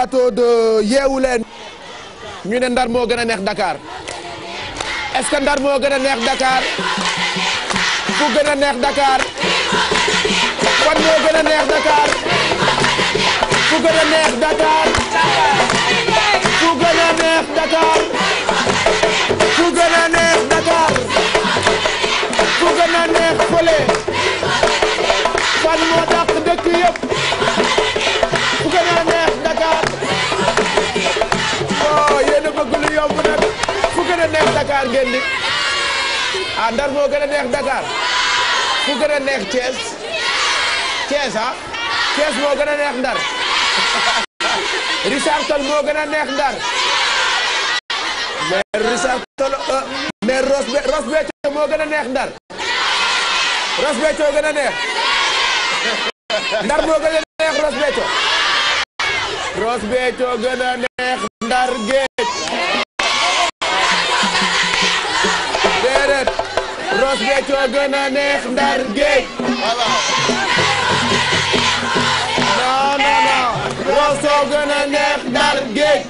plateau de yeewu leen ne ndar moo gën a neex Dakar est-ce que ndar moo a neex Dakar ku a neex Dakar kon a neex Dakar ku a neex Dakar ku a neex Dakar ku a neex Dakar fan moo dàq dëkk yëpp. gën a neex Dakar ah, Ndar moo gën a neex Dakar fu gën a neex Thiès Thiès ah Thiès moo gën a neex Ndar Richard Toll moo gën a neex Ndar mais Richard Toll euh, mais Ross Béthio moo gën a moo gën a neex Ross Béthio Ross Béthio gën a neex Ndar géej Ross Béthio gën a neex Ndar Géej. voilà. non non non. Rosso gën a neex Ndar Géej.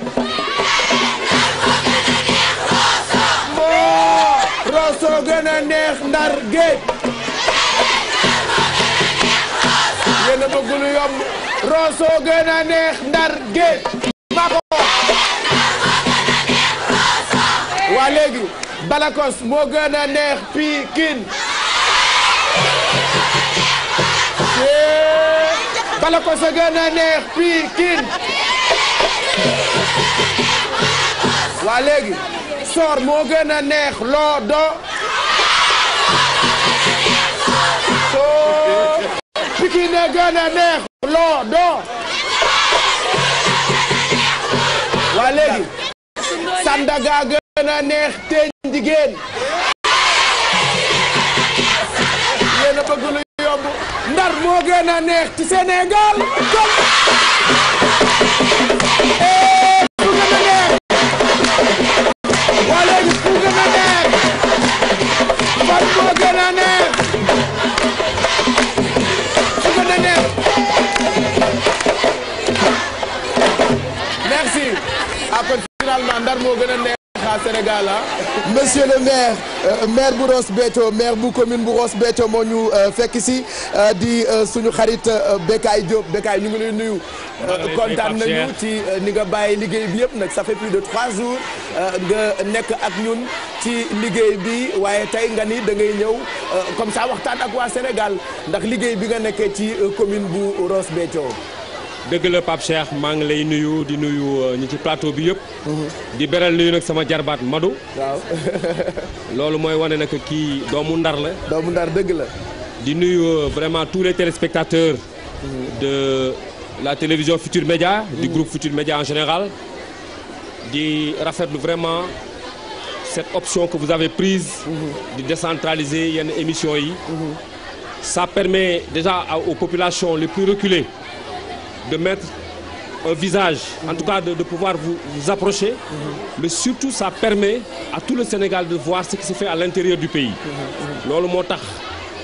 bon. Rosso gën a neex Ndar Géej. yéen a bëgg lu yomb. Rosso gën a neex Ndar Géej. maa ko. waa léegi. Balakos moo gën a neex Pikine. Balakos a gën a neex Pikine. waa léegi Sor moo a neex Lodo. Sor oh. Pikine a gën a neex Lodo. waa léegi Sandaga na neex teeñ jigéen yéen a bëgg lu yomb ndar moo gën a neex ci Sénégal eh! Sénégal ah. monsieur le maire euh, maire bu Ross Béthio maire bu commune bu Ross Béthio moo ñu euh, fekk si euh, di suñu xarit Bécaye Diop Bécaye ñu ngi lay nuyu. kontaan nañu ci ni nga bàyyi liggéey bi yëpp nag sa fait plus de trois jours nga nekk ak ñun ci liggéey bi waaye tey nga ni da ngay ñëw comme ça waxtaan ak waa Sénégal ndax liggéey bi nga nekkee ci commune bu Ross Béthio. dëgg la pap Cheikh maa ngi lay nuyu di nuyu euh, ñu ci plateau bi yëpp. Mhm. di beral nuyu nag sama jarbaat Madou. waaw. loolu mooy wane nag kii doomu ndar la. doomu ndar dëgg la. di nuyu euh, vraiment tous les téléspectateurs. Mhm. de la télévision Futur Média. du mhm. groupe Futur Média en général. di rafetlu vraiment cette option que vous avez prise. di décentraliser yenn émissions yi. ça permet déjà aux populations les plus reculées. de mettre un visage, en tout cas de, de pouvoir vous, vous approcher. Mm -hmm. Mais surtout, ça permet à tout le Sénégal de voir ce qui se fait à l'intérieur du pays. Mm-hmm. loolu moo tax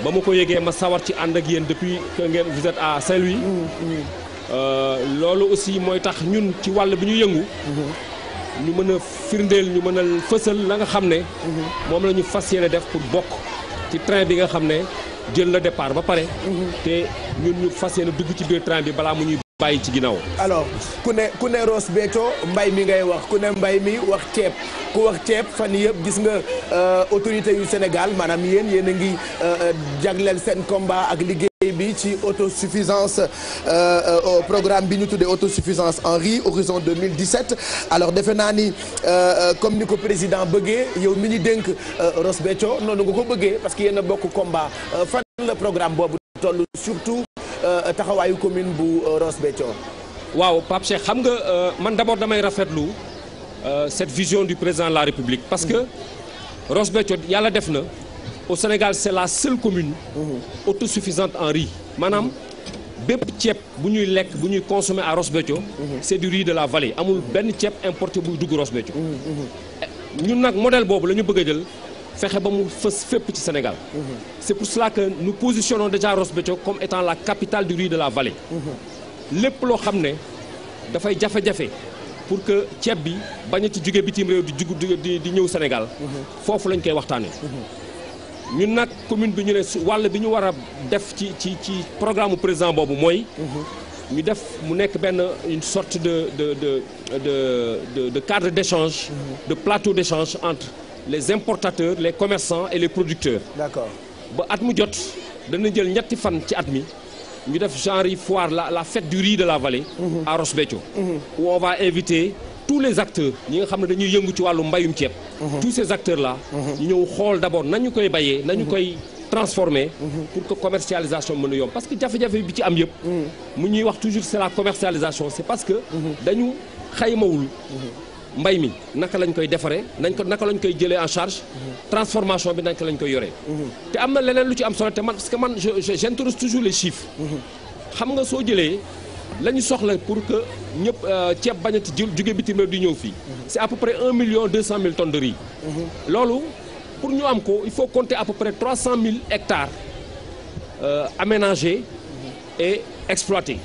ba ma ko yégee ma sawar ci ànd ak yéen depuis que ngeen vous à Saint-Louis. Mm-hmm. Euh, loolu aussi mooy tax ñun ci wàll bi ñu yëngu. Mm-hmm. ñu mën a firndeel ñu mën a fësal la nga xam ne. moom la ñu fas yéene def pour bokk ci train bi nga xam ne jël la départ ba pare. te ñun ñu fas yéene dugg ci biir train bi balaa mu ñuy bàyyi ci ginnaaw. alors ku ne ku ne Ross Béthio mbay mi ngay wax ku ne mbay mi wax ceeb ku wax ceeb fan yëpp gis nga euh, autorité yu Sénégal maanaam yéen yéen a ngi euh, euh, jagleel seen combat ak liggéey bi ci autosuffisance programme bi ñu tuddee autosuffisance en riz horizon 2017 alors defe naa ni comme ni ko président bëggee yow mi ñu dénk Ross Béthio noonu nga ko bëggee parce que yéen bokk combat fan la programme boobu toll surtout. Euh, taxawaayu commune bu euh, Ross Béthio waaw Pape Cheikh xam nga euh, man d'abord damay rafetlu cette vision du président de la République parce que mm-hmm. Ross Béthio yàlla def na au Sénégal c'est la seule commune mm-hmm. autosuffisante en riz maanaam mm-hmm. bépp ceeb bu ñuy lekk bu ñuy consommer à Ross Béthio c'est du riz de la vallée amul benn ceeb importé buy dugg Ross Béthio eh, ñun nag modèle boobu la ñu bëgg a jël fexe ba mu fës fépp ci Sénégal. c'est pour cela que nous positionnons de Ross Béthio comme étant la capitale du riz de la vallée. lépp loo xam ne dafay jafe-jafe pour que ceeb bi bañ a ci jóge bitim réew di jug di di ñëw Sénégal. foofu lañ koy waxtaanee. ñun nag commune bi ñu ne su wàll bi ñu war a def ci ci ci programme président boobu mooy. ñu def mu nekk benn une sorte de de de de de cadre d'échange. de plateau d'échange entre. les importateurs les commerçants et les producteurs. d'accord ba at mu jot dana jël ñetti fan ci at mi ñu def genre yi foire la la fête du riz de la vallée. Mhm. à Ross Béthio. Mhm. où on va inviter tous les acteurs ñi nga xam ne dañuy yëngu ci wàllu mbayum ceeb. Mhm. tous ces acteurs là. ñu ñëw xool d'abord nañu koy bayee nañu koy. transformé pour que commercialisation mën yomb parce que jafe-jafe bi ci am yëpp mu ñuy wax toujours c'est la commercialisation c'est parce que dañu xaymawul mbay mi naka lañ koy defaree nañ ko naka lañ koy jëlee en charge transformation bi naka lañ koy yore te am na leneen lu ci am solo te man parce que man j'intéresse toujours les chiffres xam nga soo jëlee la ñu soxla pour que ñëpp euh, ceeb bañ a ci jóge bitim réew di ñëw fii c'est à peu un million deux cent mille tonnes loolu pour ñu am ko il faut compter à peu près trois cent mille hectares euh, aménagés exploité.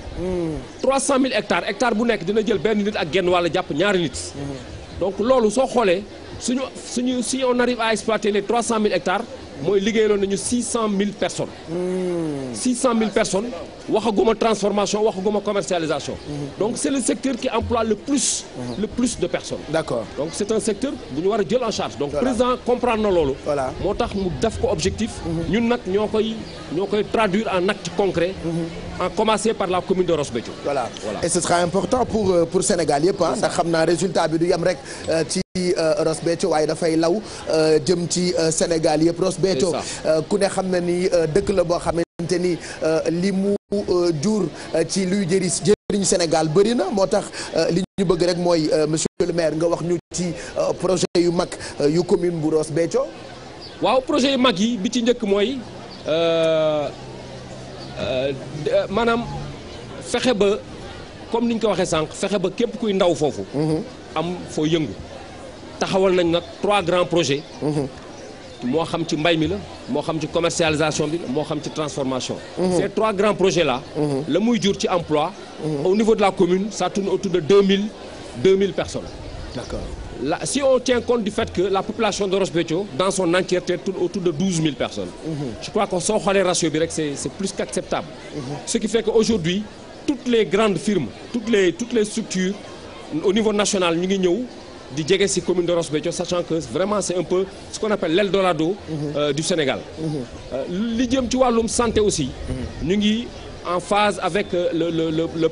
300000 hectares hectare bu nekk dina jël benn nit ak genn wàll jàpp ñaari nit. Mhm. donc loolu soo xoolee suñu suñu si on arrive à exploiter les 300000 hectares. mooy liggéeyaloon nañu six cent mille personnes. six cent mille personnes waxaguma transformation waxaguma commercialisation. donc c' est le secteur qui emploie le plus. le plus de personnes. d' accord donc c' est un secteur bu ñu war a jël en charge. donc président comprendre na loolu. moo tax mu def ko objectif. ñu nag ñoo koy ñoo koy traduire en acte concret. en commencer par la commune de Ross Béthio. voilà et ce sera important pour euh, Sénégal yëpp ah ndax xam naa résultat bi du yem rek euh, ci. ci euh, Ross Béthio waaye dafay law euh, jëm ci euh, Sénégal yëpp Ross ku ne xam na ni dëkk la boo xamante ni li mu jur ci luy jëriñ Sénégal bëri na moo tax li ñu bëgg rek mooy monsieur le maire nga wax ñu ci projet yu mag yu commune bu Ross waaw projet yu mag yi bi ci njëkk mooy maanaam fexe ba comme niñ ko waxee sànq fexe ba képp kuy ndaw foofu mhm. am foo yëngu taxawal nañ nag trois grands projets. Mhm. moo xam ci mbay mi la moo xam ci commercialisation bi la moo xam ci transformation. Mhm. ces trois grands projets la mhm. la muy jur ci emploi. au niveau de la commune ça tourne autour de deux mille deux mille personnes. d'accord là si on tient compte du fait que la population de Ross Béthio dans son entièreté tourne autour de douze mille personnes. je crois que soo xoolee ratio bi rek c'est plus qu'acceptable. ce qui fait que aujourd'hui toutes les grandes firmes toutes les toutes les structures au niveau national ñu ngi ñëw. di jege si commune de Ross Béthio sachant que vraiment c' un peu ce qu'on appelle l'Eldorado mhm. euh, du Sénégal mhm. euh, li ci wàllum santé aussi mhm. ñu ngi en phase avec euh, le le le le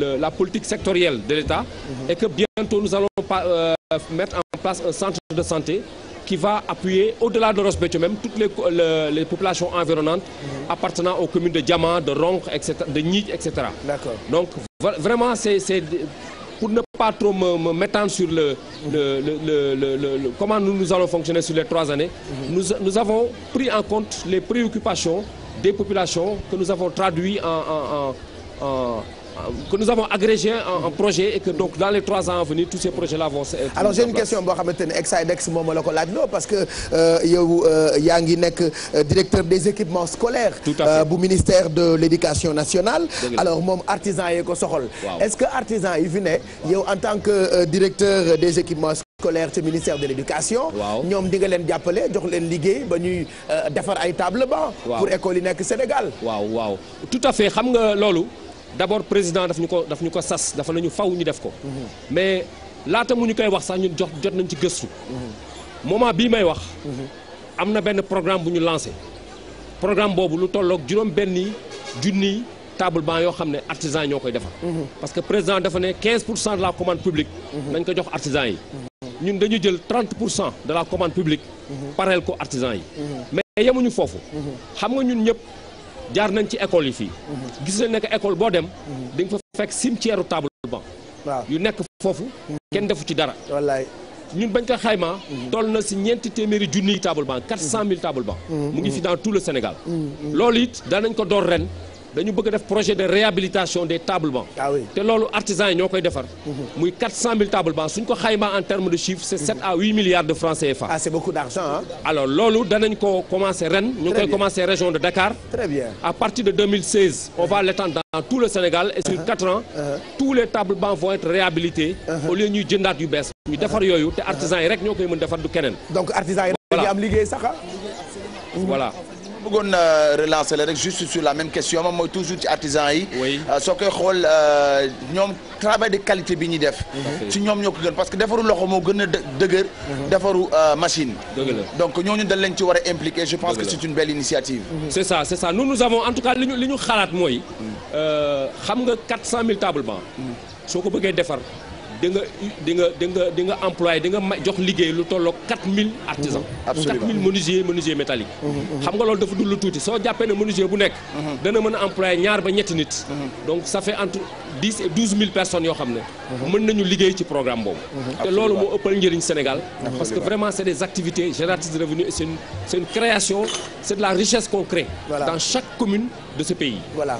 le la politique sectorielle de l'État et que bientôt nous allons pas mettre en place un centre de santé qui va appuyer au-delà de Ross Béthio même toutes les le, les populations environnantes mmh. appartenant aux communes de Diama de Ronkh etc de Gnith etc. D'accord. Donc vraiment c'est pour ne pas trop me, me m'étendre sur le le, le, le le comment nous, nous allons fonctionner sur les trois années mhm. nous, nous avons pris en compte les préoccupations des populations que nous avons traduit en en en en que nous avons agrégé en projet et que donc dans les trois ans à venir tous ces projets là vont se. alors j'ai une question boo xamante ne Exaidex moom la ko parce que euh, yow euh, yaa ngi nekk euh, directeur des équipements scolaires. bu ministère de l'éducation nationale. alors moom artisan yee ko soxal. est-ce que artisan yi fi ne. yow en tant que directeur des équipements scolaires ci ministère de l'éducation. ñoom di nga leen jàppale jox leen liggéey ba ñuy defar ay table-bancs. école yi nekk Sénégal. waaw waaw tout xam nga loolu. d'abord président daf ñu ko daf ko sas dafa nañu faw ñu def ko mais laata mu ñu koy wax sax ñun jot jot nañ ci gëstu moment bii may wax am na benn programme bu ñu lancé programme boobu lu tollook juróom benni junni table banc yoo xam ne artisans yi ñoo koy defar parce que président dafa ne 15 pour cent de la commande publique nañ ko jox artisans yi ñun dañu jël 30 pour cent de la commande publique pareel ko artisans yi mais yemuñu foofu xam nga ñun ñëpp jaar nañ ci école yi fii. gis nañ ne école boo dem. di nga fa fekk cimetière table banc. waaw yu nekk foofu. kenn defu ci dara. wallaay ñun bañ ko xaymaa. Mhm. toll na si ñeenti téeméeri junniy table banc quatre cent mille table banc. Mhm. mu ngi fi mhm. dans tout le Sénégal. loolu it danañ ko door ren. dañu bëgg def projet de réhabilitation des tables-bancs ah te loolu artisans yi ñoo koy defar mhm. muy 400 000 tables-bancs suñ ko xayma en termes de chiffre c'est 7 mhm. à milliards de francs CFA ah, alors loolu danañ ko commencer ren ñu ngi koy commencer région de Dakar très bien à partir de 2016 on va l'étendre dans tout le Sénégal et sur 4 uh-huh. ans uh-huh. tous les tables-bancs vont être réhabilités uh-huh. au ñuy jëndaat yu bees ñu defar yooyu te artisans yi rek ñoo koy mën defar du keneen donc artisans yi dañuy am ah. voilà bëggoon euh, relancer la rek juste sur la même question moom mooy toujours ci artisan yi. Euh, soo koy xool euh, ñoom travail de qualité bi ñuy def. ci ñoom ñoo ko gën parce que defaru loxo moo gën a dëgër. Mhm. defaru machine. donc ñooñu dañ leen ci war a impliquer je pense que c'est une belle initiative. Mhm. c'est ça c'est nous avons en tout cas li ñu xalaat mooy. Mhm. xam nga 400 000 table bancs. soo ko bëggee defar. di nga di nga di nga di nga employé nga ma jox liggéey lu tolloog 4000 artisans. Mhm. absolument 4000 mhm. menuisiers menuisiers métalliques. Mhm, xam nga loolu dafa dul lu tuuti soo jàppee ne menuisier bu nekk. dana mën a employé ñaar ba ñetti nit. donc ça fait entre 10 et 12000 personnes yoo xam ne. mën nañu liggéey ci programme boobu. te loolu moo ëppal njëriñ Sénégal. parce que vraiment c' est des activités génératrices de revenus et une création c' de la richesse qu'on chaque commune de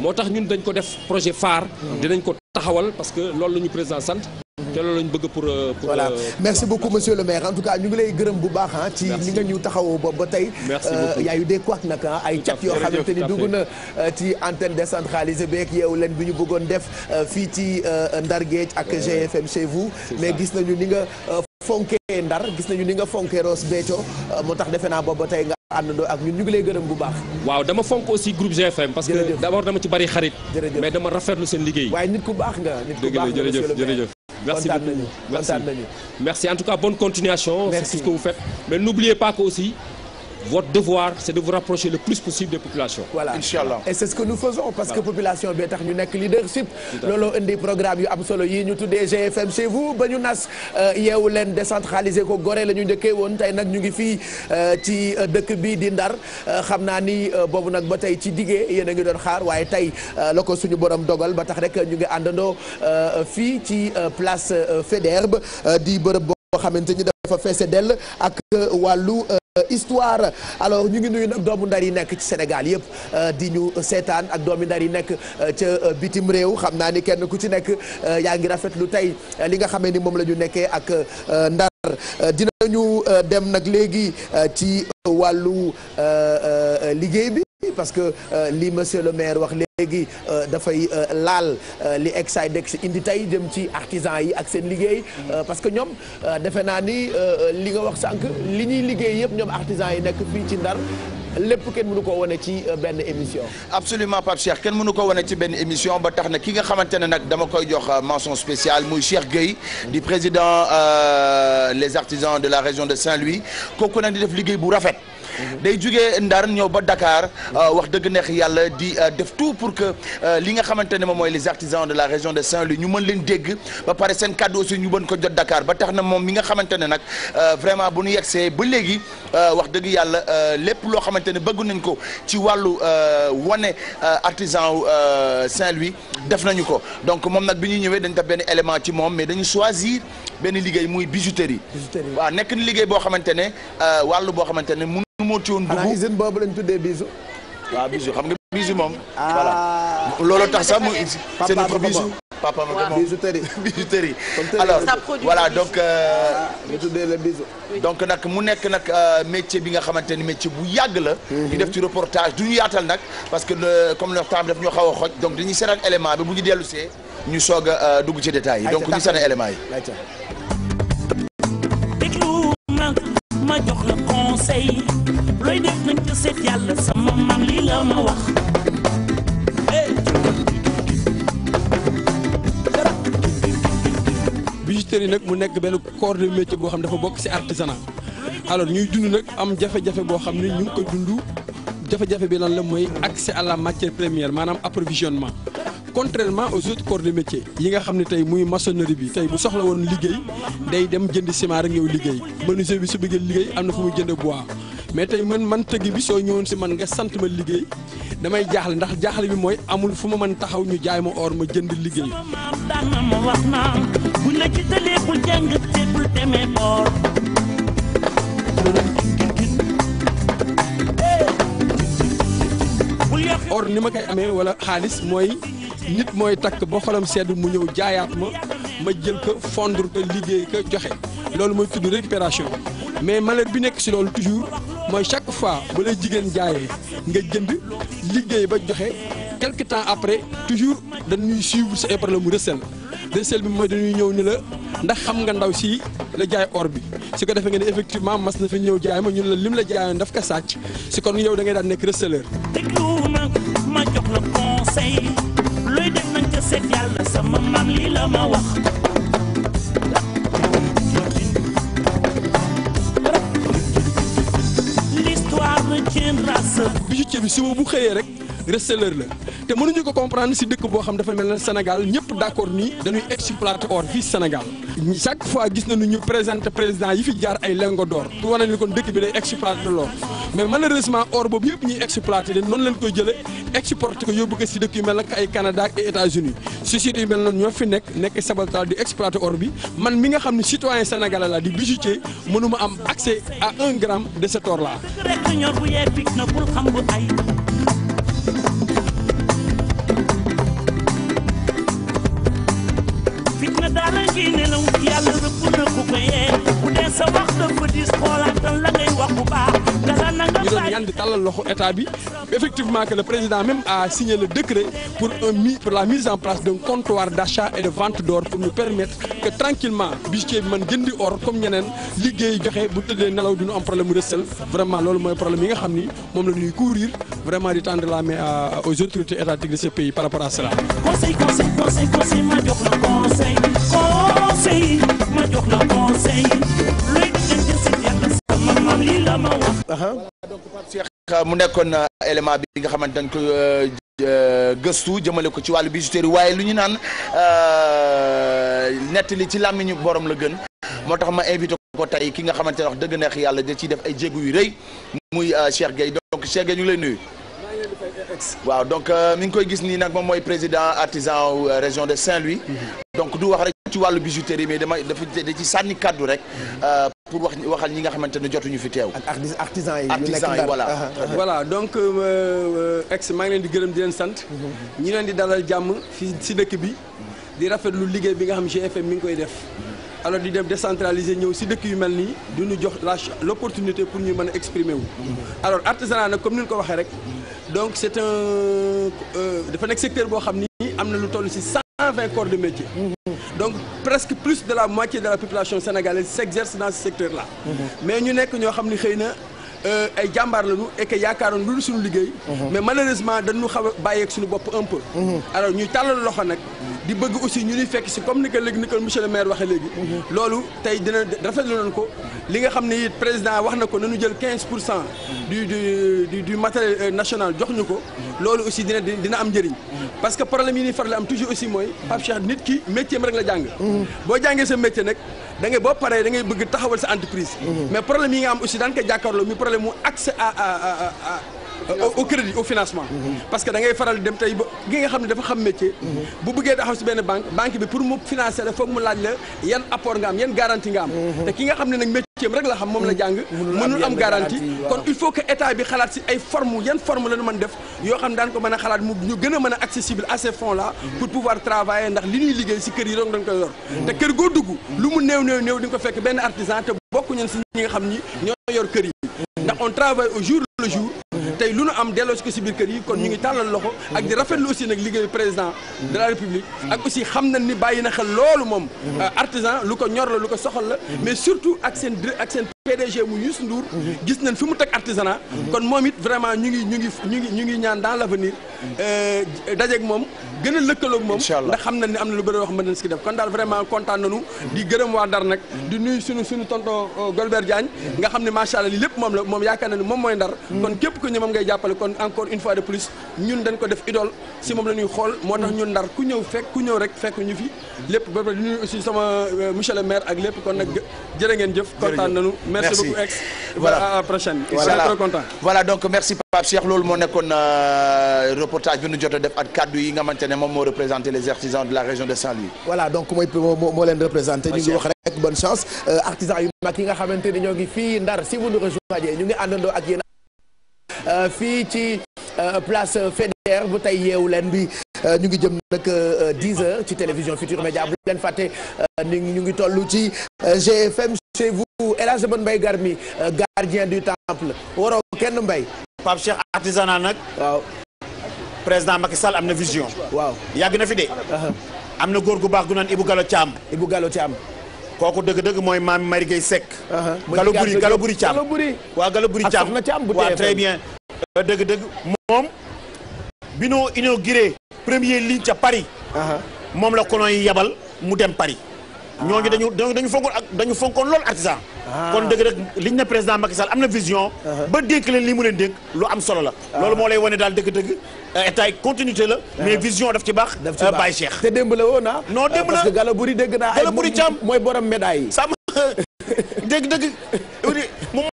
moo tax ñun dañ ko def projet phare. dinañ ko taxawal parce que loolu la ñu président sant. te loolu lañ bëgg pour euh, pour. voilà euh, merci beaucoup monsieur le maire en tout cas ñu ngi lay gërëm bu baax ah, ci ni nga ñu taxawoo ba ba tey. merci euh, beaucoup y a eu ah, ay cat yoo xamante ni dugg na ci antenne de décentralisée beeg yeewu leen bi ñu bëggoon def fii ci Ndar Géej ak GFM chez vous. mais gis nañu ni nga fonkee Ndar gis nañu ni nga fonkee Ross Béthio moo tax defe naa boobu ba tey nga àndandoo ak ñu ngi lay gërëm bu baax. waaw dama fonk aussi groupe GFM. parce que d'abord merci beaucoup merci. merci en tout cas bonne continuation. merci sur ce que vous faites mais n'oubliez pas que aussi. votre devoir c'est de vous rapprocher le plus possible des populations. voilà inchallah et c'est ce que nous faisons parce que population bi tax ñu nekk leadership. looloo indi programme yu am solo yi ñu tuddee GFM chez vous ba ñu nas euh, yeewu leen décentralisé ko gore la ñu njëkkee woon tey nag ñu ngi fii euh, ci euh, dëkk bii di Ndar xam naa ni boobu nag ba tey ci diggee yéen a ngi doon xaar waaye tey la ko suñu borom dogal ba tax rek ñu ngi àndandoo fii ci place Faidherbe di bërëb boo xamante ni dafa feese dell ak wàllu. Euh, histoire alors ñu ngi nuyu nag doomu ndar yi nekk ci Sénégal yëpp euh, di ñu seetaan ak doomu ndar yi nekk euh, ca bitim réew xam naa ni kenn ku ci nekk yaa ngi rafetlu tey li nga xamee ni moom la ñu nekkee ak ndar dinañu dem nag léegi ci wàllu liggéey bi. parce que euh, li monsieur le maire wax léegi euh, dafay euh, laal li Excidex indi tey jëm ci artisan yi ak seen liggéey parce que ñoom defe naa ni li nga wax sànq li ñuy liggéey yëpp ñoom artisan yi nekk fii ci Ndar lépp kenn mënu ko wane ci benn émission. absolument Pape Cheikh kenn mënu ko wane ci benn émission ba tax na ki nga xamante ne nag dama koy jox mention spéciale muy Cheikh Gueye di président les artisans de la région de Saint-Louis kooku nag di def liggéey bu rafet. Mhm. day jugee Ndar ñëw ba Dakar euh, wax dëgg neex yàlla di euh, def tout pour que euh, li nga xamante ne moom mooy les artisans de la région de Saint-Louis ñu mën leen dégg ba pare seen kàddu aussi ñu mën ko jot Dakar ba tax na moom mi nga xamante ne nag vraiment bu ñu yegsee ba léegi wax dëgg yàlla lépp loo xamante ne bëgg nañ ko ci wàllu wane artisan Saint-Louis def nañu ko donc moom nag bi ñuy ñëwee dañ def benn élément ci moom mais dañu choisir benn liggéey muy bijouterie. bijouterie moo ci woon dugg xanaa usine boobu lañ tuddee bisu. waaw bisu xam nga bisu moom. Ah. voilà loolu tax sax mu. c'est notre bisu papa ma bisu tëri bisu tëri alors voilà donc. Euh, ah, ñu tuddee la bisu. donc nag mu nekk nag euh, métier bi nga xamante ni métier bu yàgg la. Mhm. ñu def ci reportage du ñu yaatal nag parce que comme le temps daf ñoo xaw a xoj donc dañuy seetaan élément bi bu ñu dellu see ñu soog euh, dugg ci détails yi donc ñu seetaan élément yi. artisanat nag mu nekk benn corps de métier boo xam dafa bokk ci artisanat alors ñuy dund nag am jafe-jafe boo xam ne ñu ngi ko dund jafe-jafe bi lan la mooy accès à la matière première maanaam approvisionnement contrairement aux autres corps yi nga xam ne tey muy maçonnerie bi tey bu soxla woon liggéey day dem jënd ciment rek ñëw liggéey menuisier bi su bëggee liggéey am na fu muy jënd bois mais tey man man tëgg bi soo ñëwoon si man nga sant ma liggéey damay jaaxle ndax jaaxle bi mooy amul fu ma mën taxaw ñu jaay ma or ma jënd liggéey. or ni ma koy amee wala xaalis mooy nit mooy takk ba xolam sedd mu ñëw jaayaat ma. ma jël ko fondre ko liggéey ko joxe loolu mooy tudd récupération mais malheur bi nekk si loolu toujours mooy chaque fois bu lay jigéen jaayee nga jënd liggéey ba joxe quelque temps après toujours dañuy suivre sa problème mu recel recel bi mooy dañuy ñëw ni la ndax xam nga ndaw si la jaay or bi su ko defee nga ne effectivement mas na fi ñëw jaay ma ñun la lim la jaayoon daf ko sàcc si kon yow da ngay daan nekk receleur. seet yàlla sama maam lii la ma wax l'histoire retiendra ça bijoutier bi suba bu xëyee rek receleur la te mënuñu ko comprendre si dëkk boo xam dafa mel ne Sénégal ñëpp d'accord nii dañuy exploiter or fii Sénégal chaque fois gis nañu ñu présenter président yi fi jaar ay lingots d'or pour wane ni kon dëkk bi day exploiter l'or mais malheureusement or boobu yëpp ñuy exploiter leen noonu lañ koy jëlee exporter ko yóbbu ko si dëkk yu mel nag ay Canada ak ay États-Unis société mel noonu ñoo fi nekk nekk sabaltaal di exploiter or bi man mi nga xam ne citoyen sénégalais la di bijoutier mënuma am accès à un dara ngi nelaw yàlla rëbb na ko ko yee bu dee sa wax dafa dis xoolaatal la ngay wax baax gala na nga doon ñaan di tàllal loxo état bi effectivement que le président même a signé le pour un mi pour la mise en place d'un comptoir d'achat et de vente d'or pour nous permettre que tranquillement bijoutier bi man jëndi or comme ñeneen liggéey joxe bu tëddee nelaw du ñu am problème mu vraiment loolu mooy problème yi nga xam ni moom la ñuy courir vraiment di tendre la main aux autorités étatiques de ce par rapport la conseil ma jox la conseil looy diggante si ma wax. Euh, mu nekkoon euh, élément bi nga xamante dañ ko euh, gëstu jëmale ko ci wàllu bijouterie waaye lu ñu naan nettali ci làmmiñu borom la gën moo tax ma invité ko tey ki nga xamante ne wax dëgg neex yàlla da ciy def ay jéegu yu rëy muy Cheikh Gueye donc Cheikh Gueye ñu lay nuyu. waaw donc euh, mi ngi koy gis nii nag moom mooy président artisan euh, région de Saint-Louis. Mm-hmm. donc du wax rek ci wàllu bijouterie mais dama dafa da ci sànni kaddu rek. Mm-hmm. Euh, pour wax waxal ñi nga xamante ne jotuñu fi teew. ak artisan yi artisan yi voilà. voilà donc ex maa ngi leen di gërëm di leen sant. Mm-hmm. ñi leen di dalal jàmm fii si dëkk bi. di rafetlu liggéey bi nga xam GFM mi ngi koy def. alors di dem décentraliser ñëw si dëkk yu mel nii du ñu jox la l'opportunité pour ñu mën a exprimer wu. alors artisanat nag comme ni ñu ko waxee rek. donc c' est un euh, dafa nekk secteur boo xam ni am na lu toll ci cent vingt corps de métier. donc presque plus de la moitié de la population sénégalaise s'exerce dans ce secteur là. mais ñu nekk ñoo xam ni xëy na. Euh, ay jàmbaar lañu et que yaakaaroon lu dul suñu liggéey. mais malheureusement dañu xaw a bàyyeeg suñu bopp un peu. Mhm. alors ñuy tàllal loxo nag. di bëgg aussi ñu ñuy fekk si comme ni ko léegi ni ko monsieur le maire waxee léegi mhm. loolu tey dina rafetlu nañ ko mhm. li nga xam ne président wax na ko nañu jël quinze pour cent mhm. du du euh, national jox ñu ko loolu aussi dina dina am njëriñ parce que problème yi ñuy faral am toujours aussi mooy Pape nit ki métier rek la jàng boo jàngee sa métier nag da ngay boo paree da ngay bëgg taxawal sa entreprise mais problème yi nga am aussi daan ko jàkkaarloo mi problème mu accès au crédit au financement mhm. parce que da ngay faral dem tey ba gi nga xam ne dafa xam métier mhm. bu bëggee taxaw si benn banque banque bi pour mu financer la foog mu laaj la yan apport nga am yan garantie nga am mhm. te ki nga xam ne nag métier rek la xam moom la jàng mënul am garantie bi xalaat si ay a xalaat mu a mën accessible à fonds là pour pouvoir travailler ndax li ñuy liggéey si kër yi rek dañ koy yor te kër goo dugg lu mu néew néew néew di ko fekk benn artisan te bokk ñun nu am delloosi ko si biir kër yi kon ñu ngi tàllal loxo ak di rafetlu aussi nag liggéeyu président de la république ak aussi xam nañ ni bàyyi na xel loolu moom euh, artisan lu ko ñor la lu ko soxal la mais surtout ak seen ak PDG mu Youssou Ndour mhm. gis nañ fi mu teg artisanat mhm. kon moom it vraiment ñu ngi ñu ngi ñu ngi ñu ngi ñaan dans l'avenir mhm. euh, dajeeg moom gën a lëkkaloog moom ndax xam nañ ne am na lu bëri wax mën nañ def kon daal vraiment kontaan nañu di gërëm waa Ndar nag di nuyu suñu suñu tonton euh, Golbert Diagne nga xam ne macha allah lii lépp moom la moom yaakaar na ne moom mooy Ndar kon képp ku ñëw moom ngay jàppale kon encore une fois de plus ñun dañ ko def idole si moom la ñuy xool moo tax ñun Ndar ku ñëw fekk ñëw rek fekk ñu fi lépp ba nuyu euh, le maire ak lépp kon nag jërë ngeen jëf. jërëjëf kontaan nañu merci beaucoup ex. voilà à prochaine. voilà donc merci Pape Cheikh loolu moo nekkoon euh, reportage bi jot a def ak kaddu yi nga xamante moom moo représenté les artisans de la région de Saint-Louis. voilà donc mooy moo leen représenté. ñu ngi wax rek bonne chance euh, artisans yu mag yi nga xamante ne ñoo ngi fii Ndar si vous nous rejoignez ñu ngi àndandoo ak yéen. Euh, fii ci euh, place Faidherbe bu tey yeewu leen bi euh, ñu ngi jëm nag 10 heures ci télévision Futur Média bu leen fàtte ni ñu ngi tollu ci GFM chez vous El Hadj Ban Mbaye Garmi gardien du temple waroo kenn mbay Pape Cheikh artisanat nag waaw président Macky Sall am na vision waaw yàgg na fi de uh-huh. am na góor gu baax gu naan Ibou Gallo Thiam Ibou ci am kooku dëgg-dëgg mooy maam Marie Guèye Seck. galo buri galo buri Thiam waa galo buri Thiam waaw très bien. Euh, dëgg-dëgg moom bi noo inauguré premier ligne ca Paris. moom la colon yi yabal mu dem Paris. ñooñu dañu dañu fonkoon ak dañu fonkoon loolu artisan ah. kon dëgg rek liñ ne président Macky Sall am na vision uh-huh. ba dénk leen lii mu leen dénk lu am solo la ah. loolu moo lay wane daal dëgg-dëgg euh, état yi continuité la uh-huh. mais vision daf ci baax euh, Baye Cheikh te démb la woon ah non démb la parce que dégg naa Galabouri Thiam mooy borom médaille yi dëgg dëgg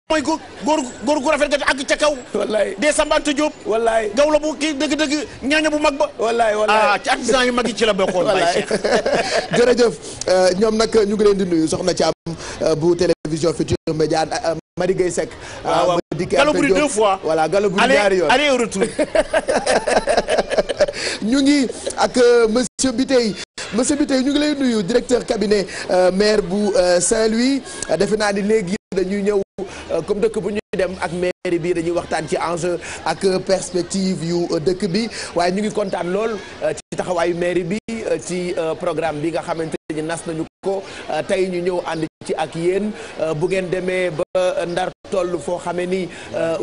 mooy góor góor gu rafet nga ak ca kaw. wallaay dee Sambante Diop. wallaay gaw la bu kii dëgg-dëgg ñaaña bu mag ba. wallaay wallaay ah ci artisan mag ci la bokkoon. wallaay Cheikh jërëjëf euh, ñoom nag ñu ngi leen di nuyu soxna Thiam euh, bu télévision Futurs Médias euh, Marie Guèye Seck. Ah, waaw Galabri deux fois voilà Galabri ñaari yoon ñu ngi ak monsieur Biteye. monsieur Biteye ñu ngi lay nuyu directeur cabinet maire bu Saint-Louis defe naa ni léegi dañuy ñëw. Euh, comme dëkk bu ñuy dem ak mairie bi dañuy waxtaan ci enjeu ak perspective yu euh, dëkk bi waaye ñu ngi kontaan lool euh, ci taxawaayu mairie bi ci programme bi nga xamante ni nas nañu ko tey ñu ñëw ànd ci ak yéen bu ngeen demee ba ndar toll foo xamee ni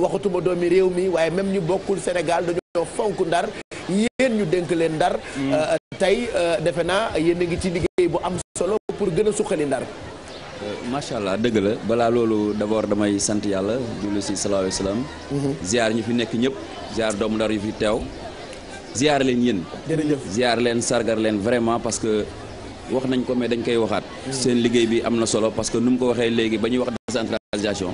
waxatuma doomi réew mi waaye même ñu bokkul Sénégal dañoo fonk ndar yéen ñu dénk leen ndar mm. tey defe naa yéen a ngi ci liggéey bu am solo pour gën a suqali ndar Euh, macha allah dëgg la balaa loolu d' abord damay sant yàlla julli si salaahu alayhi salaam. Mhm. ziar ñu fi nekk ñëpp ziar doomu ndar yu fi teew. ziar leen yéen. jërëjëf ziar leen sargar leen vraiment parce que wax nañ ko mais dañ koy waxaat. Mhm. seen liggéey bi am na solo parce que nu mu ko waxee léegi ba ñuy wax décentralisation. localisation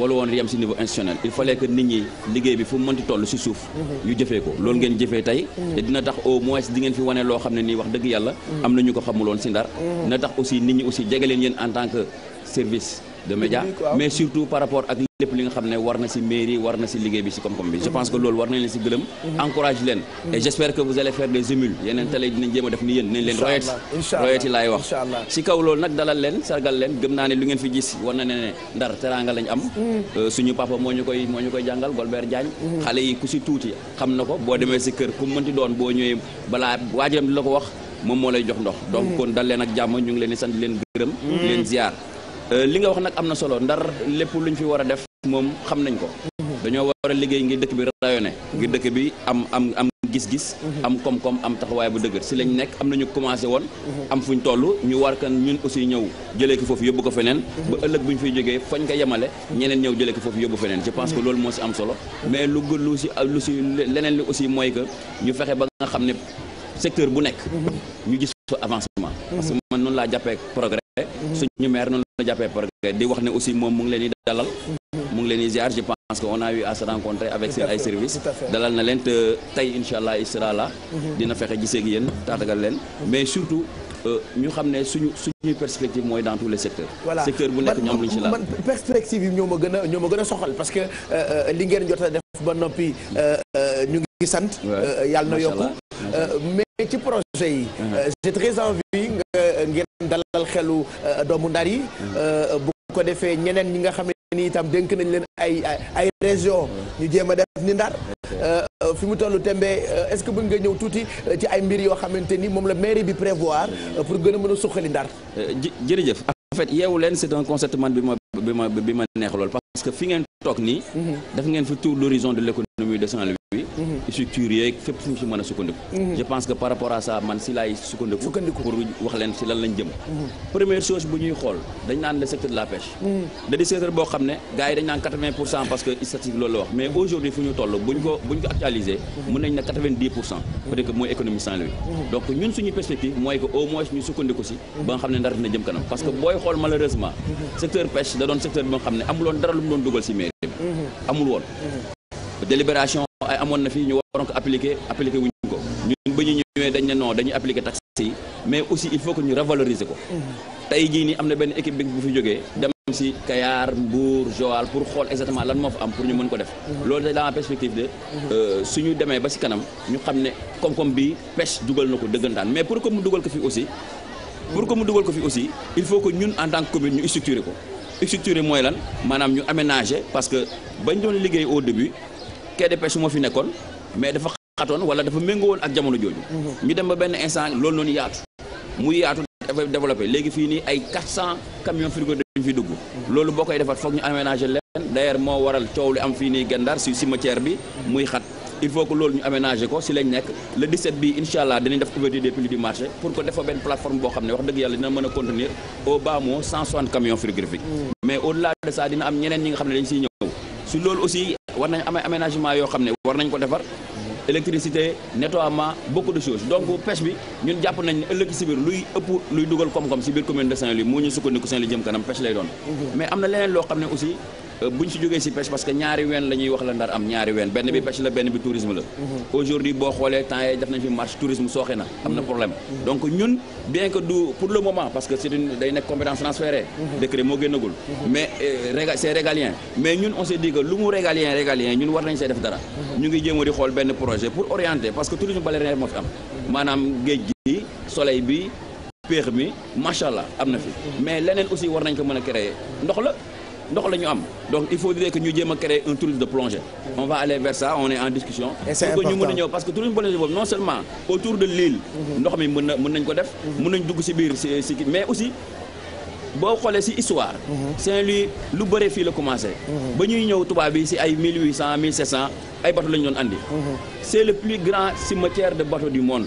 walu woon yem ci niveau institutionnel il fallait que nit ñi liggéey bi fu mu mënti toll ci suuf ñu jëfee ko loolu ngeen jëfee tey te dina tax au moins di ngeen fi wane loo xam ne nii wax dëgg yàlla am na ñu ko xamuloon ci ndar dina tax aussi nit ñi aussi jege leen en tant que service de média mais surtout par rapport ak lépp li nga xam ne war na ci mairie war na ci liggéey bi ci koom-koom bi je pense que loolu war nañ leen ci gërëm mhm. encourage leen mhm. et j'espère a def wax ci kaw loolu nag dalal leen sargal leen gëm naa ne lu ngeen fi gis war na ne ne ndar teraanga lañ am mhm. euh, suñu ñu koy moo ñu koy jàngal Golbert Diagne xale yi ku ci tuuti xam na ko boo demee ci kër ku mënti doon boo ñëwee balaa waajuram di la ko wax moom moo lay jox ndox donc kon dal leen ak jàmm ñu ngi leen di euh, a moom xam nañ ko dañoo war a liggéey ngir dëkk bi rayonné ngir dëkk bi am am am gis-gis am koom-koom am taxawaay bu dëgër si lañ nekk am nañu commencé woon am fuñ toll ñu war kan ñun aussi ñëw jëlee ko foofu yóbbu ko feneen ba ëllëg bu ñu fiy jógee fañ ko yemale ñeneen ñëw jëlee ki foofu yóbbu feneen je pense que loolu moo si am solo mais lu gën lu si lu leneen li aussi mooy que ñu fexe ba nga xam ne secteur bu nekk ñu gis avancement parce que man noonu laa jàppee progrès suñu maire noonu la jàppee parce di wax ne aussi moom mu ngi leen dalal mu ngi leen di ziar je que on a eu à se avec seen ay service dalal na leen te tey incha allah il sera mhm. dina fexe gisee ak yéen taatagal leen mhm. mais surtout Euh, ñu xam ne suñu suñuy perspective mooy dans tous secteurs. secteur bu nekk ñu am lu ñu ci perspective yi ñoo ma gën a ñoo ma gën a soxal parce que euh, euh, li ngeen jot a def ba noppi mm. ñu ngi sant. yàlla na yokku mais ci projet yi. Mm-hmm. j'ai très envie nga ngeen dalal xelu doomu ndar yi. Mm. bu ko defee ñeneen ñi nga xam ni itam dénk nañ leen ay ay région ñu jéem a def ni ndar euh, euh, fi mu tollu tembe euh, est-ce que bëgg nga ñëw tuuti ci ay mbir yoo xamante ni moom la mairie bi prévoir pour gën a mën ndar jërëjëf en fait yeewu leen c'est un concept bi ma bi ma bi ma neex lool parce que fi ngeen toog nii mhm. def ngeen fi tour d'horizon de l'économie de Saint-Louis structures yeeg fépp fu ñu si mën a sukkandiku mhm. je pense que par rapport à ça man si laay sukkandiku pour wax leen si lan lañ jëm mhm. première chose bu ñuy xool dañ naan le secteur la pêche mhm. da di secteur boo xam ne gars dañ naan 80 pour cent parce que statistique loolu la wax mais aujourd'hui fu ñu toll buñ ko buñ ko actualiser mën nañ ne 90 pour cent peut que mooy économie Saint-Louis donc ñun suñu perspective mooy que au délibération ay amoon na fii ñu waroon ko appliquer appliquer wuñ ko ñun ba ñu ñëwee dañ ne non dañuy appliquer taxe mais aussi il faut que ñu revaloriser ko tey jii nii am na benn équipe bi bu fi jógee dem si Kayar Mbour Joal pour xool exactement lan moo fa am pour ñu mën ko def loolu da dans la perspective de euh, suñu demee ba si kanam ñu xam ne koom-koom bi pêche dugal na ko dëggantaan mais pour que mu dugal ko fi aussi pour que mu dugal ko fi aussi il faut que ñun en tant que commune ñu structurer ko mooy lan maanaam ñu aménager parce que bañ doon liggéey au début quai de pêche moo fi nekkoon mais dafa xatoon wala dafa méngoo ak jamono jooju. Mhm. ñu dem ba benn instant loolu noonu yaatu. muy yaatu dafa développé léegi fii nii ay 400 camions frigo dañu fi dugg. Mhm. loolu boo koy defar foog ñu aménager leen. d'ailleurs moo waral coow li am fii nii Gendar si cimetière bi. Mhm. muy xat il faut que loolu ñu aménager ko si lañ nekk le 17 bi incha allah dinañ def ouverture des prix du marché pour que defoo benn plateforme war nañ am aménagement yoo xam ne war nañ ko defar électricité nettoiement beaucoup de choses donc pêche bi ñun jàpp nañ ëllëg si luy ëpp luy dugal koom-koom si biir de Saint-Louis moo ñu sukkandiku Saint-Louis jëm kanam pêche lay doon mhm. mais am na leneen loo xam ne aussi Euh, buñ si jógee si pêche parce que ñaari ween la wax la ndar am ñaari ween benn bi mm. pêche la benn bi tourisme la mm-hmm. aujourd'hui boo xoolee temps yee def nañ fi marche tourisme sooxe na am na mm-hmm. problème mm-hmm. donc ñun bien que du pour le moment parce que c'est une day nekk compétence transférée décret moo génnagul mais euh, régalien mais ñun on s'est dit lu mu régalien régalien ñun war nañ see def dara ñu ngi jéem a di xool benn projet pour orienter parce que tourisme na fi ndox la ñu am donc il faudrait que ñu jéem a un tourisme de plongée on va aller vers ça on est en discussion pour que ñu mën a ñëw parce que tourisme plongée non seulement autour de l'île mhm. ndox mi mën nañ ko def mhm. mën nañ dugg ci biir ci ci mais aussi boo xoolee ci histoire mhm. Saint-Louis lu bëre fii la commencé ba ñuy ñëw tubaab bi ci ay 1800 1700 ay bateau la ñu doon andi c'est le plus grand cimetière de bateaux du monde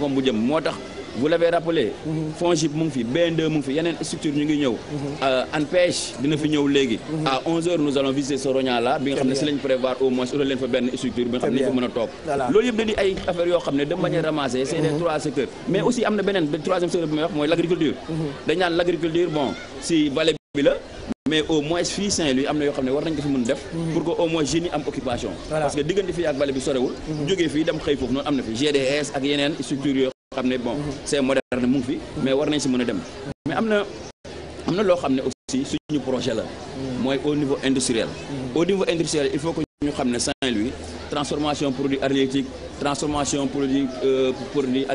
koom bu jëm moo tax vous l'avez rappelé FONGIP mu fi BN2 mu fi yeneen structure ñu ngi ñëw euh, ANPEJ dina fi ñëw léegi à 11h nous allons visiter Sorogna là bi nga xam ne si lañ prévoir au moins utal leen fa benn structure bi nga xam ne fa mën a toog loolu yëpp da di ay affaires yoo xam ne de manière mhm. ramassée c'est les mhm. trois secteurs mais aussi am na beneen troisième secteur bi may wax mooy l'agriculture mhm. dañ naan l'agriculture bon si vallée bi la mais au moins fii Saint-Louis am na yoo xam ne war nañ ko fi mën def pour que au moins jeunes am occupation parce que diggante fii ak vallée bi sorewul mhm. jógee fii dem xëy foofu noonu am na fi GDS ak yeneen structure yoo xam ne bon mhm. c'est moderne mu fi mhm. mais war nañ si mën a dem mais am na am na loo xam ne aussi suñu projet la mooy au niveau industriel au niveau industriel il faut que ñu xam ne Saint-Louis transformation produit halieutique transformation produit euh, produit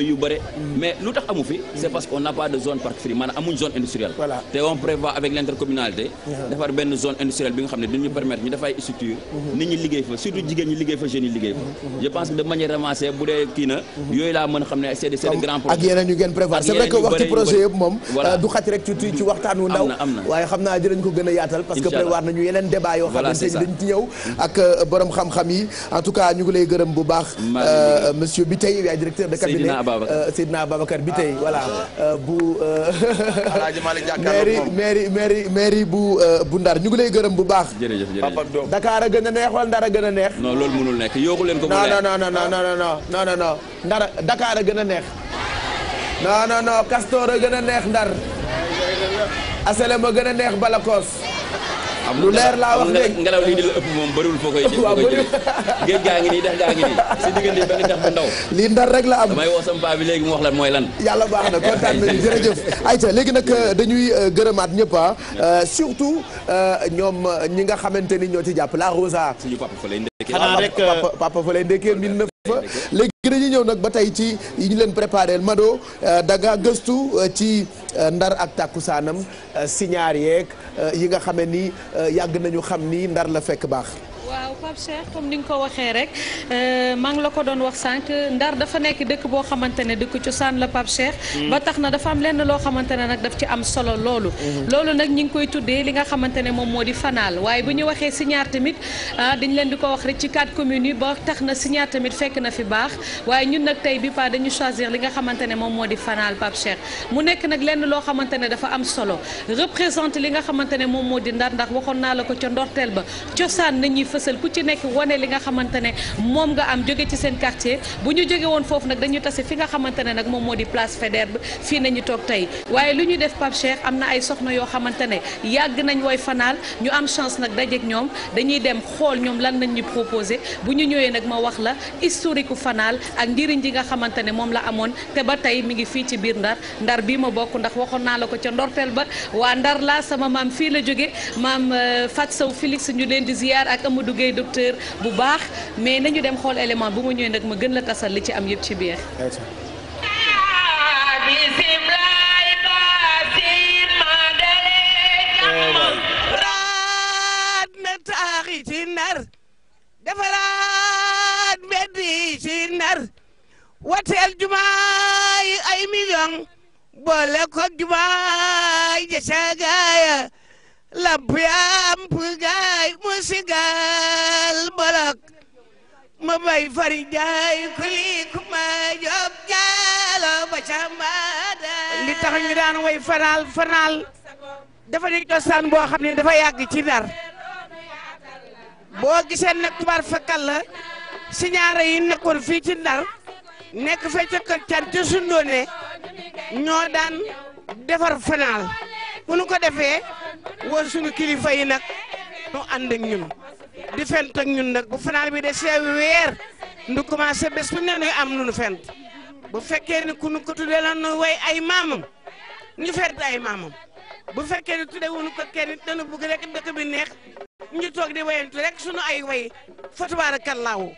yooyu yu bëre. Mm. mais lu tax amu fi. c' parce qu'on n'a pas de zone parc free maanaam amuñ zone industrielle. te on prévoit avec l' defar benn zone industrielle bi nga xam ne dañu permettre ñu def ay mm-hmm. nit ñi liggéey fa surtout jigéen ñi liggéey fa jeunes yi liggéey fa. Mm-hmm. je pense que de manière ramassée bu dee kii na. Mm-hmm. yooyu laa mën xam ne c' est ak euh, borom xam-xam yi en tout cas ñu ngi lay gërëm bu baax. Euh, monsieur Biteye yaay directeur de cabinet Seydina Ababacar euh, Seydina Ababacar Biteye ah. voilà. bu. alaaji Malick jàkkaarloo moom mairie mairie mairie bu bu Ndar ñu ngi lay gërëm bu baax. jërëjëf jërëjëf a gën a neex wala Ndar a gën a neex. non loolu mënul nekk yooku leen ko. mu neex non non non non non a gën a neex. non non non a gën a neex Ndar. asalem gën a neex Balakoos. am lu leer laa wax dégg ngelaw lii di la ëpp moom bëriwul foo koy jël géej gaa ngi nii dex gaa ngi nii si diggante benn dex bu ndaw lii ndar rek la am damay woo sama paa bi léegi mu wax la mooy lan yàlla baax na kontaan nañu jërëjëf ayca léegi nag euh, dañuy euh, gërëmaat ñëpp ah. euh, surtout ñoom ñi nga xamante ni ñoo ci jàpp la Rosa papa fa lay ndekkee xanaa rek ah, léegi dañu ñëw nag ba tey ci yi ñu leen préparé Mado euh, daga gëstu euh, ci euh, ndar ak tàkkusaanam signaar yeeg yi nga xame ni yàgg nañu xam ni ndar la fekk baax waaw Pape Cheikh comme ni nga ko waxee rek euh, maa ngi la ko doon wax sànq Ndar dafa nekk dëkk boo xamante ne dëkk cosaan la Pape Cheikh. Mm. ba tax na dafa am lenn loo xamante ne nag daf ci am solo loolu. Mm-hmm. loolu nag ñi ngi koy tuddee li nga xamante ne moom moo di fanaal waaye ñu waxee Signar tamit ah, dañ leen di wax rek ci quatre communes yi ba tax na Signar tamit fekk na fi baax waaye ñun nag tey bi pa dañu choisir li nga xamante ne moom moo di fanaal Pape Cheikh mu nekk nag lenn loo xamante ne dafa am solo représente li nga xamante ne moom moo di Ndar ndax waxoon naa la ko ca ndorteel ba cosaan nañuy fësal ku ci nekk wane li nga xamante ne moom nga am jóge ci seen quartier bu ñu jóge foofu nag dañu tase fi nga xamante nag moom moo di place Faidherbe fii nañu toog tey waaye lu ñu def Pape Cheikh am na ay soxna yoo xamante ne yàgg nañ wooy fanaal ñu am chance nag dajeek ñoom dañuy dem xool ñoom lan nañ ñu proposé bu ñu ñëwee nag ma wax la historique fanaal ak njëriñ ji nga xamante ne moom la amoon te ba tey mi ngi fii ci biir ndar ndar bii ma bokk ndax waxoon naa la ko ca ndorteel ba waa la jóge euh, duggee docteur bu baax mais nañu dem xool élément bu ma ñëwee nag ma gën la tasal li ci am yëpp ci biir. ci nar defaraat mbedd yi ci nar wateel jumaay ay million boole ko jumaay ja lappyaam pugaay musigal bolok ma bay fari jaay ma job jaalo ba cambaada li tax ñu daan way fanaal fanaal dafa di cosaan boo xam ne dafa yàgg ci Ndar boo gisee nag tubaar fakkal la yi nekkoon fii ci Ndar nekk fecc kër can ci sundoone ñoo daan defar fanaal bu nu ko defee woo suñu kilifa yi nag nu ànd ak ñun di fent ak ñun nag bu final bi de see weer ndu commencé bés bu ne nuy am lu nu fent bu fekkee ni ku nu ko tuddee la nu way ay maamam ñu fent ay maamam bu fekkee ni tuddee wu nu ko kenn it dana bëgg dëkk bi neex ñu toog di wayantu rek suñu ay way fa tabaarakallaahu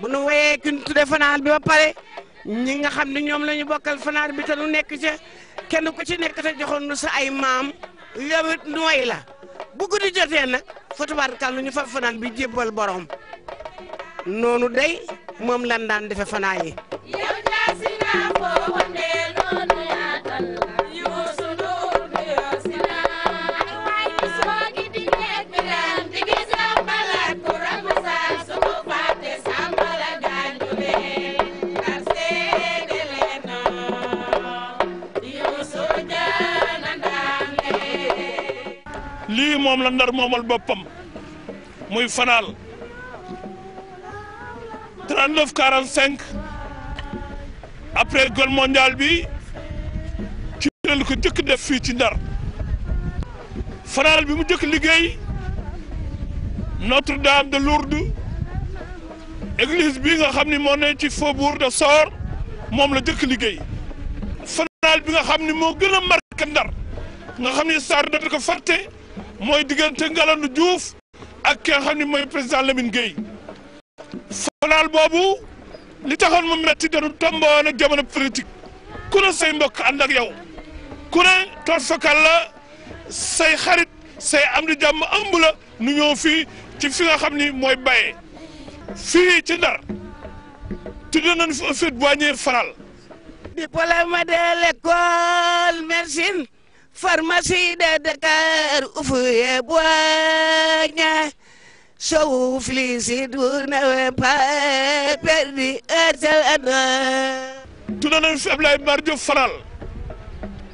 bu nu wayee ki ñu tuddee final bi ba pare ñi nga xam ne ñoom la ñu bokkal final bi te nekk ca. kenn ku ci nekk te joxoon nu sa ay maam yowit nooy la bu guddi jotee nag fa tabaarkalla ñu fa fanaan bi jébbal borom noonu day moom lan daan defe fanaan yi. lii moom la ndar moomal boppam muy fanaal 39 45 après guerre mondiale bi ci leen ko jëkk def fii ci ndar fanaal bi mu jëkk liggéey Notre-Dame de Lourdes église bi nga xam ni moo ne ci faubourg de Sor moom la jëkk liggéey fanaal bi nga xam ni moo gën a marqué ndar nga xam ni Sarr dootu ko fàtte mooy diggante Ngalandou juuf ak ki nga xam ne mooy président Lamine Gueye fanaal boobu li taxoon mu metti dañu tomboon ak jamono politique ku ne say mbokk ànd ak yow ku ne toot fakal la say xarit say am di jàmm ëmb la nu ñëw fii ci fi xam ni mooy Baye fii ci Ndar tudd nañu fi fit boiñee faral di problème de l'école médecine pharmacie de Dakar ouvrier boigna sow flici vous n'avez pas perdu un seul an. tudd fi Abdoulaye Mar Diop Faral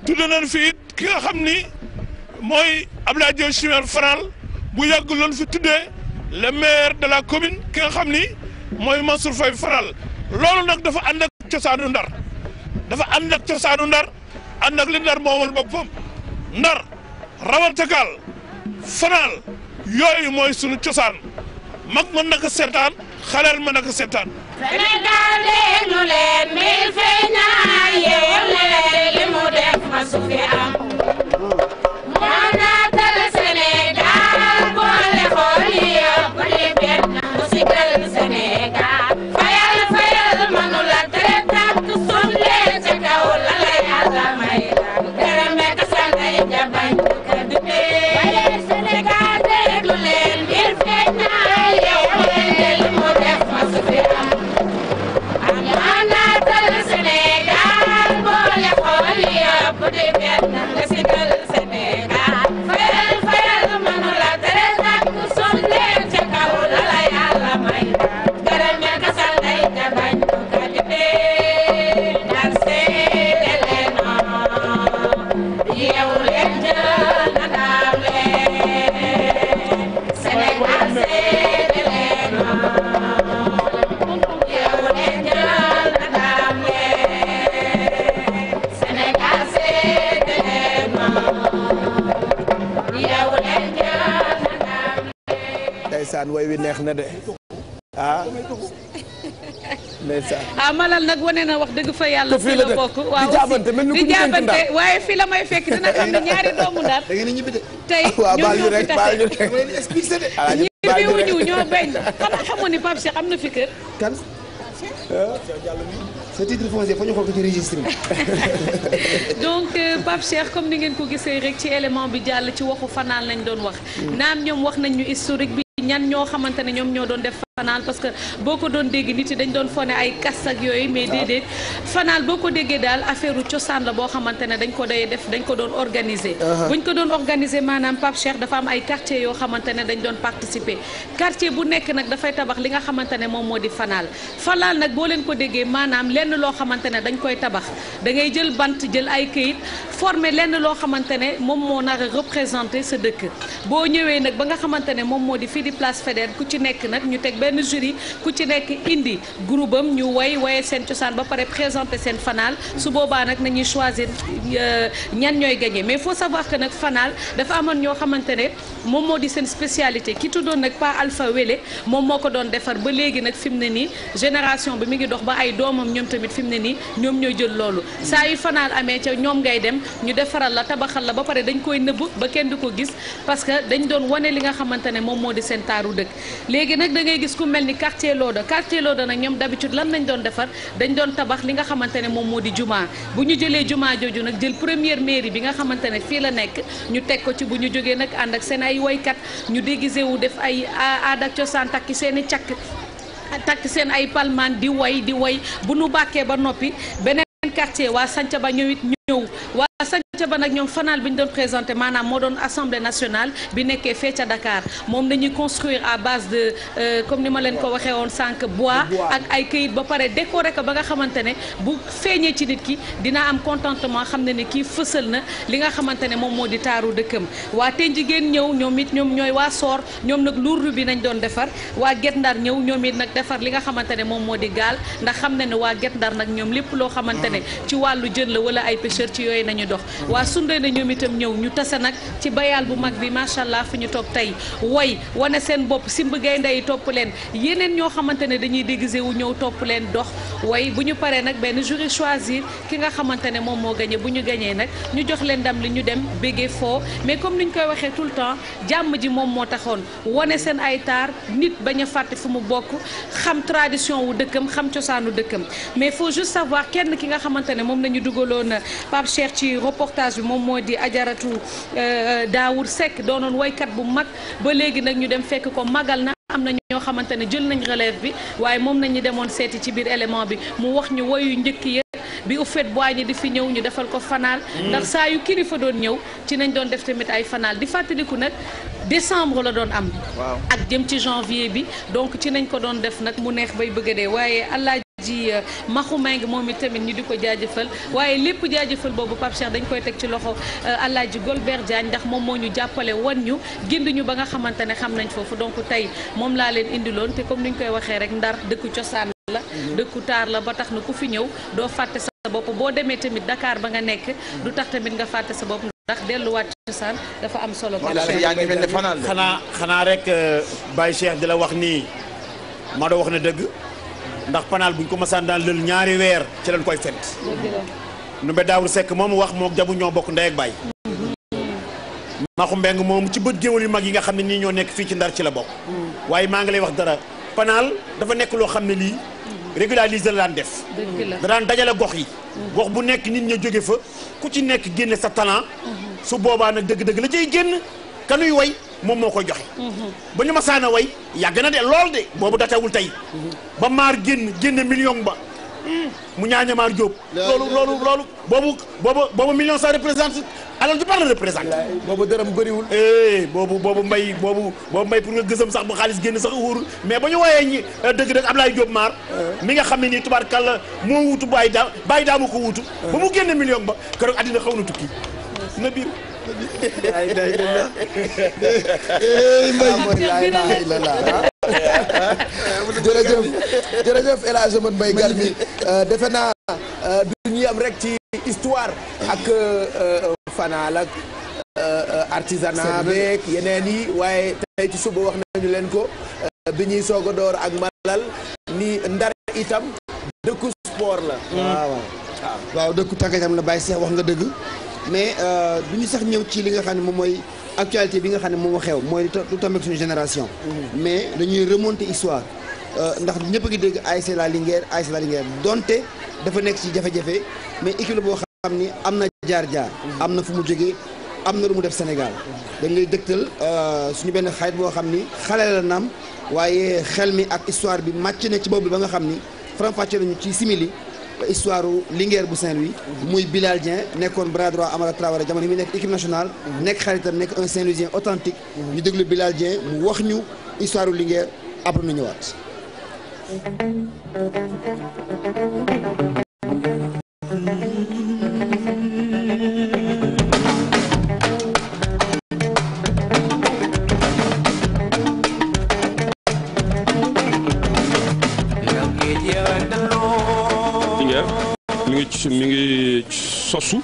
tudd fi it nga xam ni mooy Abdoulaye Diop Chimère Faral bu yàgg loon fi tuddee le maire de la commune ki nga xam ni mooy Mansour Faye Faral loolu nag dafa ànd ak cosaanu ndar dafa ànd ak cosaanu ndar ànd ak li ndar moomal boppam. ndar rawantakaal fanaal yooyu mooy sunu cosaan mag ma na ko seetaan xaleel mën na ko seetaan Sénégal déglu leen mil fey naa yeewu leen li mu def ma su am moo naatal Sénégal boole xool yi yëpp li benn mu sigal Sénégal way wi neex na de ah ndeysaan ah Malal nag wane na wax dëgg fa yàlla fii la bokk waaw a jaabante mel ni ku ñu dénk ndax waaye fii la may fekk dina xam ne ñaari doomu ndar da ngeen ñibbi de tey ñoom ñoo fi tase ah, ñibbi wuñu ñoo bañ xam xamu ni Pape Cheikh am na fi kër kan sa titre foncier fa ñu xool ko ci registre donc euh, Pape comme ni ngeen ko gisee rek ci élément bi jàll ci waxu fanaan lañ doon wax hmm. naam ñoom wax nañ historique bi ñan ñoo xamante ne ñoom ñoo doon def fanal parce que boo ko doon dégg nit yi dañ doon fone ay kas yooyu mais déedéet fanal boo ko déggee daal affaire cosaan la boo xamante ne dañ ko day def dañ ko doon organiser uh-huh. buñ ko doon organiser maanaam Pape Cheikh dafa am ay quartier yoo xamante ne dañ doon participer quartier bu nekk nag dafay tabax li nga xamante ne moom moo di fanal fanal nag boo leen ko déggee maanaam lenn loo xamante ne dañ koy tabax da ngay jël bant jël ay kayit former lenn loo xamante ne moom moo nar a représenter sa dëkk boo ñëwee nag ba nga xamante ne moom moo di fii ku ci nekk nag ñu teg benn jury ku ci nekk indi groupe am ñu way waye seen cosaan ba pare présenté seen fanaal su boobaa nag nañuy choisir euh, ñan ñooy gagné mais faut savoir que nag fanaal dafa amoon ñoo xamante ne moom moo di seen spécialité ki tuddoon nag pas alpha moom moo ko doon defar ba léegi nag fi mu ne nii génération bi mi ngi dox ba ay doomam ñoom tamit fi mu ne nii ñoom ñooy jël loolu saa yu fanal amee ca ñoom ngay dem ñu defaral la tabaxal la ba pare dañ koy nëbb ba kenn du ko gis parce que dañ doon wane li nga xamante ne moom moo di seen taaru dëkk léegi nag da gis gis ku mel ni quartier Loda quartier Loda nag ñoom d'habitude lan lañ doon defar dañ doon tabax li nga xamante ne moom moo di juma bu ñu jëlee juma jooju nag jël première mairie bi nga xamante ne fii la nekk ñu teg ko ci bu ñu jógee nag ànd ak seen ay woykat ñu déguisé wu def ay aada ak cosaan takki seen i càkk takk seen ay palmaan di woy di woy bu nu bàkkee ba noppi beneen quartier waa Sanca ba ñëw it ñëw waa ca ba nag ñoom fanaal bi ñu doon présenté maanaam moo doon assemblée nationale bi nekkee fee dakaar Dakar moom dañuy construire à base de euh, comme ni ma leen ko waxee woon sànq bois ak ay kayit ba pare décoré ko ba nga xamante ne bu feeñee ci nit ki dina am contentement xam ne ni kii fësal na li nga xamante ne moom moo di taaru dëkkam waa ten jigéen ñëw ñoom it ñoom ñooy waa soor ñoom nag luurlu bi nañ doon defar waa Guet Ndar ñëw ñoom it nag defar li nga xamante ne moom moo di gaal ndax xam ne ne waa Guet Ndar ñoom lépp loo xamante ne mm. ci wàllu jën la wala ay pêcheur ci yooyu nañu dox waa sundee na ñoom itam ñëw ñu tase nag ci bayaal bu mag bi macha allah fu ñu toog tey woy wane seen bopp simb gaynde yi topp leen yeneen ñoo xamante ne dañuy déguisé wu ñëw topp leen dox way bu ñu paree nag benn jury choisir ki nga xamante ne moom moo gagné bu ñu gañee nag ñu jox leen ndam li ñu dem béggee foo mais comme li ñu koy waxee tout le temps jàmm ji moom moo taxoon wane seen ay taar nit bañ fàtte fu mu bokk xam tradition wu dëkkam xam cosaanu dëkkam mais faut juste kenn ki nga xamante ne moom la ñu dugaloon Pape Cheikh ci reportage bi moom moo di ajaratu euh, Daawur sekk doonoon woykat bu mag ba léegi nag ñu dem fekk ko magal na am na ñoo xamante ne jël nañ relève bi waaye moom nañu demoon seeti ci biir élément bi mu wax ñu woyu njëkk ya bi u uffet boiñi di fi ñëw ñu defal ko fanaal mm. ndax saa yu kilifa doon ñëw ci nañ doon def tamit ay fanaal di fàttaliku nag décembre la doon am ak jëm ci janvier bi donc ci nañ ko doon def nag mu neex bay bëgga dee waaye allah ji euh, Maxu Meng moom it tamit ñu di ko jaajëfal waaye lépp jaajëfal boobu Pape Cheikh dañ koy teg ci loxo euh, Alaaji Golbert Diagne ndax moom moo ñu jàppale wan ñu gind ñu ba nga xamante ne xam nañ foofu donc tey moom laa leen indiloon te comme ni ñu koy waxee rek ndar dëkku cosaan la mhm. dëkku taar la ba tax na ku fi ñëw doo fàtte sa bopp boo demee tamit dakaar ba nga nekk du tax tamit nga fàtte sa bopp ndax delluwaat cosaan dafa am solo xanaa xanaa rek euh, Baye Cheikh di la wax nii ndax panaal buñ ko masaan daan lël ñaari weer ci lañ koy fent Ndoumbé Daour sekk moom mu wax moo jabu ñoo bokk ndey ak baay Maxu Mbeng moom ci bët géwél yu mag yi nga xam ne nii ñoo nekk fii ci ndar ci la bokk waaye maa ngi lay wax dara panaal dafa nekk loo xam ne lii régulariser la daan def da daan dajale gox yi gox bu nekk nit ña jóge fa ku ci nekk génne sa talent su boobaa nag dëgg-dëgg la cay génn kanuy way moom moo koy joxe mhm. ba ñu masaana woy yàgg na de lool de boobu datawul tey mhm. ba maar génn génne million ba hmm. mu ñaaña maar jóob loolu loolu loolu boobu boobu boobu million ça représente alors du parle représente boobu dërëm bëriwul eh, boobu boobu mbay boobu boobu mbay pour nga gësam sax mu xaalis génn sax wóorul mais ba ñu wooyee ñi dëgg-dëgg euh, Ablaye Diop maar mi nga xam ne nii tubaarkàlla moo wutu bàyyi daa bàyyi daa ma ko wutu ba mu génne million ba keroog àddina xaw na tukki ay day dem jërëjëf jërëjëf El Hadj Amadou euh, defe naa euh, du ñuy am rek ci histoire ak euh, fanaal ak artisanat beeg yeneen yi waaye tey ci suba wax nañu leen ko bi ñuy soog a door ak malal ni ndar itam dëkku sport la waaw hmm. waaw dëkku tàggatam la Baye Seex wax nga dëgg mais euh, du ñu sax ñëw ci li nga xam ne moom mooy actualité bi nga xam ne moom moo xew mooy lu tombé suñu génération. Mm-hmm. mais dañuy remonter histoire. Euh, ndax ñëpp a ngi dégg ASC La ay ASC La Linguère donte dafa nekk ci jafe-jafe mais équipe boo xam ni am na jaar-jaar. Mm-hmm. am na fu mu jógee am na lu mu def Sénégal. Mm-hmm. dañ lay dëgtal euh, suñu benn xarit boo xam ni xale la naam waaye xel mi ak histoire bi màcc na ci bopp bi ba nga xam ni faram-fàcce nañu ci simili. histoire Linguère bu Saint-Louis muy Bilal Dieng nekkoon bras droit Amara Traoré jamono mi nekk équipe nationale nekk xaritam nekk un Saint-Louisien authentique ñu déglu Bilal mu wax ñu histoire Linguère après nu ñëwaat démarche mi ngi sosu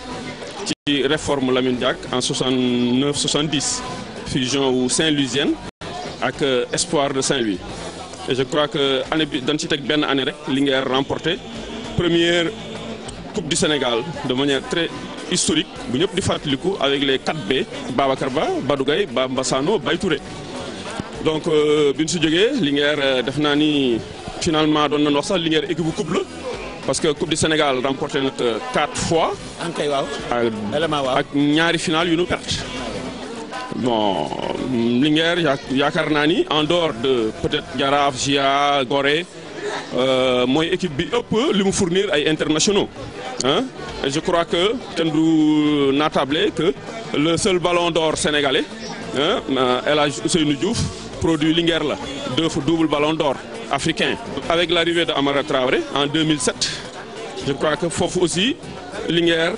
ci réforme Lamine Diack en 69 70 fusion wu Saint-Louisienne ak euh, Espoir de Saint-Louis je crois que année bi dañ ci teg benn année rek Linguère remporté première coupe du Sénégal de manière très historique bu ñëpp di fàttaliku avec les 4 B Babacar Ba Badou Gaye Bay Touré donc euh, bi ñu si jógee Linguère euh, def naa ni finalement doon nañ wax sax Linguère équipe bu parce que Coupe du Sénégal remporté na quatre fois. am ah, kay ak ñaari final yu nu perte. bon Linguère yaakaar naa ni en dehors de peut-être Jaraaf Gia Gorée euh, mooy équipe bi ëpp li mu fournir ay internationaux je crois que kenn du naatable que le seul ballon d'or sénégalais ah El Hadj Ousseynou Diouf. produit Linguère la deux fois double ballon d'or africain. avec l'arrivée de Amara Traoré en 2007 je crois que foofu aussi Linguère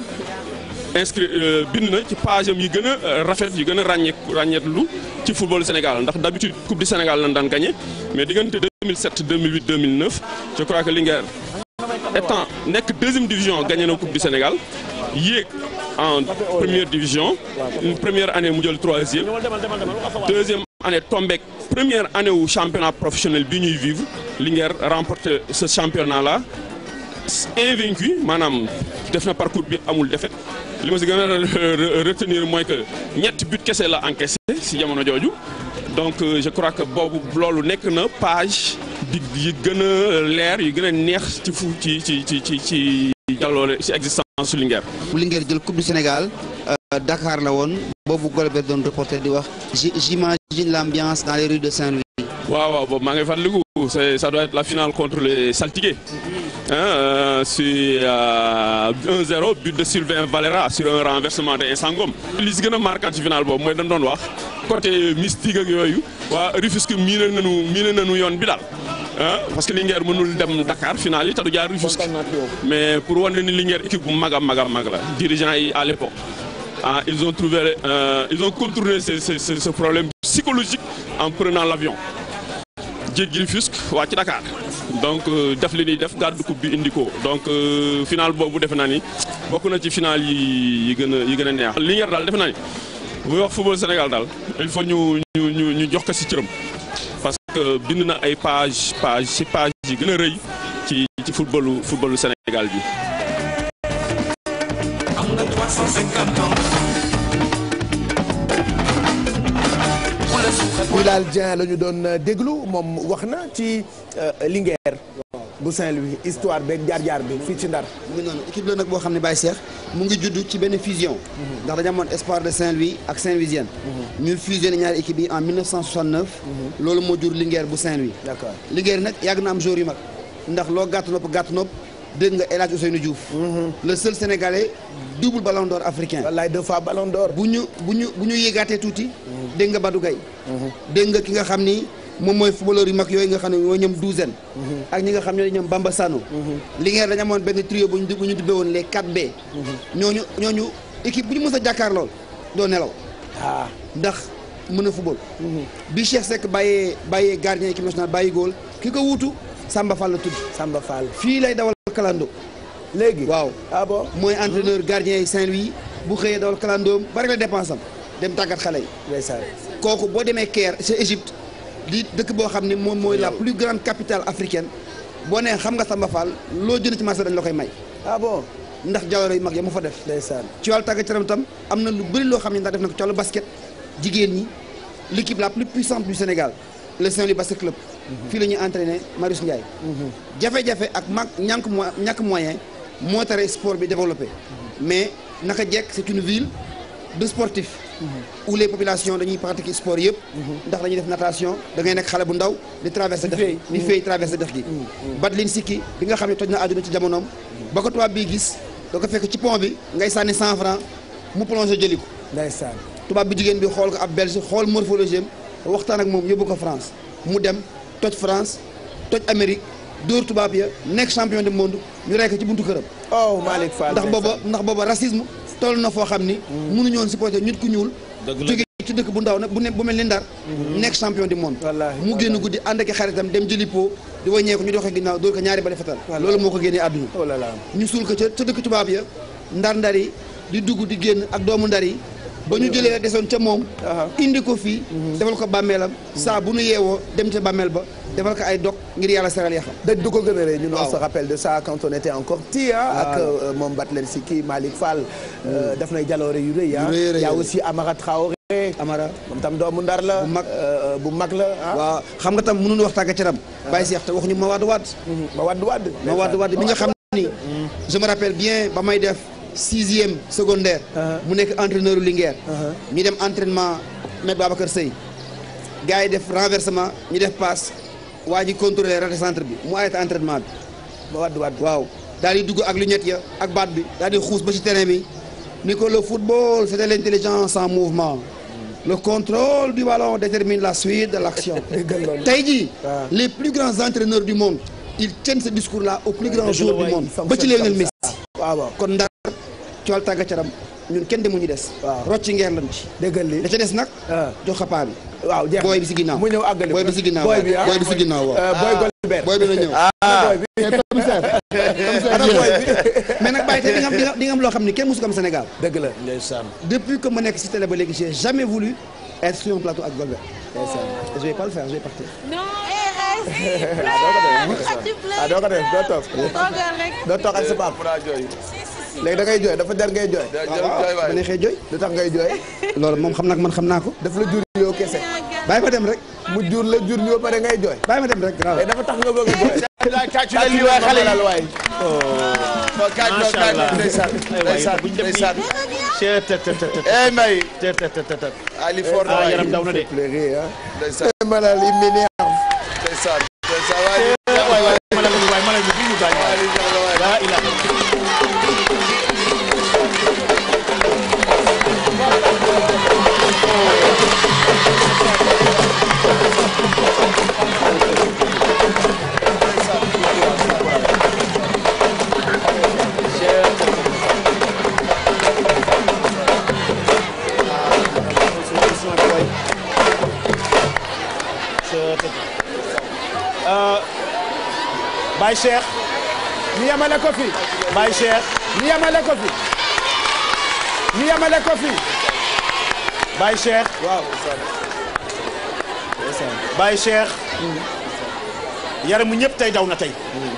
inscrit euh, bind na ci page yi gën a euh, rafet yi gën a ràññee ràññeetlu ci football Sénégal ndax d'habitude Coupe du Sénégal la daan gagné mais diggante 2007 2008 2009 je crois que Linguère étant nekk deuxième division gagné na Coupe du Sénégal yéeg. en première division une première année mu jël troisième année tombé première année wu championnat professionnel bi ñuy vivre Linguère remporte ce championnat la invaincu maanaam def na parcours bi amul défaite li ma si gën a retenir mooy que ñetti but kese la encaissé si jamono jooju donc euh, je crois que boobu loolu nekk na page bi yi gën a leer yi gën a neex ci fu ci ci ci ci ci jàlloole si existence su Linguère. bu Linguère jël coupe du Sénégal euh, Dakar la woon. boobu Golbert doon reporter di wax j'imagine l'ambiance dans les rues de Saint-Louis. waaw waaw boobu maa ngi fàttaliku c'est ça doit être la finale contre les Saltigué ah si 1-0 but de Sylvain Valera sur un renversement de Nsangom. li si gën a marquant ci finale boobu mooy dañ doon wax côté mystique ak yooyu waa Rufisque miine nañu miine nañu yoon bi daal. parce que Linguère mënul dem Dakar final yi te du jaar oh. mais pour wane ni Linguère équipe a mag a mag la ah ils ont trouvé euh, ils ont contourné ce ce ce problème psychologique en prenant l'avion jéggi Rufisque waa ci Dakar donc euh, def li ñuy def gàddu coupe bi indi ko donc euh, final boobu defe naa ni bokk na ci final yi yi gën a yi gën a neex. li ngeen daal defe naa ni bu wax football Sénégal daal il faut ñu ñu ñu ñu jox ko si cëram parce que bind na ay page page si page yi gën a rëy ci ci footballu footballu Sénégal bi. Bilal Dieng la ñu doon euh, déglu moom wax na ci euh, Linguère bu Saint-Louis histoire beeg jaar-jaar bi fii ci Ndar mu ngi noonu équipe la nag boo xam ne Baye Cheikh mu ngi judd ci benn fusion mhm. ndax dañu amoon espoir de Saint-Louis ak Saint-Louisienne mhm. ñu fusionné ñaari équipe yi en 1969 mhm. loolu moo jur Linguère bu Saint-Louis d'accord nag yàgg na am joueur yu mag ndax loo gàtt nopp gàtt nopp dégg nga El Hadj Ousseynou Diouf. Mhm. le seul sénégalais double ballon d'or africain. wallaay deux fois ballon d'or. bu ñu bu ñu bu ñu yéegaatee tuuti. Mhm. dégg nga Badou Gueye. Mhm. dégg nga ki nga xam ni moom mooy footballeur yu mag yooyu nga xam ne ñoo ñoom douzaine. ak ñi nga xam ñooy ñoom Bamba Sano. li ngeen dañu amoon benn trio bu ñu bu ñu dubbee woon les ñoo ñu ñooñu ñooñu équipe bu ñu mës a jàkkaar lool doo nelaw. ah ndax mën a football. bi Cheikh Seck bàyyee bàyyee gardien équipe nationale bàyyi góol ki ko wuutu Samba Fall clando. léegi waaw ah bon mooy entraîneur gardien yi Saint-Louis bu xëyee dawal clando bari la dépense am dem tàggat xale yi. kooku boo demee Caire ca Égypte di dëkk boo xam ne moom mooy la plus grande capitale africaine boo nee xam nga Samba Fall loo jënd ci marché dañ la koy may. ah ndax jawaro yu mag ya mu fa def. ndeysaan ci wàllu tàggat yaram tam am na lu bëri loo xam ne ndax def na ko ci wàllu basket jigéen ñi l'équipe la plus puissante du Sénégal le Saint-Louis Basket Club. fii la ñuy entraîné Marius Ndiaye. jafe-jafe ak mag ñàkk mo ñàkk moyen moo tere sport bi développé. mais naka jekk c'est une ville de sportifs. où les populations dañuy pratiquer sport yëpp. ndax dañuy def natation da ngay nekk xale bu ndaw di traversé dex dex gi. Badlin Sikki bi xam ne toj na àdduna ci jamonoom. ba ko tubaab bii gis da ko fekk ci pont bi ngay sànni cent francs mu plongé jëli ko. ndeysaan tubaab bi jigéen bi xool ko ab belge xool morphologie am waxtaan ak toj France toj Amérique dóor tubaab ya nekk champion du monde ñu rey ko ci buntu këram. oh Malick ndax booba ndax booba racisme toll na foo xam ni. Mm. mënuñu woon supporter nit ku ñuul. jóge ci dëkk bu ndaw nag bu ne bu mel ni Ndar. Mm-hmm. nekk champion du monde. mu génn guddi ànd ak xaritam dem jëli po di wàññeeku ñu doxee ginnaaw dóor ko ñaari bale fetal loolu moo ko génnee àdduna. Oh ñu suul ko ca ca dëkk tubaab ya ndar ndar yi di dugg di génn ak doomu ndar yi ba ñu jëlee la desoon ca moom indi ko fii mhm. defal ko bàmmeelam mhm. saa bu nu yeewoo dem ca bàmmeel ba defal ko ay dog ngir yàlla seral yaxam daj du ko gën a rëy ñun on se rappelle de ça quand on était encore petit ah, ah. ak euh, si kii Malick Fall euh, mhm. daf nay jaloore yu ah. rëy aussi Amara Traoré Amara moom tam doomu ndar la mag euh, bu mag la waaw xam nga tam mënuñu wax tàggat yaram bàyyi te wax ñu ma wadd wadd ma wadd wadd ma wadd nga xam ni bien ba may def sixième secondaire. Uh-huh. mu nekk entraîneur Linguère. Uh-huh. ñu dem entraînement Me Babacar Seye. gars yi def renversement ñu def passe waa ji contrôler raté centre bi mu arrêté entraînement bi. ba waaw daal di dugg ak lunette ya ak baat bi daal di xuus ba ci terrain bi ni ko le football c'est l'intelligence en mouvement. le contrôle du ballon détermine la suite de l'action. tey jii ah. les plus grands entraîneurs du monde ils tiennent ce discours là au plus ah, grand jour du monde cool tàgga caram ñun kenn mu ñu des. waaw rocci ngeer lañ ci. dëggal li da ca des nag. Ah. jox xapaa bi. waaw jeex booy bi si ginnaaw mu ñëw àggali booy bi si ginnaaw booy bi booy ñëw. Ah. booy bi commissaire. mais bàyyi te di nga am di nga loo xam ni kenn mosu ko am Sénégal. dëgg la ndeysaan. depuis que nekk si tele ba léegi j'ai jamais voulu être sur un plateau ak golbert. ndeysaan je vais pas le eh, eh, ah, doo ko def doo toog. doo toog ak léegi da ngay jooy dafa jar ngay jooy. waaw ba neexee jooy du tax ngay jooy. lool moom xam nag man xam naa ko. daf la jur yoo kese. bàyyi ma dem rek. mu jur la jur yoo pare ngay jooy. bàyyi ma dem rek waaw. dafa tax nga bëgg a jooy. kàccu leen lii waay xale yi waay. macha allah ndeysaan ndeysaan ndeysaan. cee te te te te. eh Mbaye. te te te te te. Ali Fort waay yaram daw na Baye Cheikh ñu yemale ko fi Baye waaw Baye Cheikh hmm. yaramu ñëpp tey daw na tey hmm.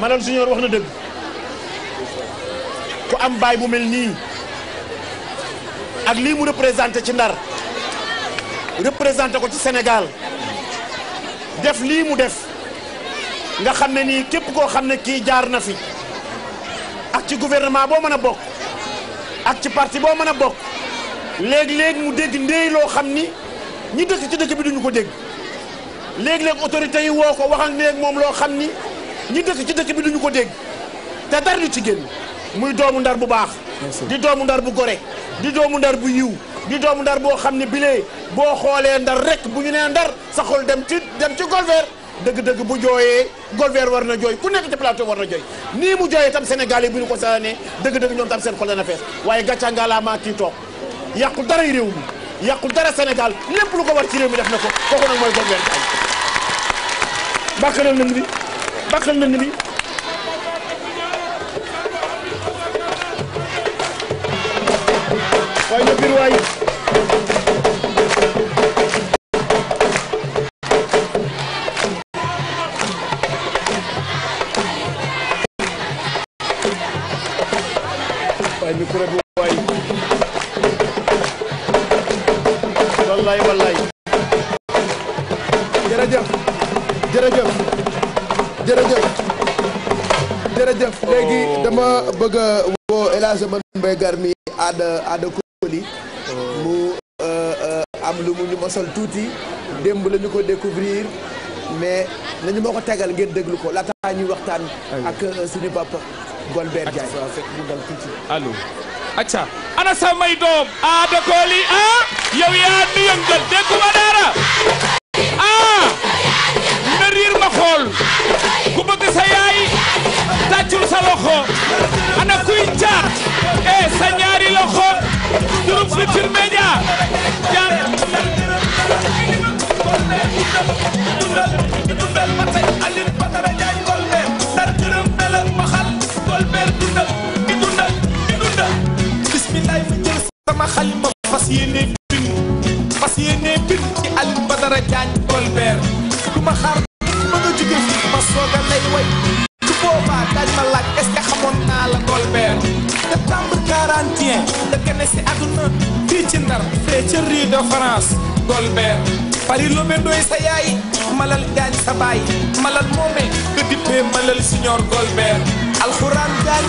Malal Junior wax na dëgg ku am baay bu mel nii ak lii mu représenté ci Ndar représenté ko ci Sénégal def lii mu def nga xam ne nii képp koo xam ne kii jaar na fi ak ci gouvernement boo mën a bokk ak ci parti boo mën a bokk léegi léegi mu dégg ndéy loo xam ni ñi dëkk ci dëkk bi duñu ko dégg léeg-léeg autorités yi woo ko wax ak moom loo xam ni ñi dëkk ci dëkk bi duñu ko dégg te dar du ci génn muy doomu ndar bu baax di doomu ndar bu gore di doomu ndar bu yiw di doomu ndar boo xam ne bilee boo xoolee ndar rek bu ñu nee ndar sa dem ci dem ci golfeer dëgg-dëgg bu jooyee Golbert war na jooy ku nekk ci plateau war na jooy nii mu jooyee tam Sénégal yi bu ñu ko saanee dëgg-dëgg ñoom tam seen xol dana fees waaye gàcca ngaalaamaa kii toog yàqul dara réew mi yàqul dara Sénégal lépp lu ko war ci réew mi def na ko kooku nag mooy Golbert Diagne waaye na biir waaye micro waay wallaay wallaay jërëjëf jërëjëf jërëjëf jërëjëf oh. léegi dama bëgg a woo El Hadj Man Mbaye Garmi aada aada Koli oh. mu euh, euh, am lu mu ñu mosal tuuti démb lañu ko découvrir mais nañu ma ko tegal ngeen déglu ko laataa ñuy waxtaan ak euh, suñu papa Golbert acca ana samay doom a da a yow yaa nu yëngal a na ma xool ku bëgg sa yaay sa loxo ana kuy caat e sa loxo groupe Futurs Médias jam meer dundal di dundal di dundal bismillaay ma jël sama xalima fas yéene bind fas yéene bind ci Alioune Golbert du xaar ba nga jóge fii ma sooga lay way su boobaa dañ ma laaj est xamoon naa la Golbert septembre 41 da gane si àdduna fii ci Ndar fee ca Rue de France Golbert Paris Lomé Ndoye sa yaay Malal Diagne sa baay Malal moome nga dippee Malal Signor Golbert alxuraan daal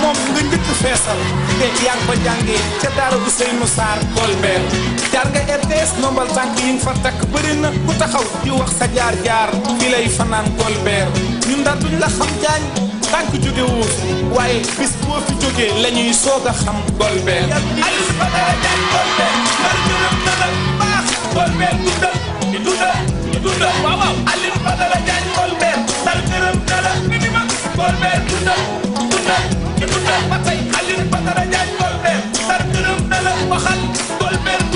moom nga njëkk feesal te yaa ngi jàngee ca daara bu Seynou Sarr Golbert jaar nga RTS nombal tànk yi fa takk bëri na ku taxaw di wax sa jaar jaar fi lay fanaan Golbert ñun ndax duñ la xam jaañ tànk jóge woo fi waaye bis boo fi jógee la ñuy a xam Golbert ay fa dara jaan Golbert Golbert dundal ndar gërëm la waxal Golbert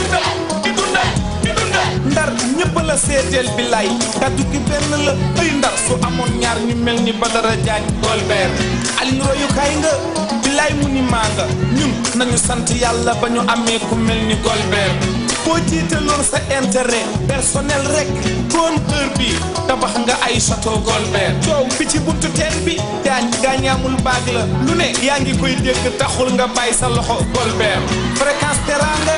dundal di seeteel bi lay kaddu benn la ay ndar su amoon ñaar ñu mel ni Badara Ndiaye Golbert royukaay nga bi mu ni maa nga ñun nañu sant yàlla ba ñu amee ku mel ni Golbert boo jiitaloon sa intérêt personnel rek doon heure bi tabax nga ay château Golbert coow bi ci buntu teen bi gaañ gaañaamul baag la lu ne yaa ngi koy dégg taxul nga bàyyi sa loxo Golbert fréquence teranga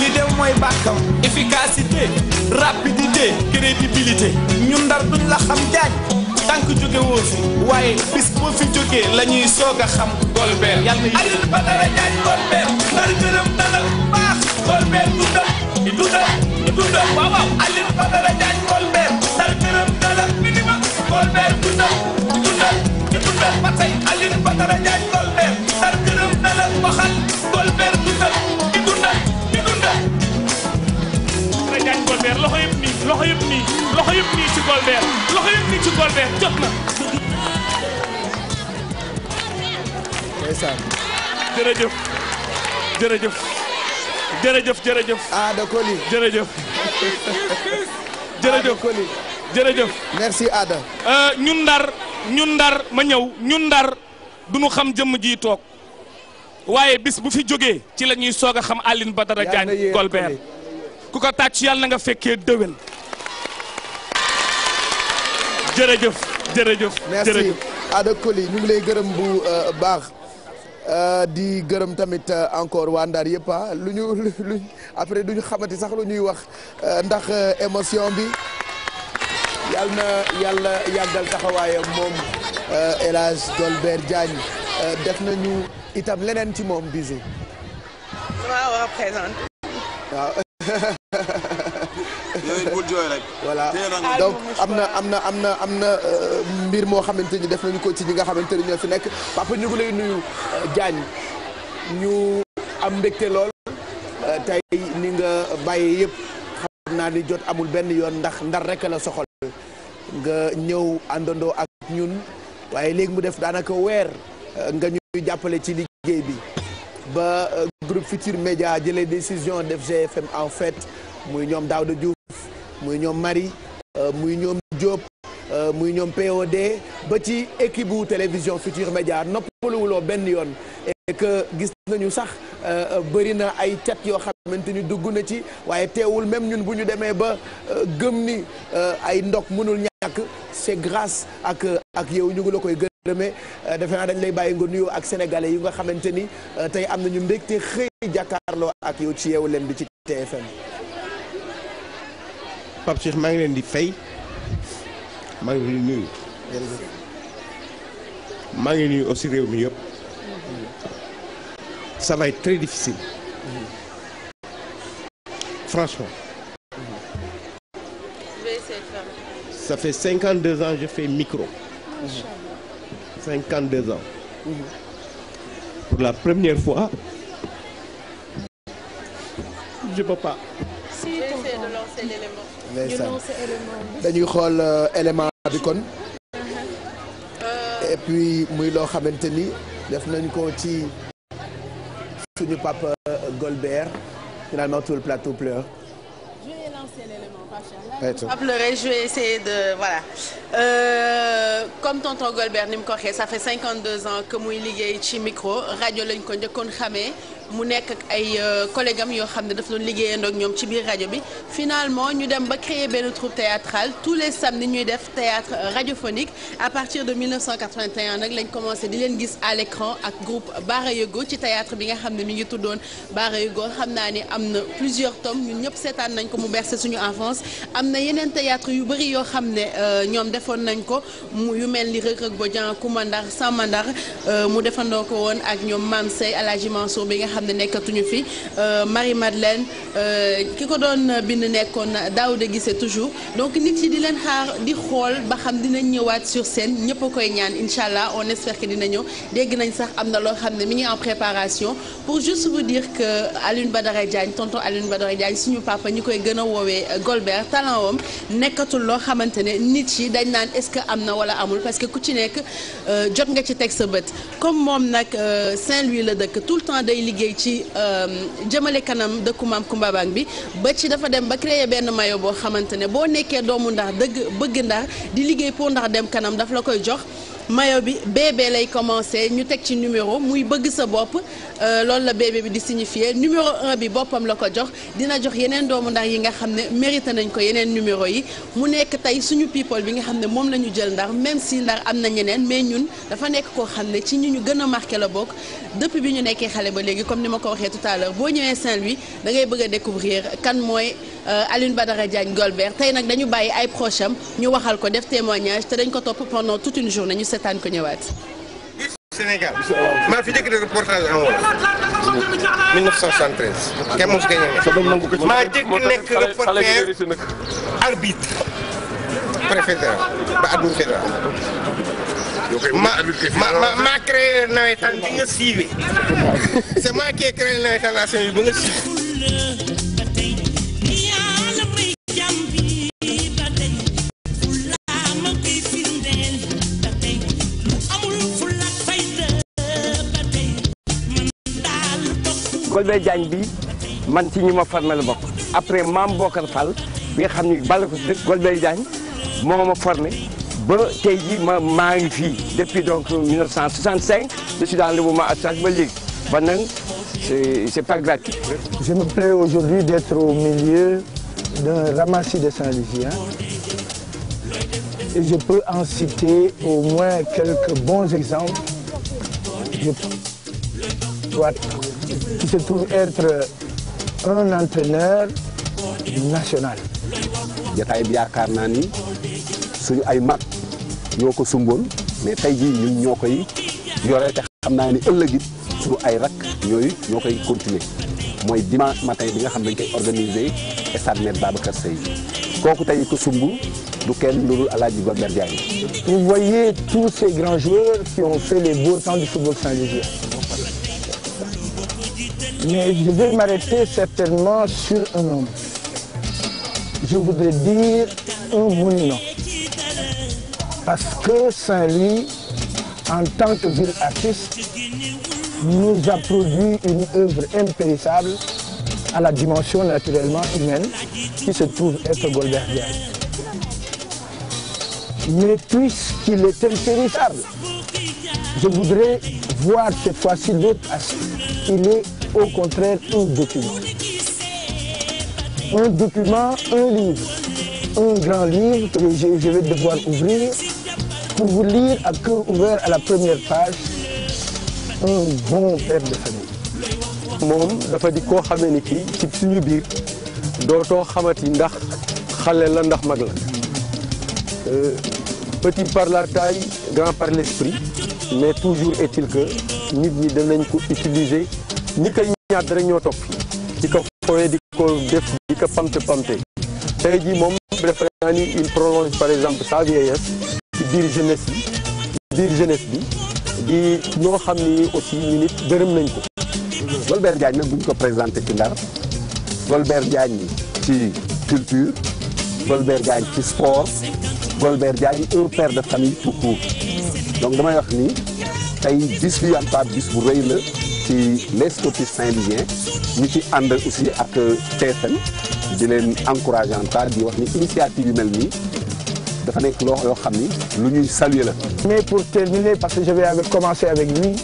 li dem mooy bàkkam efficacité rapidité crédibilité ñu ndar duñ la xam jaañ tànk jóge fi waaye bis boo fi jógee la ñuy soog a xam Golbert yàlla na Alioune Badara Diagne Golbert ndar gërëm dalal xool bee dundal di dundal di dundal waaw waaw Aliou Badara Diagne xool bee sal biram dala minima xool bee dundal di dundal di dundal ba tey Aliou Badara Diagne xool bee sal biram dala waxal xool bee dundal di dundal di dundal Badara Diagne xool bee loxo yëpp nii loxo yëpp nii loxo yëpp nii ci xool bee loxo yëpp nii ci xool bee jot na ndeysaan jërëjëf jërëjëf jërëjëf jërëjëf. Ada Coly. jërëjëf. jërëjëf jërëjëf. merci Ada. Euh, ñun ndar ñun ma ñëw ñun ndar du ñu xam jëmm ji toog waaye bis bu fi jógee ci la ñuy soog a xam Aline Badara Diagne Golbert ku ko tàcc yàlla na nga fekkee déwén. jërëjëf jërëjëf. jërëjëf merci Ada Coly ñu ngi lay gërëm bu euh, baax. Euh, di gërëm tamit euh, encore waa Ndar yëpp ah lu ñu lu après du ñu xamati sax lu ñuy wax euh, ndax émotion bi yal na yàlla yàggal taxawaayam moom El Hadj Golbert Diagne def nañu itam leneen ci moom bisu. waaw. yooyu voilà donc am na am na am na am na euh, mbir moo xamante ni def nañu ko ci ñi nga xamante ni ñoo fi nekk papa ñu ngi lay nuyu euh, Diagne ñu am mbégte lool euh, tey ni nga bàyyee yëpp xam naa ni jot amul benn yoon ndax ndar rek la soxal nga ñëw àndandoo ak ñun waaye léegi mu def daanaka weer nga ñuy jàppale ci liggéey bi ba groupe Futur Média jëlee décision def GFM en fait muy ñoom Daouda Diouf muy ñoom Marie euh, muy ñoom Diop euh, muy ñoom POD ba ci équipe bu télévision Futur Média noppaluwuloo benn yoon et que gis nañu sax euh, bëri na ay cat yoo xamante ni dugg na ci waaye teewul même ñun bu ñu demee ba gëm ni ay ndok mënul ñàkk c'est grâce ak ak yow ñu ngi la koy gën deme defe naa dañ lay bàyyi nga nuyoo ak sénégalais yi nga xamante ni tey am nañu mbégte xëy jàkkaarloo ak yow ci yeewu lem bi ci TFM Pape Cheikh maa ngi leen di fay maa ngi leen aussi réew mi yëpp. ça va être très difficile. franchement. ça fait cinquante deux ans je fais micro. cinquante deux ans. pour la première fois. je peux ndeysaan dañuy xool euh, élément bi kon uh-huh. et puis muy loo xamante ni def nañ ko ci suñu Pape euh, Golbert finalement tout le plateau pleure après je vais essayer de voilà euh, comme tonton Golbert ni mu ko waxee ça fait 52 ans que muy liggéey ci micro rajo lañ ko njëkkoon xamee mu nekk ak ay euh, collegam yoo xam ne daf doon liggéeyandoo ak ñoom ci biir rajo bi finalement ñu dem ba créer benn troupe théâtrale tous les ni ñuy def théâtre euh, radiophonique à partir de 1981 nag lañ commencé di leen gis à l'écran ak groupe Bara Yego ci théâtre bi nga xam ne mi ngi tuddoon Bara Yego xam naa ni am na plusieurs tomes ñun ñëpp seetaan nañ ko mu bercé suñu enfance am na yeneen théâtre yu bëri yoo xam ne euh, ñoom defoon nañ ko mu yu mel ni Reug Reug Bodian Coumba Ndar Samba Ndar mu defandoo ko woon ak ñoom Mame Seye Alaaji Mansour bi nga xam ne nekkatuñu fi euh, Marie Madeleine euh, ki ko doon bind nekkoon Daouda Guissé toujours donc nit yi di leen xaar di xool ba xam dinañ ñëwaat sur scène ñëpp koy ñaan incha allah on espère que dina ñëw dégg nañ sax am na loo xam ne mi ngi en préparation pour juste vous dire que Alioune Badara Diagne tonton Alioune Badara Diagne suñu papa ñu koy gën a woowee Golbert talent woom nekkatul loo xamante ne nit yi dañ naan est-ce que am na wala amul parce que ku ci nekk euh, jot nga ci teg s bët comme moom nag Saint-Louis la dëkk tout le temps day liggéey. liggéey ci euh, jëmale kanam dëkku maam Kumba Bang bi ba ci dafa dem ba créer benn mayo boo xamante ne boo nekkee doomu ndax dëgg bëgg Ndar di liggéey pour ndax dem kanam dafa la koy jox mayo bi bébé lay commencé ñu teg ci numéro muy bëgg sa bopp euh, loolu la bébé bi di signifier numéro 1 bi boppam la ko jox dina jox yeneen doomu ndax yi nga xam ne mérité nañ ko yeneen numéro yi mu nekk tey suñu people bi nga xam ne moom la ñu jël ndar même si ndar am na ñeneen mais ñun dafa nekk koo xam ne ci ñi ñu gën a marqué la bokk depuis bi ñu nekkee xale ba léegi comme ni ma ko waxee tout à boo ñëwee Saint-Louis da ngay bëgg a découvrir kan mooy Euh, Alioune Badara Diagne Golbert tey nag dañu bàyyi ay proches ñu waxal ko def témoignage te dañ ko topp pendant toute une journée ñu seetaan ko ñëwaat. Sénégal maa fi njëkk def reportage en wolof 1973 kenn arbitre préfédéral ba admin maa créé nawetaan bi nga siiwee Golbert Diagne bi man ci ñi ma formé la après maam Fall bi nga xam ni bala ko dëkk Golbert Diagne moo ma formé ba tey jii ma maa ngi fii depuis donc je suis dans le mouvement associatif ba léegi ba nag c'est pas gratuit. Je me plais aujourd'hui d'être au milieu d'un ramassis de Saint-Louisien. Et je peux en citer au moins quelques bons exemples qui se trouve être un entraîneur national. jataay bi yaakaar naa ni suñu ay mag ñoo ko sumboon mais tey jii ñun ñoo koy yorete xam naa ni ëllëg it suñu ay rakk yooyu ñoo koy continuer. mooy dimanche matin bi nga xam dañ koy organiser stade kooku tey ko du kenn loolu Alaaji Golbert Diagne. vous voyez tous ces grands joueurs qui ont fait les beaux du football saint-louisien. mais je vais m'arrêter certainement sur un homme. je voudrais dire un monument. parce que Saint-Louis en tant que ville artiste. nous a produit une œuvre impérissable à la dimension naturellement humaine qui se trouve être Goldbergien. Mais puisqu'il est impérissable, je voudrais voir cette fois-ci l'autre aspect. Il est au contraire un document. Un document, Un grand livre que je vais devoir ouvrir pour vous lire à cœur ouvert à la première page un bon père moom dafa di koo xamee ni kii ci suñu biir doo dootoo xamati ndax xale la ndax mag la euh, petit par la taille grand par l'esprit mais toujours est-il que nit ñi dem nañ ko utiliser ñi ko ñaat rek ñoo topp ci ko fooyee di ko def di ko pamte pamte tey jii moom defe naa ni il prolonge par exemple sa vieillesse ci biir jeunesse bi biir jeunesse bi di ñoo xam ni aussi ñu nit gërëm nañ ko. Golbert Diagne nag buñ ko présenté ci ndar Golbert Diagne ci culture Golbert Diagne ci sport Golbert Diagne un père de famille tout court donc damay wax ni tey bis bi am pas bis bu rëy la ci les scopistes saint-louisiens ñu ci ànd aussi ak TFM di leen encouragent en tout cas di wax ni initiative yu mel nii. dafa nekk loo yoo xam ni lu ñuy saluer la. mais pour terminer parce que je vais avec commencer avec lui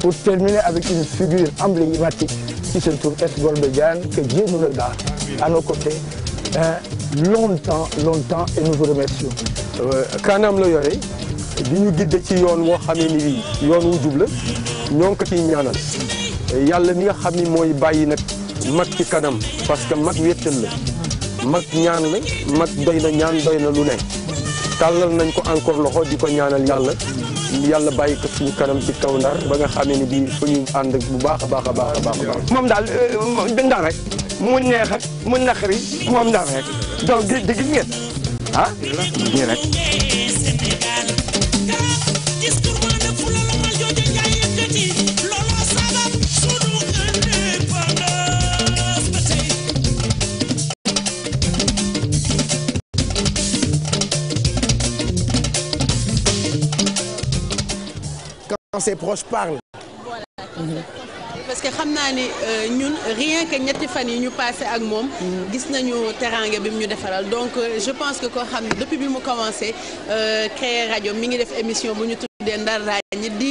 pour terminer avec une figure emblématique qui se trouve être Golbe Diagne que Dieu nous regarde à nos côtés hein, longtemps longtemps et nous vous remercions. Euh, kanam la yore di ñu gidde ci yoon woo xamee ni bii yoon wu jub la ñoo ngi ko ciy ñaanal yàlla mi nga xam ni mooy bàyyi nag mag ci kanam parce que mag wéttal la. mag ñaan la mag doy na ñaan doy na lu ne tàllal nañ ko encore loxo di ko ñaanal yàlla yàlla bàyyi ko suñu kanam si kaw ndar ba nga xamee ne bii fu ñu ànd bu baax a baax a baax a baax moom daal ndar euh, rek mu neex ak mu naqari moom ndar rek donc di ah, rek ses proches parlent. voilà parce que xam naa ni euh, ñun rien que ñetti fan yi ñu passé ak moom. gis nañu teraange bi mu ñu defaral donc euh, je pense que koo xam ne depuis bi mu commencé euh, créer rajo mi ngi def émission bu ñu tuddee Ndar Raññi di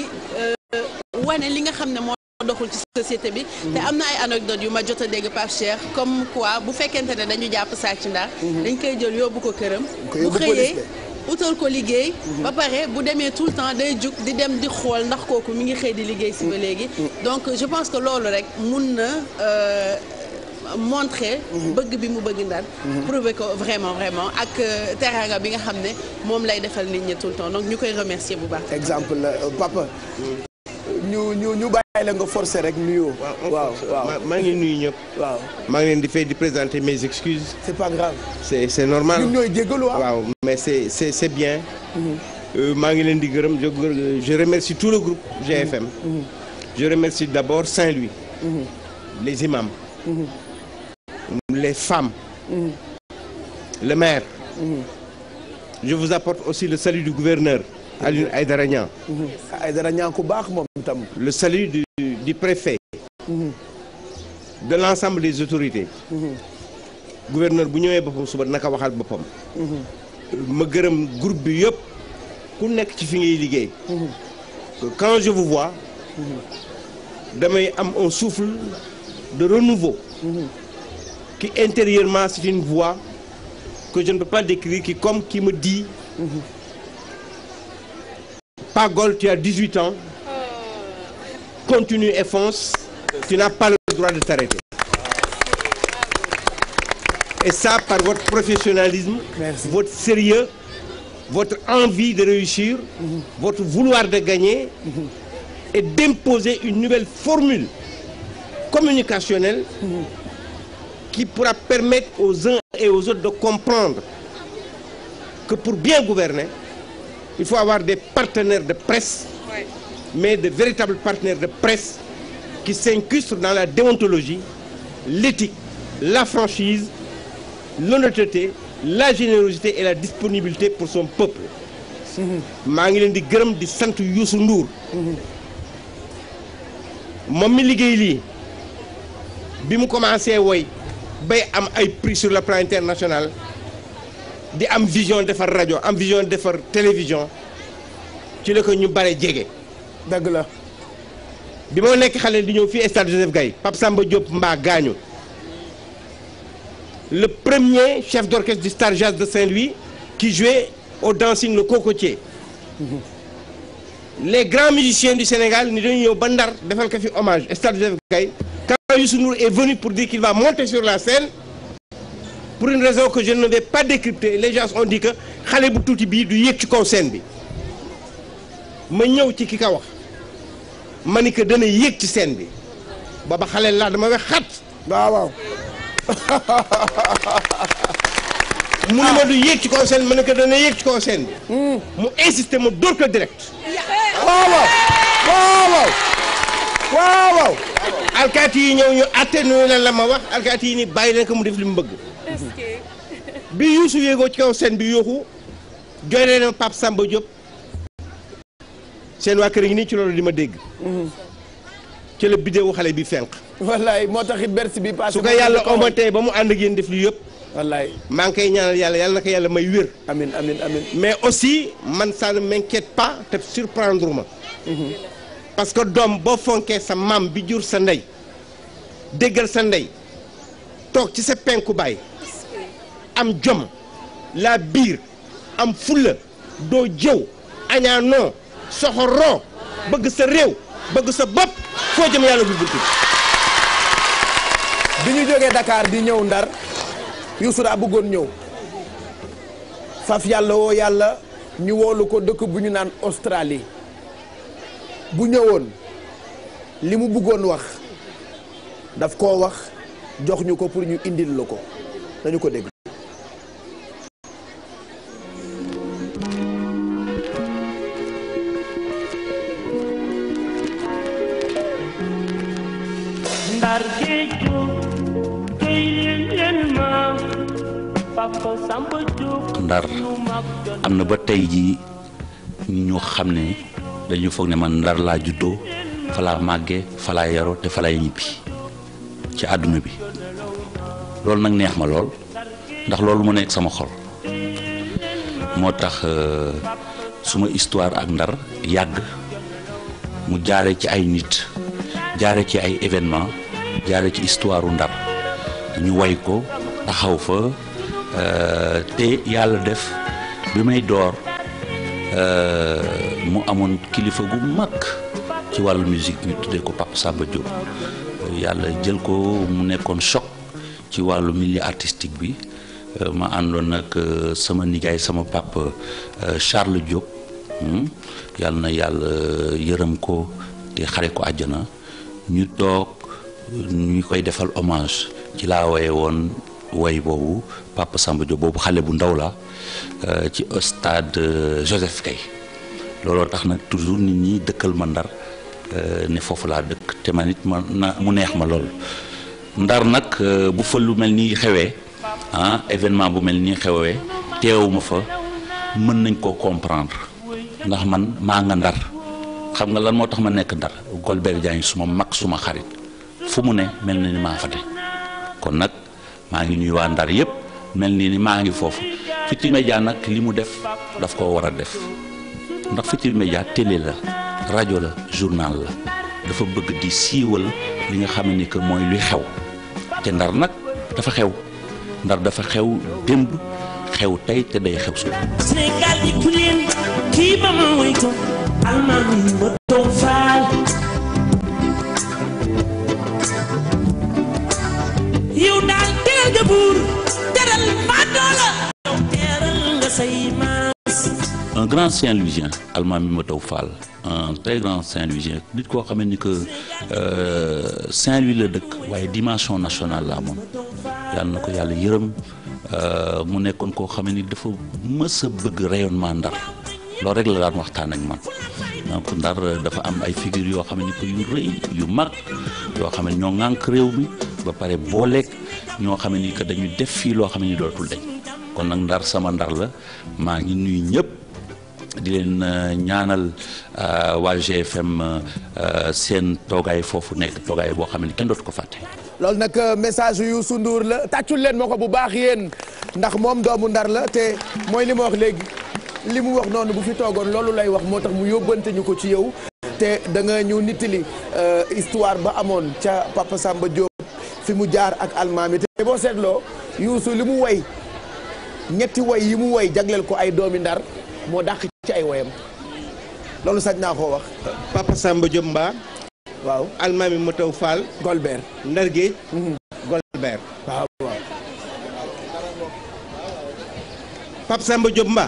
wane li nga xam ne moo doxul ci société bi te am na ay anecdote yu ma jot a dégg Pape Cheikh comme quoi bu fekkente ne dañu jàpp sàcc Ndar mhm. dañ koy jël yóbbu ko këram bu xëyee utal ko liggéey. ba pare bu demee tout le temps day jug di dem di xool ndax kooku mi ngi xëy di liggéey si ba léegi. donc je pense que loolu rek mun na. Euh, montrer bëgg bi mu bëgg Ndar prouver ko vraiment vraiment ak euh, teranga bi nga xam ne moom lay defal nit ñi tout le temps donc ñu koy remercier bu baax exemple euh, papa ñu ñu ñu bàyyi la nga forcer rek nuyoo. waaw waaw maa ngi nuyu ñëpp. waaw maa ngi leen di fay di présenter mes excuses. c'est pas grave. c'est c'est normal ñun ñooy jégalu ah. waaw. mais c'est c'est c'est bien. Mhm. Euh, maa ngi leen di gërëm je remercie tout le groupe GFM. Mhm. Mhm. je remercie d'abord Saint-Louis. les imams. les femmes. le maire. je vous apporte aussi le salut du gouverneur. Alioune Aïdara Niang. Mm-hmm. Aïdara Niang ku baax moom tam. le salut du du préfet. Mm-hmm. de l'ensemble des autorités. Mm-hmm. gouverneur bu ñëwee boppam suba naka waxal boppam. ma gërëm groupe bi yëpp ku nekk ci fi ngay liggéey. quand je vous vois. damay am un soufle de renouveau. qui intérieurement c'est une voix que je ne peux pas décrire qui comme qui me dit. Pagol, tu as 18 ans. Continue et fonce. Tu n'as pas le droit de t'arrêter. Et ça, par votre professionnalisme, Merci. votre sérieux, votre envie de réussir, mmh. votre vouloir de gagner mmh. et d'imposer une nouvelle formule communicationnelle mmh. qui pourra permettre aux uns et aux autres de comprendre que pour bien gouverner, il faut avoir des partenaires de presse, mais de véritables partenaires de presse qui s'incrustent dans la déontologie, l'éthique, la franchise, l'honnêteté, la générosité et la disponibilité pour son peuple. maa ngi leen di gërëm di sant Youssou Ndour. moom mi liggéey lii bi mu commencé woy bay am ay prix sur le plan international. di am vision defar rajo am vision defar télévision ci la ko ñu bare jege. dëgg la. bi moo nekk xale di ñëw fii stade Joseph Gaye Pape ba Diop mbaa gaañu le premier chef d'orchestre du Star Jazz de Saint-Louis qui jouait au dancing le cocotier les grands musiciens du Sénégal ni dañu ñëw ba Ndar defal ko fi hommage stade Joseph Gaye quand Youssou Ndour est venu pour dire qu'il va monter sur la scène pour une raison que je pas décrypter les gens ont xale bu tuuti bii du yéeg ci kaw scène bi ma ñëw ci ki ka wax ma ni que dana yéeg ci scène bi baba xale laa dama wex xat ma du yéeg ci kaw scène bi ma ne que dana yéeg ci kaw scène bi hmm. mu insister ma dóor ko direct waaw waaw alkaati yi ñëw ñu atte nu la ma wax alkaati yi ni bàyyi leen ko mu def li mu bëgg bi Youssou yéegoo ci kaw seen bi yooxu jooy nee na Pape Samba Diop seen waa kër nii ci loolu di ma dégg mhm. ci la biddewu xale bi fenq wallaay moo taxit bersi bi passé su ko yàlla omatee ba mu ànd ak def li yëpp maa ngi koy ñaanal yàlla yàlla na ko yàlla may wér amin amin amin mais aussi man ça ne m'inquiète te surprendre ma mhm. parce que doom boo fonkee sa maam bi jur sa ndey déggal sa ndey toog ci sa penku baay am jom la biir am fulla doo jëw añaanoo soxoroo bëgg sa réew bëgg sa bopp foo jëm yàlla bul buntu bi ñu jógee dakaar di ñëw Ndar Youssou daa bëggoon ñëw faf yàlla woo yàlla ñu woolu ko dëkk bu ñu naan Australie bu ñëwoon li mu bëggoon wax daf koo wax jox ñu ko pour ñu indil la ko dañu ko dégg ndar am na ba tey ji ñu xam ne dañu foog ne man ndar laa juddoo fa laa màggee fa yaroo te fa laay ñibbi ci àdduna bi loolu nag neex ma lool ndax loolu mu nekk sama xol moo tax euh, suma histoire ak ndar yàgg mu jaare ci ay nit jaare ci ay événement jaare ci histoire u ndar ñu way ko taxaw fa Euh, te yàlla def bi may door euh, mu amoon kilifa gu mag ci wàllu musique ñu tuddee ko Pape Samba Diop yàlla jël ko mu nekkoon choc ci wàllu milieu artistique bi euh, ma àndoon nag sama nijaay sama pap Charles Diop hmm? yàlla na yàlla yërëm ko te xare ko àjjana ñu toog ñu koy defal hommage ci laa waye woon way boobu Papa Samba Diop boobu xale bu ndaw la euh, ci stade euh, Joseph Kay looloo tax nag toujours nit ñi dëkkal ma ndar euh, ne foofu laa dëkk te man it ma na mu neex ma lool ndar nag bu fa lu mel nii xewee ah événement bu mel nii xewee teewuma fa mën nañ koo comprendre ndax man maa nga ndar xam nga lan moo tax ma nekk ndar Golbert Diagne suma mag suma xarit fu mu ne mel na ni maa fa de kon nag maa ngi nuyu waa ndar yépp mel nii ni maa ngi foofu Futurs nag li mu def daf ko war a def ndax Futurs Médias télé la rajo la journal la dafa bëgg di siiwal li nga xam ni que mooy luy xew te ndar nag dafa xew ndar dafa xew démb xew tey te day xew suba Sénégal yi ku leen kii ba ma moytu almaan yi ba toog faal yow daal teel nga buur un grand Saint-Louisien Almaami Mataw Fall un très grand Saint-Louisien nit koo xamee ni que euh, Saint-Louis la dëkk waaye dimension national la amoon yàlla na ko yàlla yërëm euh, mu nekkoon koo xamee ni dafa mës bëgg rayonnement Ndar loolu rek la daan waxtaan ak man donc Ndar dafa am ay figures yoo xam ne ko yu rëy yu mag yoo xam ne ñoo ŋànk réew mi ba pare booleeg ñoo xam ni que dañuy def fii loo xam ni dootul de kon nag Ndar sama Ndar la maa ngi nuyu di leen euh, ñaanal euh, waa GFM euh, seen toogaay foofu nekk toogaay boo xam ne kenn dootu ko fàtte. loolu nag message yu Youssou la tàccul leen moo ko bu baax yéen ndax moom doomu ndar la te mooy li mu wax léegi li mu wax noonu bu fi toogoon loolu lay wax moo tax mu yóbbante ñu ko ci yow. te da nga ñu nittali histoire ba amoon ca Papa Samba Diop fi mu jaar ak almaami te boo seetloo Youssou li mu way ñetti way yi mu way jagleel ko ay doomi ndar. moo dàq ci ay woyam loolu sañ naa koo wax. Papa Samba Diop Mba. waaw almaami ma taw Fall. Golbert Ndar Géej. Mhm. Golbert. waaw waaw. Papa Samba Diop Mba.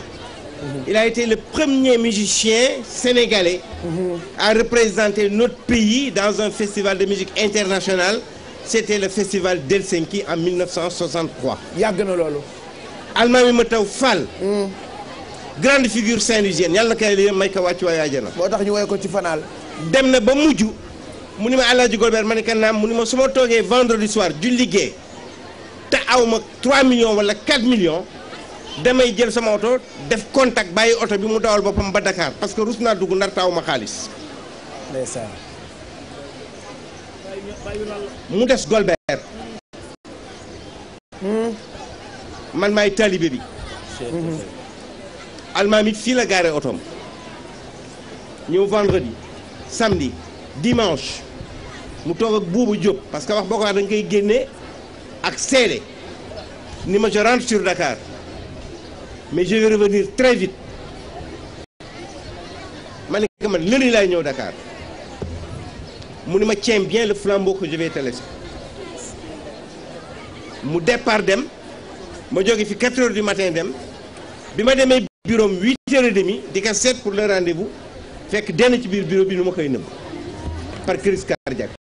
Mhm. il a été le premier musicien sénégalais. Mhm. à représenter notre pays dans un festival de musique internationale c'était le festival d'Helsinki en yàgg na loolu. almaami ma taw grande figure saint-louisienne yàlla kay li may ko wàccu waay ajana moo tax ñu woy ko ci fanaal dem na ba mujj mu ni ma Alaaji Golbert ma ne ko naam mu ni ma su ma toogee vendredi soir ju liggéey te aw ma 3 millions wala 4 millions damay jël sama oto def contact bàyyi oto bi mu dawal boppam ba dakaar parce que rus naa dugg ndar taw ma xaalis. ndeysaan. mu des Golbert. Hmm? man maay taalibe bi. almaami fii la gaare otoom ñëw vendredi samedi dimanche mu toog ak buubu Diop parce que wax boo ko wax da koy génne ak seede ni ma je rentre sur Dakar mais je vais revenir très vite ma ne ko man ñëw Dakar mu ni ma tiens bien le flambeau que je vais te mu départ dem ma jóge fi 4 heures du matin dem bi ma demee bureau am huit heures et di ko seet pour le rendez-vous fekk denn ci biir bureau bi nu ma koy nëbb par crise cardiaque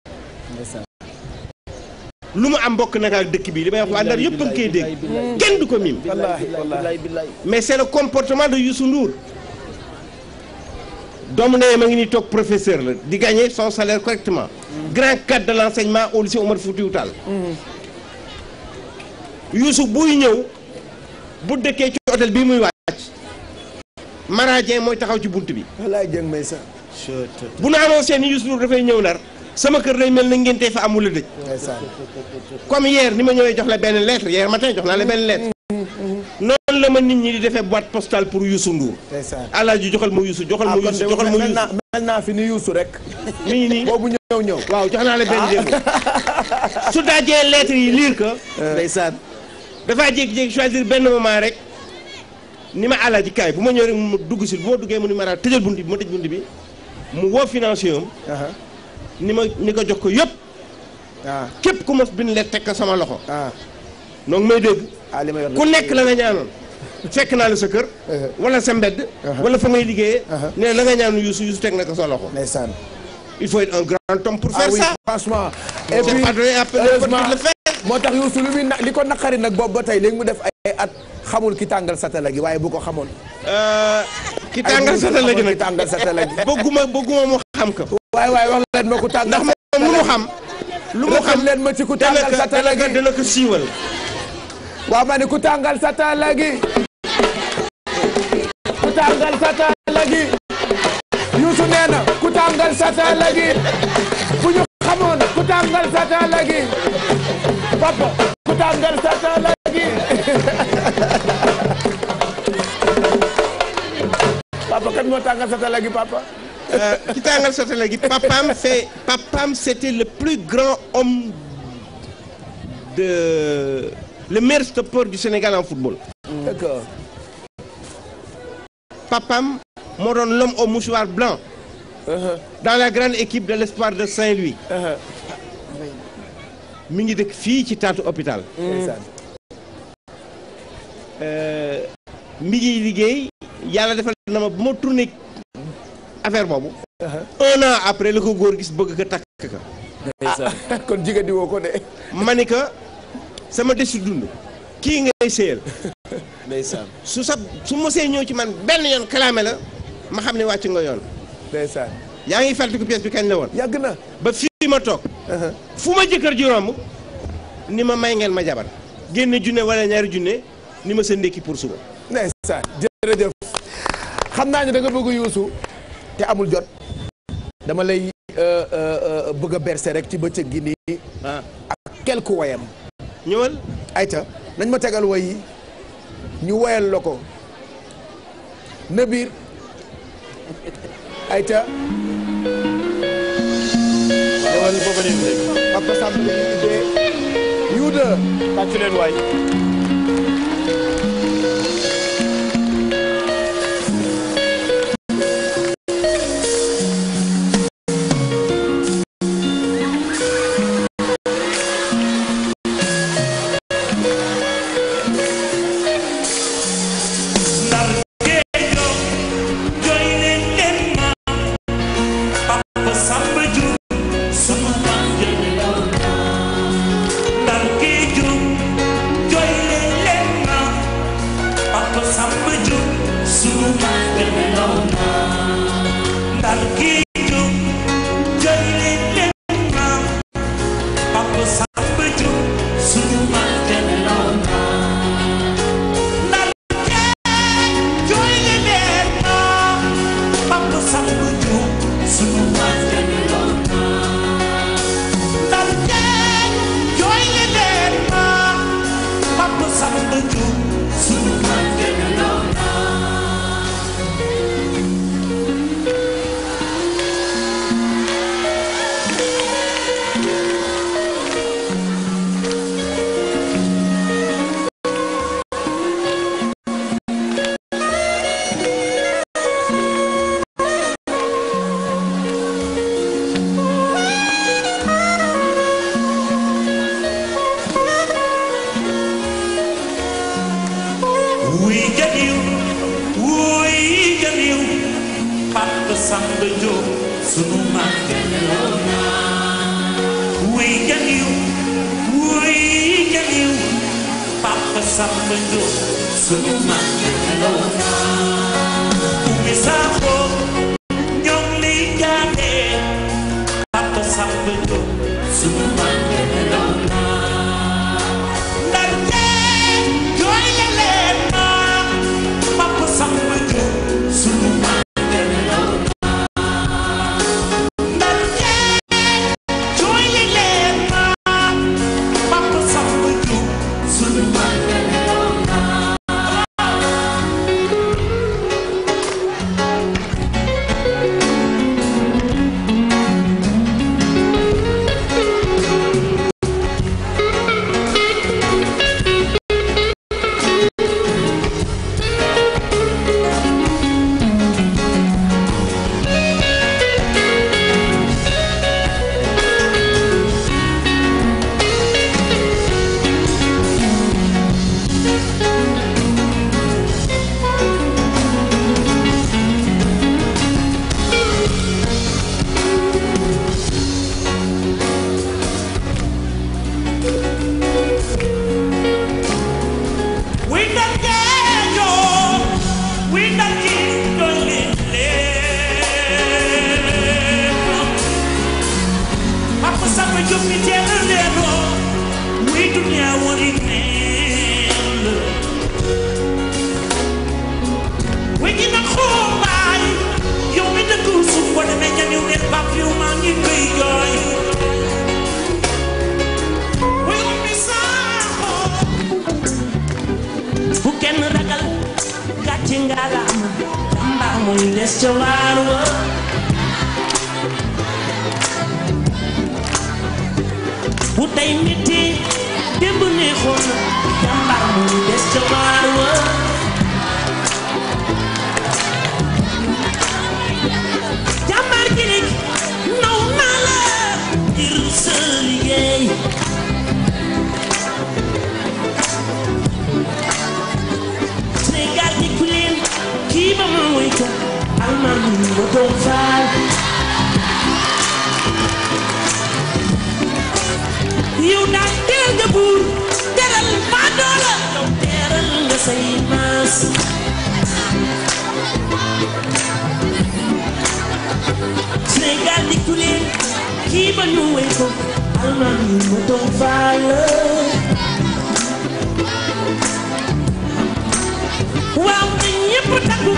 lu mu am mbokk nag ak dëkk bi li may wax waa Ndar a ngi koy dégg kenn du ko miim mais c'est le comportement de Youssou Ndour doomu ndeyam a ngi ni toog professeur la di gagner son salaire correctement grand cadre de l'enseignement au lycée Omar Foutiyou Tall buy ñëw bu dëkkee ci hôtel bi muy wàcc Mara Dieng mooy taxaw ci bunt bi. walaay Dieng may sax. bu nu annoncé ni Youssou Ndour dafay ñëw ndar sama kër day mel na ngénte fa amul la dëj. comme hier ni ma ñëwee jox la benn lettre hier matin jox naa la benn lettre. noonu la ma nit ñi di defee boîte postale pour Youssou Ndour. alaaji joxal ma Youssou joxal ma ah, Youssou joxal ma Youssou mel naa fi ni Youssou rek. mi ngi nii boobu ñëw ñëw. waaw jox naa la benn démb. Ah. su dajee lettres yi lire ko. Eh. ndeysaan dafaa jékki-jékki choisir benn moment rek. ni ma àllaaji kaay bu ma ñëwee rek mu dugg si bu ma duggee mu ni ma daal tëjal bunt bi ma tëj bunt bi mu woo financier am ni ma ni ko jox ko yëpp. waaw ah. képp ku ma bind leen teg ko sama loxo. waaw ah. donc may dégg. Ah, ma yor ku nekk la nga ñaanoon. fekk naa la sa kër. wala sa mbedd. wala fa ngay liggéeyee. ne la nga ñaanu Youssou Youssou teg na ko sa loxo. ndeysaan. il faut être un grand homme pour faire ça. moo tax Youssou lu muy li ko naqari nag boob ba tey léegi mu def ay at xamul ki tàngal satala gi waaye bu ko xamoon. Euh, ki tàngal satala gi nag ki tàngal satala gi. bëgguma mu xam ko. waay waay wax leen ma ku tàngal. ndax moom lu mu xam. lu ma ci ku tàngal satala ko siiwal. waaw ma ne ku tàngal satala ku tàngal satala gi. Youssou nee ku tàngal satala bu ñu xamoon ku tàngal satala Euh, papa papam c'était le plus grand homme de le meilleur stoppeur du Sénégal en football papam moo doon l'homme au mouchoir blanc uh-huh. dans la grande équipe de l'espoir de Saint-Louis uh-huh. mi ngi dëkk fii ci taatu hôpital. Euh, mi ngi liggéey yàlla defal na ma bu ma tourné affaire boobu. Uh-huh. un an après la ko góor gis bëgg ko takk ka. Ah, ah. kon jigéen di ko de. ma ni que sama desu dund. kii ngay séyal. ndeysaan su sa su mosee ñëw ci man benn yoon kalaame la ma xam ne wàcc nga yoon. ndeysaan yaa ngi fàttaliku pièce bi kañ la woon. yàgg na ba fii. ma toog. Uh-huh. fu ma jëkkër ji romb ni ma may ngeen ma jabar génn junne wala ñaari junne ni ma sa ndékki pour suba. ndeysaan jërëjëf xam naa ne danga nga bëgg yuusu te amul jot dama lay euh, euh, euh, bëgg a berse rek ci bëccëg gi nii. Ah. ak quelque woyam. ñëwal ayta nañ ma tegal woy yi ñu woyal la ko na ayta. ngi booba léegi léegi Papa Samb la ñuy ubbee ñu de tàccu leen waay muy les ca waar wa bu tey metti démb neexoon jàmbaar muy les ca waar wa yow daal teel nga buur teral maa doola yow teral nga say maas Sénégal di kuleen kii ba ñu wey ko almaan yi ma doon faala waaw na ñépp takku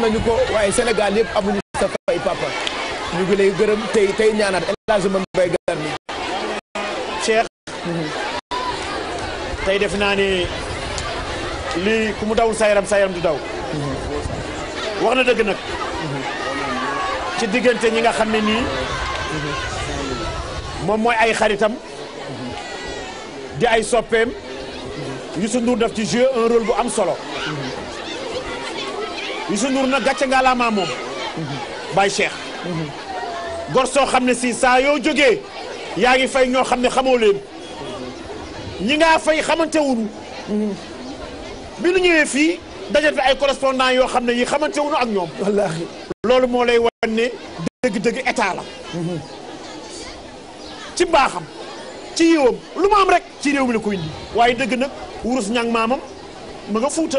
nañu ko waaye Sénégal yëpp amuñu sa fay papa ñu ngi lay gërëm tey tey ñaanaat élagement bay gar mi Cheikh tey def naa ni lii ku mu dawul sa yaram du daw wax na dëgg nag ci diggante ñi nga xam ne nii moom mooy ay xaritam di ay soppeem Youssou Ndour daf ci jouer un rôle bu am solo Youssou Ndour nag gàcce nga laamaa moom Baye Cheikh gor soo xam ne si saa yoo jógee yaa ngi fay ñoo xam ne xamoo leen ñi ngaa fay xamante wuñu bi nu ñëwee fii daje fi ay correspondant yoo xam ne yi xamante wuñu ak ñoom wallaahi loolu moo lay wan ne dëgg-dëgg état la ci mbaaxam ci yiwam lu ma am rek ci réew mi la ko waaye dëgg nag wurus ñang maamam ma fuuta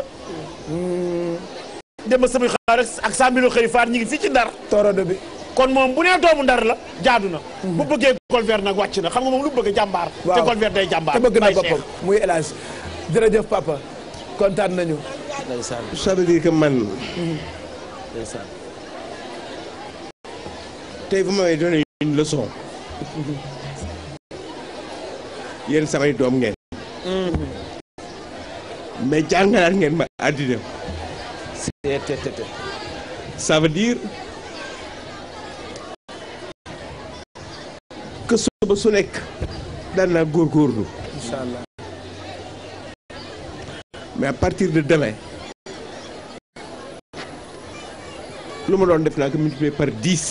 dem samay xaar ak sàmbilu xëy faar ñi ngi fii ci ndar torodo bi kon moom bu nee doomu ndar la jaadu na mhm. bu bëggee Golbert nag wàcc na xam nga moom lu bëgg jàmbaar te Golbert day jàmbaar te bëgg na boppam muy élage jërëjëf papa kontaan nañu ndeysaan ça veut dire que man mhm. leçon yéen samay doom ngeen mhm. mais jàngalaat ngeen ma àddina Ça veut dire que suba su nekk daan naa góorgóorlu. incha allah mais à partir de demain lu ma doon def naa ko multiplier par dix.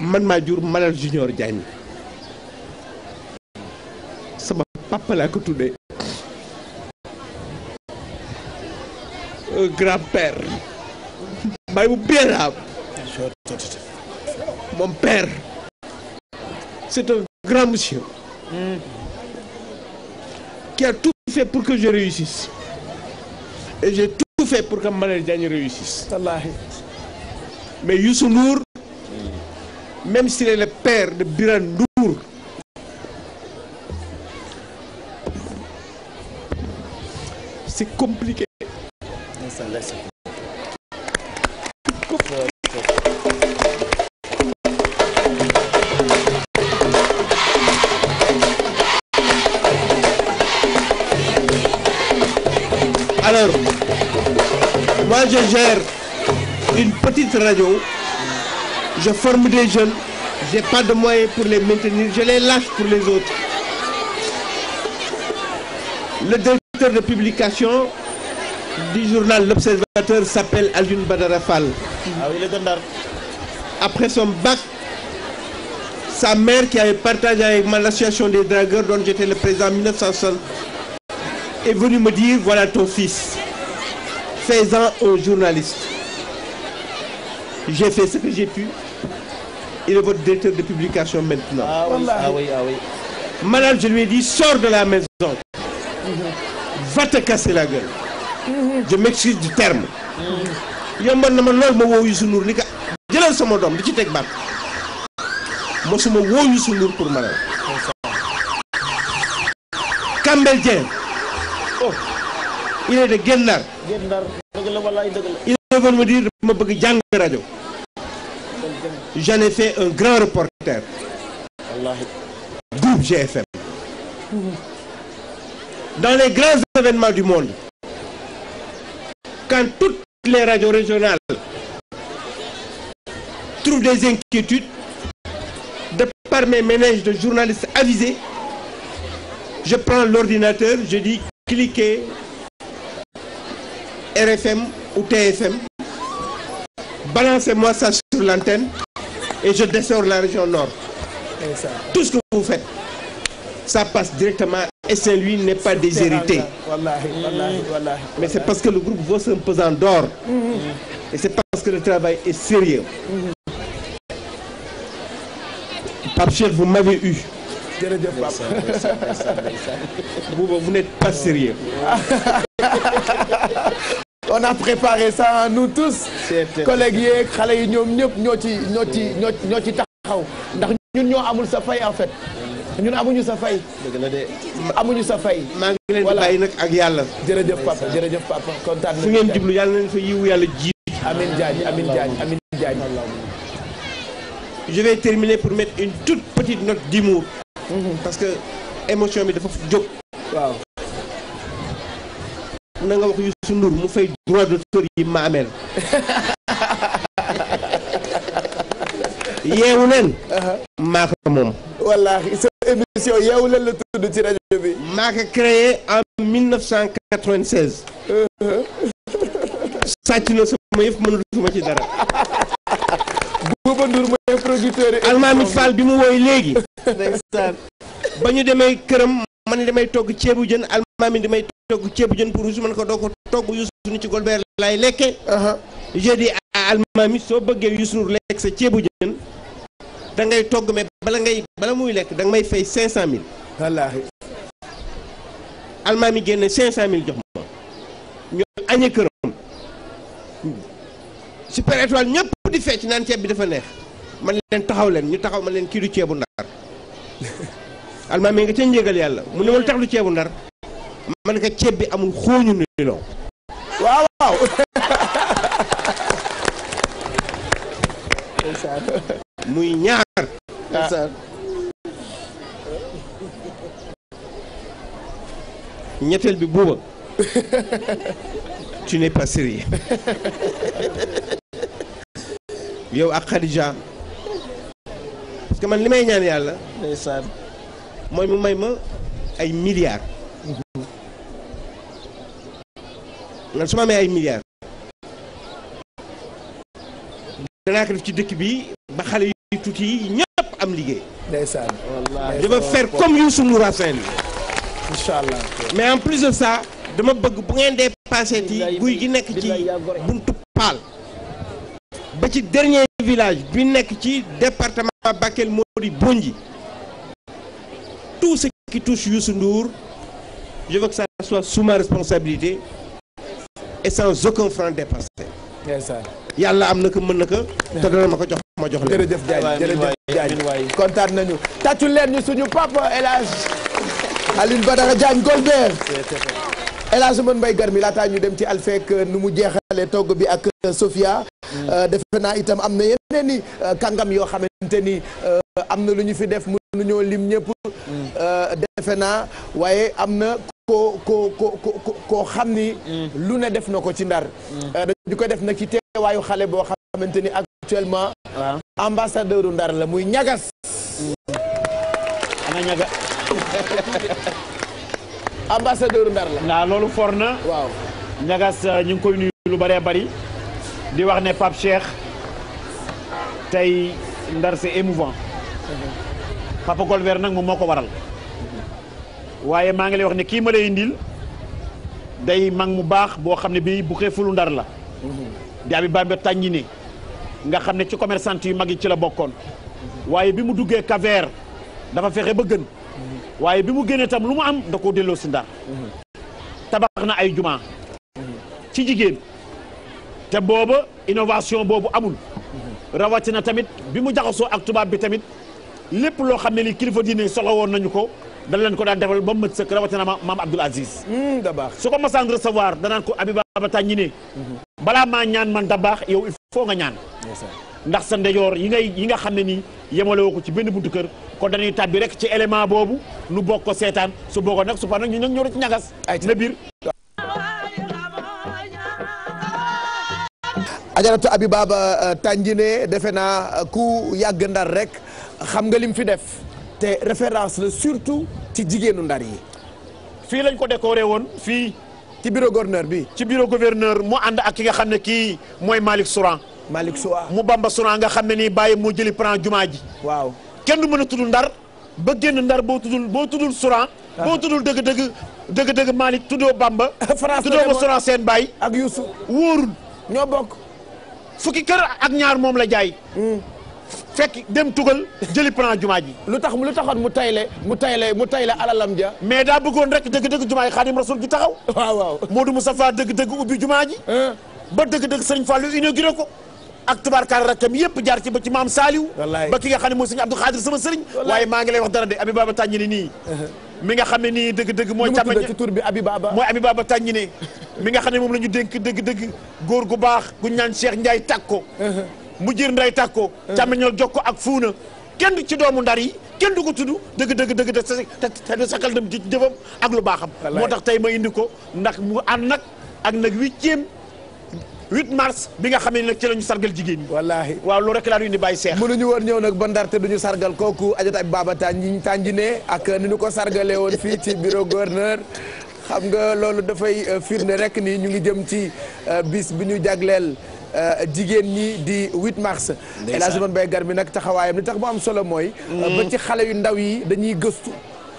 man maa jur Malal Junior Diagne sama papa ko tuddee. grand-père baay bu beeraam mon père c'est un grand monsieur qui a tout fait pour que je réussisse et j'ai tout fait pour que Mbaye Diagne réussisse wallaahi mais Youssou Ndour même s'il est père de Birane Ndour c'est compliqué sen Alors, moi je gère une petite radio, je forme des jeunes, j'ai pas de moyens pour les maintenir, je les lâche pour les autres. Le directeur de publication du journal L'Observateur s'appelle Alioune Badara ah Après son bac, sa mère qui avait partagé avec l'association des dragueurs dont j'étais le président en 1960 est venue me dire voilà ton fils, fais-en un J'ai fait ce que j'ai pu. Il est votre directeur de publication ah ah Madame, je lui ai dit, sors de la maison. Va te casser la gueule. je m'excuse du terme. yombal na ma lool ma woo Youssou Ndour ni ka jëlal sama doom di ci teg baat mosuma woo Youssou Ndour pour ma ne Kambel Dieng. Oh, il est de Gendar. Gendar dëgg la walaay il est venu me dire dama bëgg jàng rajo. j'en ai fait un grand reporter. wallaahi. GFM. dans les grands événements du monde. quand toutes les radios régionales trouvent des inquiétudes, de par mes ménages de journalistes avisés, je prends l'ordinateur, je dis cliquez RFM ou TFM, balancez-moi ça sur l'antenne et je dessors la région nord. Tout ce que vous faites. ça passe directement et Saint-Louis n'est pas déshérité. Wallahi, wallahi, mm. wallahi, Mais c'est parce que le groupe bosse un pesant d'or. Mm. Et c'est parce que le travail est sérieux. Mm. Pape Cheikh, vous m'avez eu. Jërëjëf Vous, n'êtes pas sérieux. on a préparé ça nous tous. collègues yeeg xale yi ñoom ñëpp ñoo ci ñoo ci ñoo ci taxaw ndax ñun ñoo amul sa en fait. ñun amuñu sa fay. dëgg la de. amuñu sa fay. maa ngi leen di nag ak yàlla. jërëjëf papa jërëjëf papa kontaan nañu. fu ngeen jublu yàlla nañu fa yiwu yàlla jiitu. amiin Diagne amiin Diagne amiin Diagne. je vais terminer pour mettre une toute petite note d'humour. Mhm. parce que émotion bi dafa jóg. waaw. na nga wax Youssou Ndour mu fay droit d'auteur yi ma ameel. yeewu leen. Uh-huh. maa ko moom. wallaahi. émission yeewu lan la tudd ci rajo bi. maa ko créé en 1996. sàcc na sama yëf mënatuma ci dara. Bouba Ndour mooy producteur yi. Almaami Fall bi mu woy léegi. ndeysaan. ba ñu demee këram man damay togg ceebu jën almaami damay togg ceebu jën pour Youssou man ko doo ko togg Youssou ni ci Golbert laay lekke. je dis à almaami soo bëggee Youssou lekk sa ceebu jën. da ngay togg mais bala ngay bala muy lekk da nga may fay 500000. wallaahi. almaam yi génne 500000 jox ma. ñu añee këram. super étoile ñëpp di ci naan ceeb bi dafa neex. man leen taxaw leen ñu taxaw man leen kii du ceebu ndar. almaam yi nga ca njëgal yàlla mu ne woon tax du ceebu ndar. man nga ceeb bi amul xooñu ni loo waaw waaw. muy ñaar. ñetteel bi buuba tu n'es pas yow ak Khadija parce man li may ñaan yàlla. ndeysaan mooy mu may ma ay milliards. Mhm. man su ma amee ay milliards. danaa ko ci dëkk bi ba xale tukki yi ñëpp am liggéey. ndeysaan allah mais en plus de ça dama bëgg bu ngeen dee passé ci guy gi nekk ci buntu Paal. ba ci dernier village bi nekk ci département Bakel moo di Bondji. tout ce qui touche Youssou Ndour je veux soit sous responsabilité et sans aucun franc dépassé. yàlla am na ko mën na ko te dana ma ko jox moo jox leen jërëjëf Diagne jërëjëf Diagne kontaan nañu tàccu leen ñu suñu papa El Hadj Alioune Badara Diagne Golbert El Hadj Oumar Mbaye Garmi laataa ñu dem ci Alfek uh, nu mu jeexalee togg bi ak uh, Sofia mm. uh, defe naa itam am na yeneen ni kàngam yoo xamante ni am na lu ñu fi def mënuñoo lim ñëpp mm. defe naa waaye am na ko ko ko ko koo xam ni. Mm. lu ne def na ko ci ndar. Mm. Euh, dañu ko def nag ci teewaayu xale boo xamante ni actuellement. ambassadeur u ndar la muy ñagas. Mm. ambassadeur ndar la. naa loolu for na. waaw ñagas euh, ñu ngi koy nuyu lu bëree bari di wax ne Pape Cheikh tey ndar c'est émouvant. Mm-hmm. Papa Golbert nag moom moo ko waral. waaye maa ngi lay wax ne kii ma lay indil day mag mu baax boo xam ne bi bu xeefulu ndar la mhm. di abi bamba tàññi ni nga xam ne ci commerçant yu mag yi ci la bokkoon waaye bi mu duggee cap dafa fexe ba gën mhm. waaye bi mu génnee tam lu mu am da koo delloo si ndar mhm. tabax na ay jumaa ci jigéen te booba innovation boobu amul rawatina tamit bi mu jaxasoo ak tubaab bi tamit lépp loo xam ne li kilifa diine soxla woon nañu ko dana leen ko daan defal ba mu mët a rawatina maam Abdoul Aziz. Hmm, da baax su ko masaan recevoir danaan ko Abiba ba tàññi ne. Mhm. balaa maa ñaan man da baax yow il faut nga ñaan. ndax sa ndeyoor yi ngay yi nga xam ne nii yemalewoo ko ci benn buntu kër kon dañuy tàbbi rek ci élément boobu nu bokk ko seetaan su bokkoon nag su fa nag ñu ñëw ci ñagas. ay na biir. ajaratu Abiba ba eh, tàññi ne naa ku yàgg ndar rek xam nga lim fi def. te référence la surtout ci jigéenu ndar yi. fii lañ ko décoré woon fii. ci bureau gouverneur bi. ci bureau gouverneur mu ànd ak ki nga xam ne kii mooy Malick Souran. Malick Souran mu Bamba Souran nga xam ne nii bàyyi moo jëli plan jumaa ji. waaw kenn du mën a tudd ndar ba génn ndar boo tuddul boo tuddul Souran. Ah. boo tuddul dëgg-dëgg dëgg-dëgg tuddoo Bamba. France tuddoo ma Souran seen baay. ak Youssou wóorul. ñoo bokk. fukki kër ak ñaar moom la jaay. Hmm. fekk dem tugal jëli plan jumaa ji lu tax lu taxoon mu tayle mu tayle mu tayle alalam ja mais daa bëggoon rek dëgg-dëgg jumaa yi xaadim rasul taxaw waaw waaw Modou dëgg-dëgg ubbi jumaa ji ba dëgg-dëgg sëñ Fallou inauguré ko ak tubaarkaar rakkam yëpp jaar ci ba ci maam Saliou ba ki nga xam ne mooy sëñ Abdou Khadir sama sëriñ waaye maa ngi lay wax dara de Abi Baba Tàññi nii mi nga xam ne nii dëgg-dëgg mooy càmmañ ci tur bi Abi Baba mooy Abi Baba Tàññi nga xam ne moom la ñu dénk dëgg-dëgg góor gu baax gu ñaan Cheikh Ndiaye tàkko mu jër nday tàkko càmmiñal ko ak fuuna kenn ci doomu ndar yi kenn du ko tudd dëgg dëgg dëgg te te du sakal dem ci jëfam ak lu baaxam moo tax tey ma indi ko ndax mu ànd nag ak nag huitième 8 mars bi nga xamee nag ci la ñu sargal jigéen ñi. wallaahi waaw lu rek laa ñu indi bàyyi seex. mënuñu woon ñëw nag ba Ndar te duñu sargal kooku ajata ab Baba Tandigne Tandigne ak ni ñu ko sargalee woon fii ci bureau gouverneur xam nga loolu dafay euh, firnde rek nii ñu ngi jëm ci euh, bis bi ñu jagleel. Euh, jigéen ñi di 8 mars. El Hadj Oumar Mbaye Garmi nag taxawaayam li tax mu am solo mooy. Euh, ba mm. ci xale yu ndaw yi dañuy gëstu.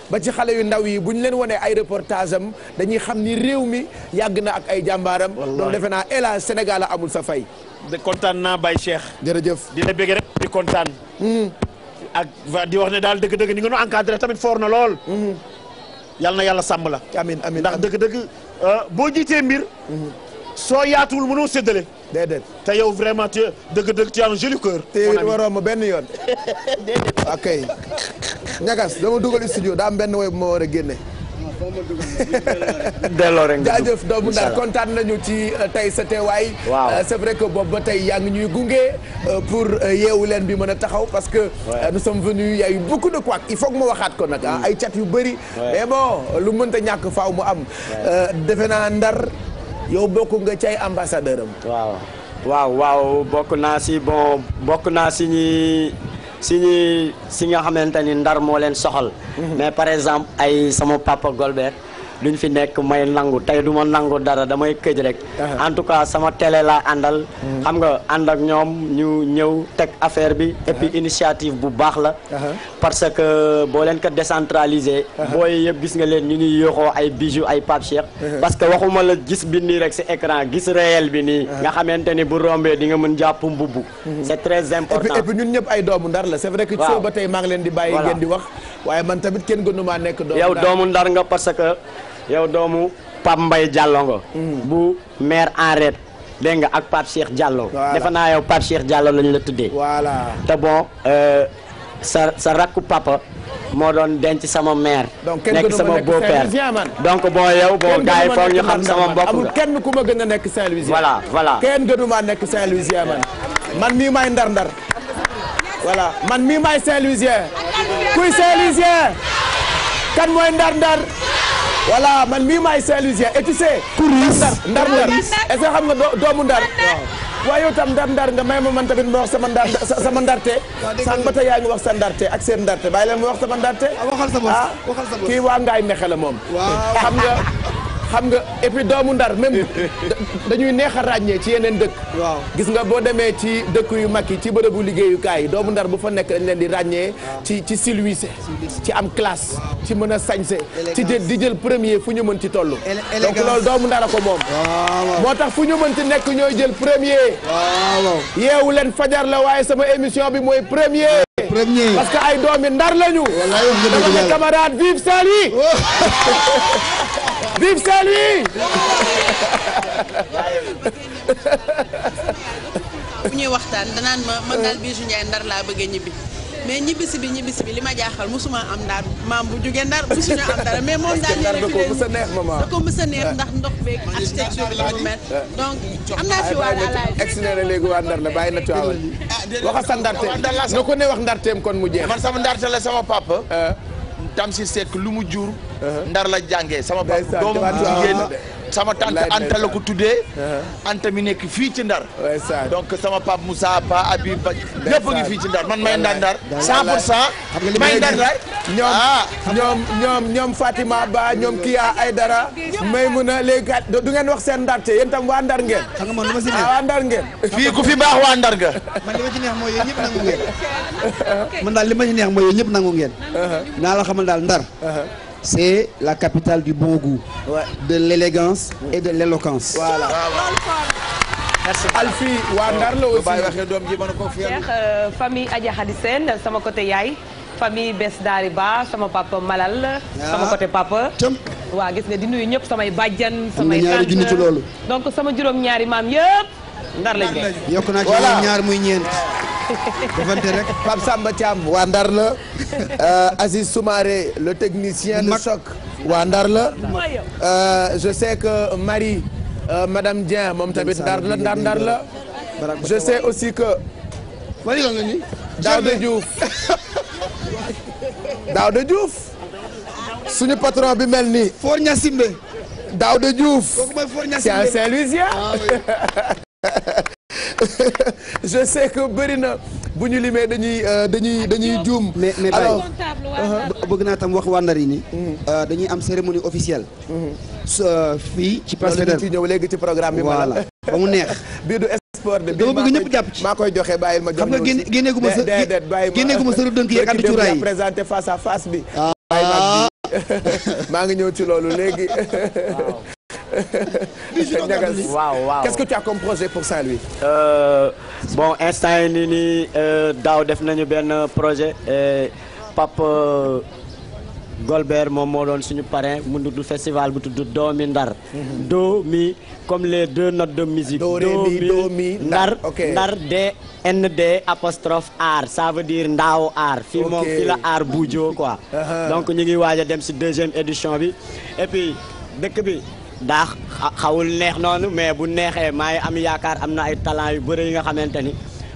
ba ci xale yu ndaw yi bu ñu leen wanee ay reportage am dañuy xam ni réew mi yàgg na ak ay jàmbaaram. wallaahi defe naa El Hadj Sénégal amul sa fay. de kontaan naa Baye Cheikh. jërëjëf di la rek di kontaan. Mm. ak di wax ne daal dëgg-dëgg ni nga nu encadré tamit foor na lool. Mm-hmm. yàlla na yàlla sàmm la. amiin amiin ndax dëgg-dëgg. Euh, boo jiitee mbir. Mm-hmm. soo yaatuwul déedéet te yow vraiment tu dëgg-dëgg tu as un joli te waroo benn yoon. déedéet ok. ñagas dama dugal studio daa benn woy bu ma war a génne. delloo rek jaajëf doomu ndax kontaan nañu ci euh, tey sa teewaay. waaw euh, c'est vrai que boobu ba tey yaa ngi ñuy gunge euh, pour yeewu leen bi mën a taxaw parce que. nous sommes venus il y a il faut que ma waxaat ko nag ah, mm. ay cat yu bëri. mais bon lu mënta ñàkk faw mu am. defe naa ndar. yow bokk nga ci ay ambassadeur am. waaw waaw waaw bokk naa si bon bokk naa si ñi si si nga xamante ni ndar moo leen soxal. Mm-hmm. mais par exemple ay sama papa Golbert. luñ fi nekk may nangu tey du ma nangu dara damay këj rek en tout cas sama télé laa àndal hmm. xam nga ànd ak ñoom ñu ñëw teg affaire bi et initiative bu baax la parce que boo leen ko décentraliser booy yëpp gis nga leen ñu ñuy yóoxoo ay bijoux ay Pape Cheikh parce que waxuma la gis bi nii rek si écran gis réel bi nii nga xamante ni bu rombee di nga mën jàpp mbubb hmm. c'est très important et puis ñun ñëpp ay doomu ndar la c'est vrai que soo ba tey maa ngi leen di bàyyi ngeen di wax waaye man tamit kenn nekk doomu yow doomu Pape mbay Diallo nga hmm. bu maire en ret nga ak Pape Cheikh Diallo defe naa yow Pape Cheikh Diallo lañ la tuddee voilà te bon euh, sa sa rakku papa moo doon denc sama mère nekk sama beau donc bon yow boo gars foog ñu xam sama mbokk kenn ku ma gën a nekk Saint-Louis voilà voilà kenn gënuma nekk man man mii maay ndar ndar man mii maay Saint-Louisien kuy Saint-Louisien kan mooy ndar ndar voilà man mii maay Saint-Louisien et tu sais. kuris ndar ndar est-ce que xam nga doomu ndar. waaw yow tam ndar ndar nga may ma man tamit ma wax sama ndar sama ndarte. san ba tey yaa ngi wax sa ndarte ak seen ndarte bàyyi leen ma wax sama ndarte. Ah, waxal sa bopp ah, waxal sa bopp kii waa Ngaye Mexe la moom. xam nga. xam nga et puis doomu ndar même dañuy neex a ràññee ci yeneen dëkk. waaw gis nga boo demee ci dëkk yu mag yi ci bërëbu liggéeyukaay yi doomu ndar bu fa nekk dañ leen di ràññee. ci ci silwise ci am classe. ci mën a sañse ci jël di jël premier fu ñu mën ci toll. donc loolu doomu ndar ko moom. moo tax fu ñu mën ci nekk ñooy jël premier. waaw yeewu leen fajar la waaye sama émission bi mooy premier. premier parce que ay doomi ndar lañu. wallaahi wax camarade vive Saly oh. Vive Saint-Louis bu ñuy waxtaan danaan ma man daal Bijou Ndiaye Ndar laa bëgg a ñibbi mais ñibbisi bi ñibbisi bi li ma jaaxal musuma am daal maam bu jugee ndar musuñu am dara mais moom daal da a neex maman da a neex ndax ndox beeg architecture bi mel donc am naa fi waa alaay ex nee na léegi waa ndar la ah, ndarte ko ne wax ndarteem kon mu jeex man sama ndarte la sama papa ah. tam si sekk lu mu jur. Uh-huh. ndar la jàngee sama ba doomu jigéen sama tante Anta la ko tuddee. Uh-huh. Anta mi nekk fii ci Ndar. donc sama pap Moussa Pa Habib Ba ñëpp a ngi ci Ndar man may Ndar Ndar. 100 pour 100 may Ndar Ndar. ñoom ah. ñoom ñoom ñoom Fatima Ba ñoom Kia Aydara Maymuna léegi du ngeen wax seen Ndar te yéen waa Ndar ngeen. xam nga man lu ma si ah, neex waa Ndar fii ku fi baax waa Ndar nga. man li ma ci neex mooy yéen ñëpp nangu ngeen. li ma ci neex mooy yéen ñëpp nangu ngeen. Uh-huh. naa la xamal daal Ndar. Uh-huh. c'est la capitale du bon goût. Ouais. de l'élégance et de l'éloquence. Alfie waa Ndar la aussi euh, famille Adja sama côté yaay famille Bes Daari Ba sama papa Malal. Ah. sama côté papa. waa gis nga di nuyu ñëpp samay bàjjan. samay tante donc sama juróom-ñaari maam yëpp. ndar lañ de yokk naa ci ñaar muy ñeent. defante rek waa Ndar la euh, Aziz Soumaré le technicien de choc waa Ndar la euh, je sais que Marie euh, madame Dieng moom tamit Ndar la Ndar la je sais aussi que Marie lan la ni patron bi mel ni Foor Ñasimbe Daouda Diouf c'est un Saint-Louisien ah je sais que bëri na bu ñu limee dañuy euh, dañuy dañuy juum. mais mais alors euh, bëgg naa tam wax waa Ndar yi ni mhm. euh, dañuy am cérémonie officielle. Mhm. fii ci place Faidherbe ñëw léegi ci programme bi. voilà ba mu neex. bii du sport bi dama jàpp maa koy joxe bàyyi ma jox xam nga génne génneegu ma sa génneegu ma sa dënk yeeg ànd cuuraay yi présenté à face ah. maa ngi ñëw ci loolu léegi. waaw waaw qu'est-ce que tu as comme projet euh, bon instant yi nii nii euh, daaw def nañu benn projet euh, Pape Golbert moom moo doon suñu parrain mu tudd festival bu tudd Doomi Ndar. Mhm. Doomi comme les deux notes de musique. Doomi Ndar Ndar de. ND apostrophe aar ça veut dire ndaaw aar fii moom fii la aar buujoo quoi uh-huh. donc ñu ngi waaj a dem si deuxième édition bi et dëkk bi daa xawul neex noonu mais bu neexee maa ngi am yaakaar am na ay talent yu bëri yi nga xamante ni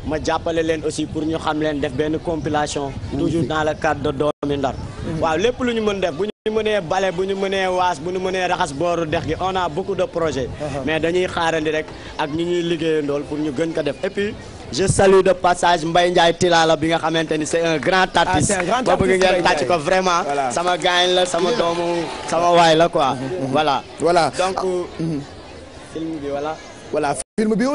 ma jàppale leen aussi pour ñu xam leen def benn compilation toujours dans le cadre de doomi Ndar mhm. waaw lépp lu ñu mën def bu ñu mënee bale bu ñu mënee waas bu ñu mënee raxas booru dex gi on a beaucoup de projet uh-huh. mais dañuy xaarandi rek ak ñi ñuy liggéeyandool pour ñu gën ko def et je salue de passage Mbaye Ndiaye Tilala bi nga xamante ni c'est un grand ah, artiste ba bëgg ngeen tàcc ko vraiment sama gaañ la sama doomu sama waay la quoi mm-hmm, mm-hmm. voilà voilà donc ah. mm-hmm. film bi voilà voilà film bi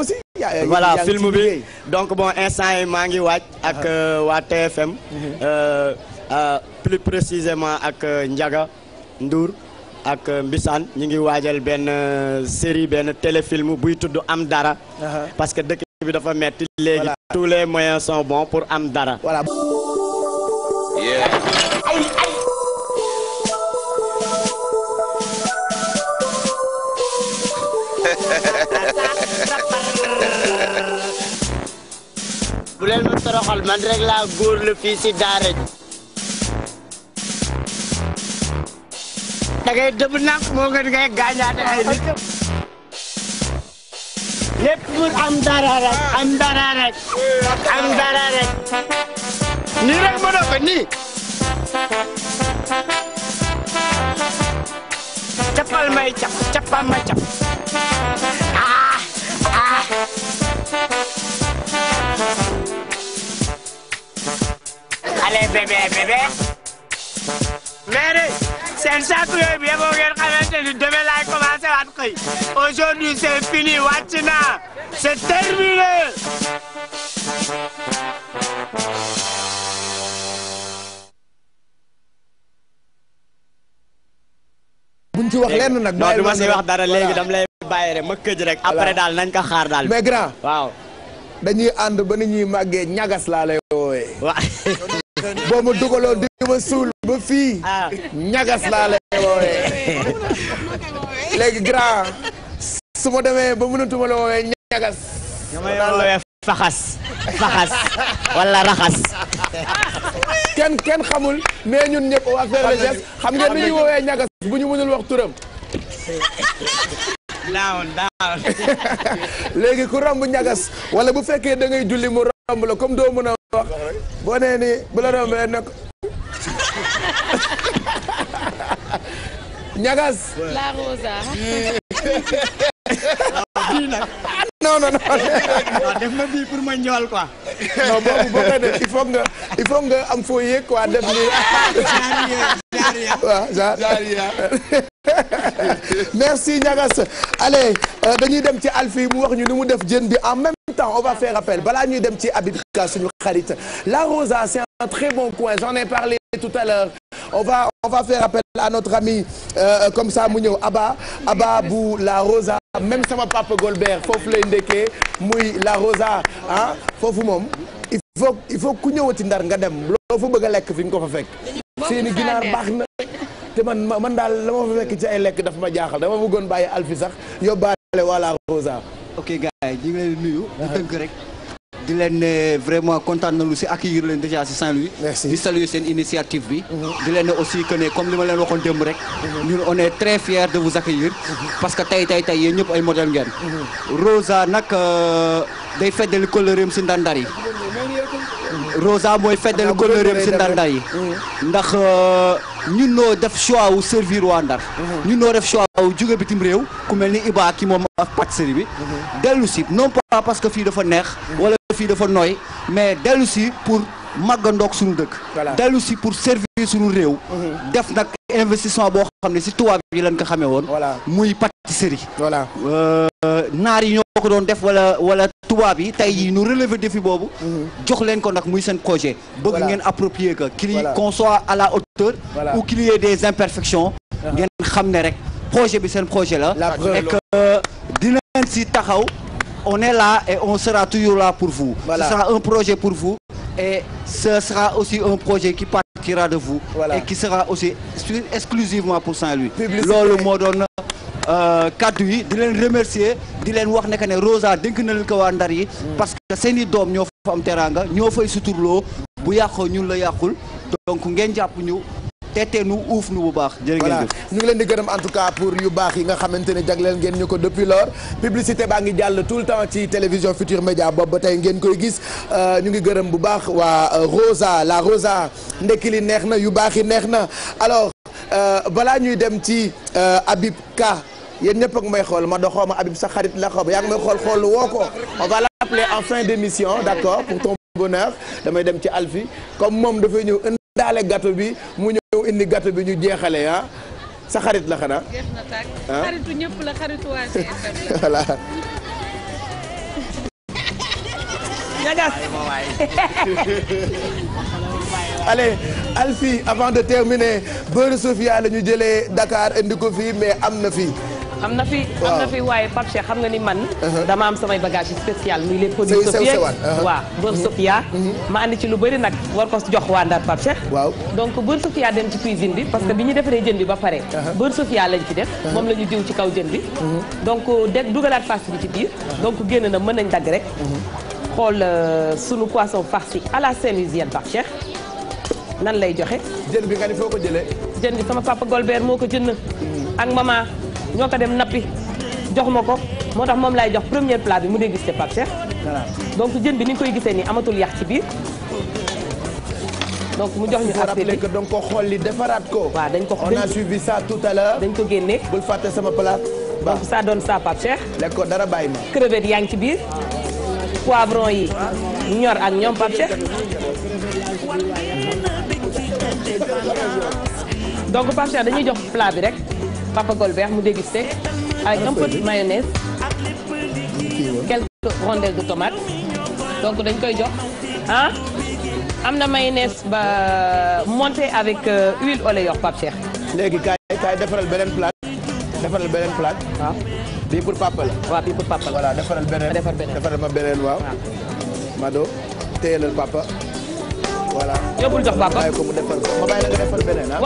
voilà film bi donc bon instant yi maa ngi waaj ak uh-huh. euh, waa TFM euh, euh, plus précisément ak njaga Ndour ak Mbissane ñu ngi waajal benn série benn téléfilm buy tudd am dara uh-huh. parce que dëkk bi metti léegi tous les pour am dara voilà bu leen ma toroxal man rek góor la fii si daara ji dëbb nag moo gën ngay gaañaate ay nit lépp pour am dara rek am dara rek nii rek mënoo ko nii cappal may capp cappal may capp ah ah allez bébé bébé mère seen saatu bi boo ngeen xamante ni demee laay commencé waat xëy aujourd'hui c'est fini wàcc naa c'est terminé buñ ci wax lenn nag. bàyyi ma wax dara léegi dam rek ma këj rek. après daal nañ ko xaar daal. mais waaw. dañuy ànd ba ni ñuy màggee ñagas laa lay woowee. boo ma dugaloon di ma suul ba fii ah. ñagas laa lay woowee léegi grand su ma demee ba mënatuma la woowee ñagas faxas faxas wala raxas kenn kenn xamul mais ñun ñëpp waa Feere Jazz xam ngeen ni ñuy woowee ñagas bu ñu mënul wax turam down down léegi ku romb ñagas wala bu fekkee da julli mu romb la comme doo mën a wax boo nee ni bu la romb rek nag ñagas la rosa non non non def ma bii pour ma ñool quoi non boobu boo koy def il faut nga il faut nga am foo yëg quoi def ni waaw merci Niagass allez euh, dañuy dem ci Alfi mu wax ñu ni mu def jën bi en même temps on va faire appel balaa ñuy dem ci Habib Ka suñu xarit la Rosa c'est un très bon coin j'en ai parlé tout à l'heure on va on va faire appel à notre ami euh, comme ça mu ñëw Abba Abba bu la Rosa même sama papa Golbert foofu lay ndekkee muy la Rosa ah foofu moom il faut il faut ku ñëwati ndar nga dem loo fa bëgg lekk fi nga ko fa fekk seeni ginaar baax te man man daal la ma fa fekk ci ay lekk daf ma jaaxal dama bëggoon bàyyi alfi sax yóbbaale wala rosa ok gars yi ñu ngi leen nuyu di ah. tënk rek di leen ne vraiment kontaan na lu si accueillir leen déjà si san louis di saluer seen initiative bi mm-hmm. di leen ne aussi que ne comme li ma leen waxoon démb rek mm-hmm. ñun on est très fiers de vous accueillir mm-hmm. parce que tey tey tey yéen ñëpp ay modèle ngeen Rosa nag euh, day feddali kóllëreem si ndandar yi Rosa mooy feddal kóllëreem si ndanda yi mm-hmm. ndax euh, ñun noo def choix wu servir waa Ndar mm-hmm. ñun noo def choix wu bitim réew ku mel ni Iba ki moom ak pâtisserie bi mm-hmm. dellu si non pas parce que fii dafa neex wala fii dafa nooy mais dellu si pour màggandoog suñu dëkk dellu si pour servir suñu réew def nag investissement boo xam ne si tubaab yi lañ ko xame woon muy pâtisserie euh, boo ko doon def wala wala tubaab yi tey jii ñu relever défi boobu mhm. jox leen ko nag muy seen projet bëgg ngeen approprier que qu'il qu'on soit à la hauteur ou qu'il y ait des imperfections uh-huh. ngeen xam ne rek projet bi seen projet la et que dinañ si taxaw on est là et on sera toujours là pour vous voilà. ce sera un projet pour vous et ce sera aussi un projet qui partira de vous voilà. et qui sera aussi exclusivement pour Saint-Louis loolu moo Euh, kaddu yi di leen remercier di leen wax ne que ne Rosa dénk na leen ko waa Ndar yi mm. parce que seen i doom ñoo fa am teraanga ñoo fay suturloo bu yàqoo ñun la yàqul donc ngeen jàpp ñu teetee nu uuf nu bu baax jërë ngeen ñu ngi leen di gërëm en tout cas pour yu baax yi nga xamante ne jagleel ngeen ñu ko depuis lors publicité baa ngi jàll tout le temps ci télévision Futur Média boobu ba tey ngeen koy gis euh, ñu ngi gërëm bu baax waa euh, Rosa la Rosa ndekki li neex na yu baax yi neex na alors balaa ñuy dem ci Habib Ka yéen ñëpp ak may xool ma doxoo ma sa xarit la xaw ma yaa ngi may xool xool woo ko on va l'appeler en fin d'émission d'accord pour ton bonheur damay dem ci Alfi comme moom dafay ñëw indaale gâteau bi mu ñëw indi gato bi ñu jeexale ah sa xarit la xanaa. jeex na ah. avant de terminer Beurre Sofia la ñu jëlee Dakar indi ko fii mais am na fii. am na fi am na fi waaye Pape xam nga ni man. Uh-huh. dama am samay bagages yu spécial muy les produits Sofia uh-huh. waaw beurre mm-hmm. Sofia. Mm-hmm. ma andi ci lu bëri nag war ko jox waa Ndar Pape Cheikh. waaw donc beurre Sofia dem ci cuisine bi. parce que bi ñu defaree jën bi ba pare. Uh-huh. beurre Sofia lañ ci def. moom la ñu diw ci kaw jën bi. Mm-hmm. donc euh, dégg dugalaat farce bi ci biir. donc génn na mën nañ dagg rek. xool euh, sunu poisson farci à la Saint-Louisienne Pape Cheikh nan lay joxe. jën bi nga ni foo ko jëlee. jën bi sama papa Golbert moo ko jënd. ñoo ko dem nappi jox ma ko moo tax moom laay jox premier plat bi mu dégusté Pape Cheikh donc jën bi ni ñu koy gisee nii amatul yax ci biir donc mu jox ñu appétit que donc ko xool li defaraat ko waaw dañ ko on a suivi ça dañ ko génne bul fàtte sama plat donc ça donne ça Pape Cheikh dara bàyyi ma crevette yaa ngi ci biir yi ñor ak ñoom Pape Cheikh donc dañuy jox plat bi rek Papa Golbert mu dégusté avec un peu de mayonnaise quelques rondelles de tomate donc dañ koy jox ah am na mayonnaise ba monté avec euh, huile oléox Pape Cheikh. léegi kaay kaay defaral beneen plat defaral beneen plat. waaw ah. bii pour papa la. waaw pour papa la voilà defaral beneen. ma defar beneen defaral ma beneen waaw. Ah. Mado téyelal papa. voilà yóbbul jox papa ko mu defar ma bàyyi la nga defar beneen ah.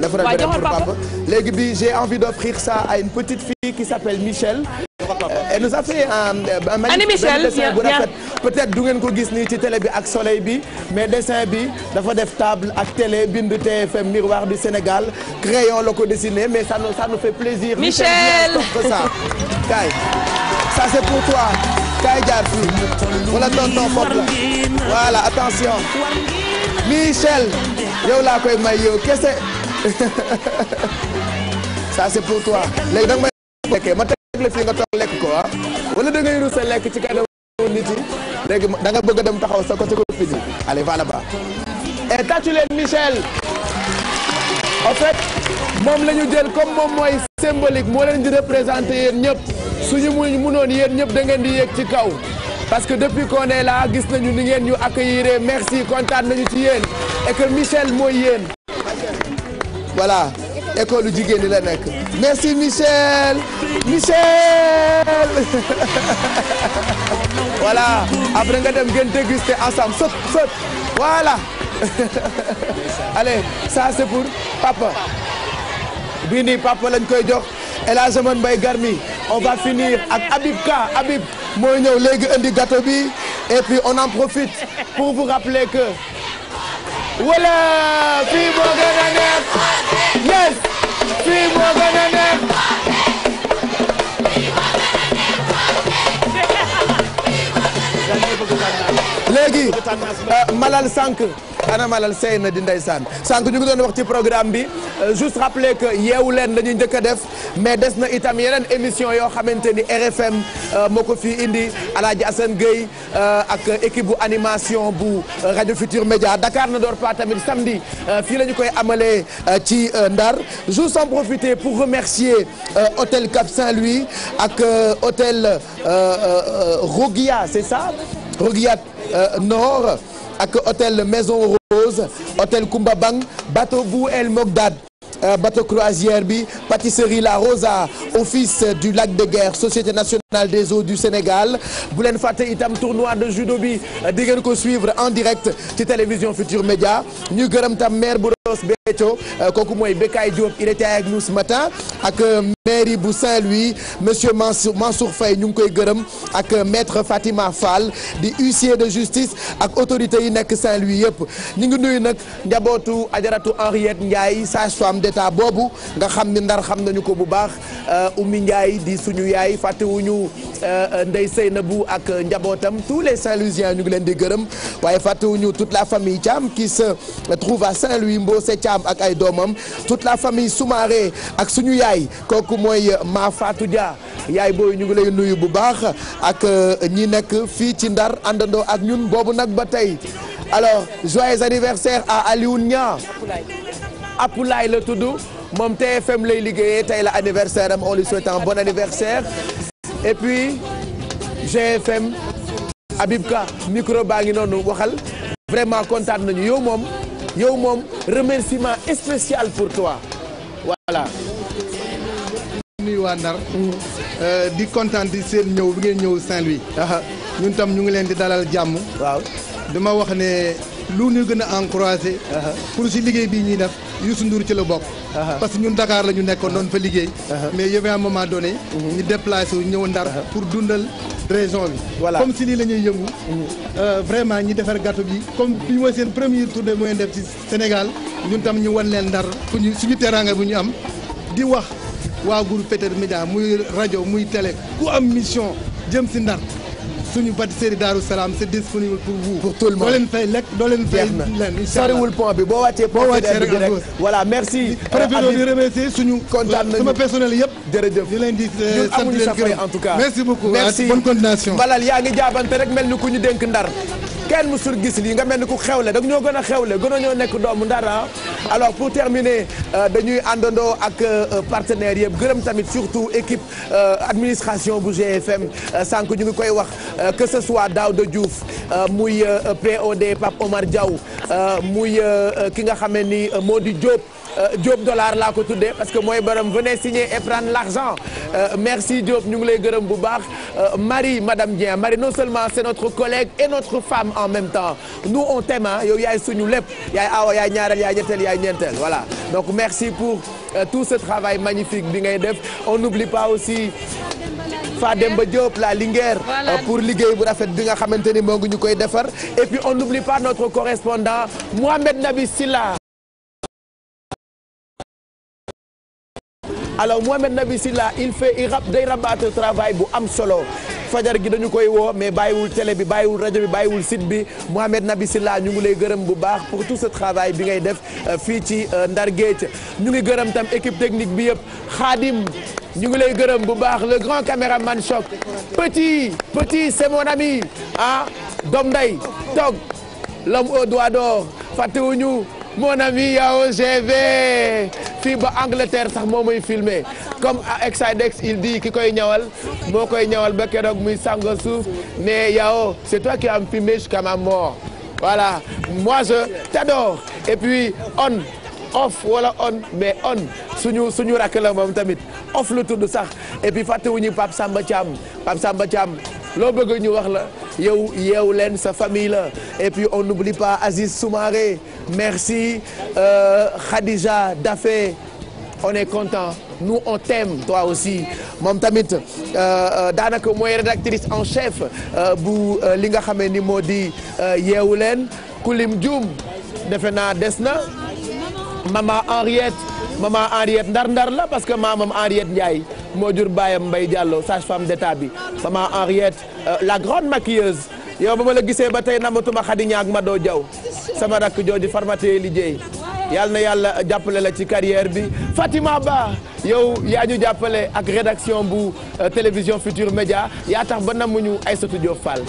waaw maa bi j'ai envie d'offrir ça à une petite fille qui s'appelle Michel. Euh, elle nous a fait un euh, un magnifique dessin bu gis nii ci télé bi ak soleil bi mais dessin bi dafa def table ak télé bind TFM miroir du Sénégal crayon la ko dessiné mais ça nous fait plaisir. Michel Michel c'est pour toi. kaay jaar fii wala tonton Bob la voilà attention Michel yow laa koy may yow kese ça c'est pour toi léegi da may lekkee ma teg la fii lekk ko ah wala da ngay rusa lekk ci kanam nit yi léegi da nga bëgg dem taxaw sa côté ko fini allez va là-bas et eh, tàccu leen Michel en moom la jël comme moom mooy symbolique moo leen di représenté yéen ñëpp suñu mu munoon yéen ñëpp da ngeen di yéeg ci kaw parce que depuis qu'on la là gis nañu ni ngeen ñu accueillir merci kontaan nañu ci yéen et que Michel mooy yéen voilà école u jigéen ñi la nekk merci Michel Michel après nga dem ngeen déguster ensemble sot sot voilà allez ça c'est pour papa bii papa lañ koy jox El Hadj Amane Mbaye Garmi on va finir Habib Ka Habib mooy ñëw léegi indi gâteau bi et puis on en profite pour vous rappeler que voilà fii moo gën a neex yes fii moo gën a neex Gracias. léegi euh, Malal Sànq ana Malal sey na di ndeysaan sànq ñu ngi doon wax ci programme bi euh, juste rappeler que yeewu leen la njëkk a def mais des na itam yeneen émission yoo xamante ni RFM euh, moo ko fii indi Alaaji Assane Gueye ak équipe bu animation bu Radio Futur Média Dakar ne dort pas tamit samedi fii la ñu koy amalee ci Ndar juste en profiter pour remercier hôtel Cap Saint-Louis ak hôtel Rogia c'est ça Roguiat euh, Nord ak hôtel Maison Rose hôtel Koumba Bang bateau Bou El Mogdad euh, bateau croisière bi pâtisserie La Rosa office du lac de guerre société nationale des eaux du Sénégal bu leen itam tournoi de judo bi di ko suivre en direct ci télévision Futur Média ñu gërëm tam maire bu Ross Béthio euh, kooku mooy Bécaye Diop il était avec nous ce matin ak mairie bu Saint-Louis monsieur Mansour Mansour Faye ñu ngi koy gërëm ak maître Fatima Fall di huissier de justice ak autorités yi nekk Saint-Louis yëpp ñu ngi nuyu nag njabootu ajaratu Henriette Ndiaye sage-femme d'État boobu nga xam ni ndar xam nañu ko bu baax euh, Oumy Ndiaye di suñu yaay fàttewuñu euh, Ndeye Seynabou ak njabootam tous les Saint-Louisiens ñu ngi leen di gërëm waaye fàttewuñu toute la famille Thiam qui se trouve à Saint-Louis Mbose Thiam ak ay doomam toute la famille Soumaré ak suñu yaay kooku mooy euh, maa Fatou Dia yaay booy ñu ngi lay nuyu bu baax ak euh, ñi nekk fii ci ndar àndandoo ak ñun boobu nag ba tey alors joyeux anniversaire à Alioune Nia Apulaay la tudd moom TFM lay liggéeyee tey la anniversaire am on lui souhaite un bon anniversaire et puis GFM Habib Ka micro baa ngi noonu waxal vraiment kontaan nañu yow moom yow moom remerciement spécial pour toi voilà nuyu waa Ndar mm. euh, di kontaan di seen ñëw bi ngeen ñëw Saint-Louis ñun tam ñu ngi leen di dalal jàmm waaw dama wax ne lu ñu gën a encouragé pour si liggéey bii ñuy def Youssou Ndour ci la bokk parce que ñun dakaar la ñu nekkoon doon fa liggéey mais y avait a moment donné mhm. ñu déplacé wu ñëw Ndar pour dundal région bi voilà comme si lii la ñuy yëngu mhm. euh, vraiment ñi defar gâteau bi comme bi mooy seen premier tournée mooy def ci Sénégal ñun tam ñu wan leen Ndar fu ñu suñu teraanga bu ñu am di waa groupe Futurs média muy rajo muy télé ku am mission jëm si Ndar suñu pâtisserie Daaru Salaam c'est disponible pour vous. pour le monde doo leen fay lekk doo leen fay leen soriwul pont bi boo wàccee. boo wàccee rek en voilà merci. préfet di remercier suñu. kontaan nañu sama personnel yëpp. jërëjëf ñu leen di euh, sant leen gërëm en tout cas. merci beaucoup merci bonne continuation. Balal yaa ngi jaabante rek mel ni ku ñu dénk Ndar. kenn musul gis lii nga mel ni ku xewle dag ñoo gën a xewle gën a ñoo nekk doomu ndara alors pour terminer euh, dañuy àndandoo ak euh, partenaires yëpp gërëm tamit surtout équipe euh, administration bu GFM sànq ñu ngi koy wax que ce soit Daouda Diouf muy POD Pape Omar Diaw muy ki nga xamee ni moo di Diop Euh, Diop dollar laa ko tuddee parce que mooy borom venez signer et l'argent euh, merci Diop ñu ngi lay gërëm bu baax euh, Marie madame Dieng Marie non seulement c'est notre collègue et notre femme en même temps nous on t'aime yow yaay suñu lépp yaay awa yaay ñaareel yaay ñetteel yaay ñeenteel voilà donc merci pour tout ce travail magnifique bi ngay def on n'oublie pas aussi Fademba Diop la Linguère pour liggéey bu rafet bi nga xamante ni moo ngi ñu koy defar et puis on n'oublie alors Mohamed Nabi Silla il fait il rab day bu am solo fajar gi dañu koy woo mais bàyyiwul télé bi bàyyiwul rajo bi bàyyiwul site bi Mohamed Nabi Silla ñu ngi lay gërëm bu baax pour tout ce travail bi ngay def euh, fii ci euh, Ndar Géej ñu ngi gërëm tam équipe technique bi yëpp Khadim ñu ngi lay gërëm bu baax le grand caméraman choc petit petit c'est mon ami ah doom nday toog l'homme au doigt d'or fàttewuñu mon ami yaa OGV fii ba Angleterre sax moo may filmer comme Exidex il dit ki koy ñawal moo koy ñawal ba keroog muy sango suuf mais yao c'est toi qui as me filmé jusqu'à ma mort voilà moi je t'adore et on off wala on mais on suñu suñu rakk la tamit off lu tudd sax et puis fàttewuñu Pape Samba Thiam Pape Samba Thiam loo bëgg ñu wax la yow yeew leen sa famille la et on n'oublie pas Aziz Soumaré merci euh, Khadija Dafé on est content nous on t'aime toi aussi moom tamit euh, euh, daanaka mooy rédactrice en chef euh, bu li nga xamee ni moo di yeewu leen Kulim Dioum defe naa des na mama Henriette mama Henriette ndar-ndar la parce que maamam Henriette Ndiaye moo jur baayam Mbaye Diallo sage femme d'état bi maman Henriette euh, la grande maquilleuse yow ba ma la gisee ba tey namatuma xadi ñaag mado doo jaw sama rakk jooju farmaté liggéey yàlla na yàlla jàppale la ci carrière bi Fatima Ba yow yaa ñu jàppale ak rédaction bu euh, télévision Futur Média yaa tax ba namuñu Aïssatou Diop Fall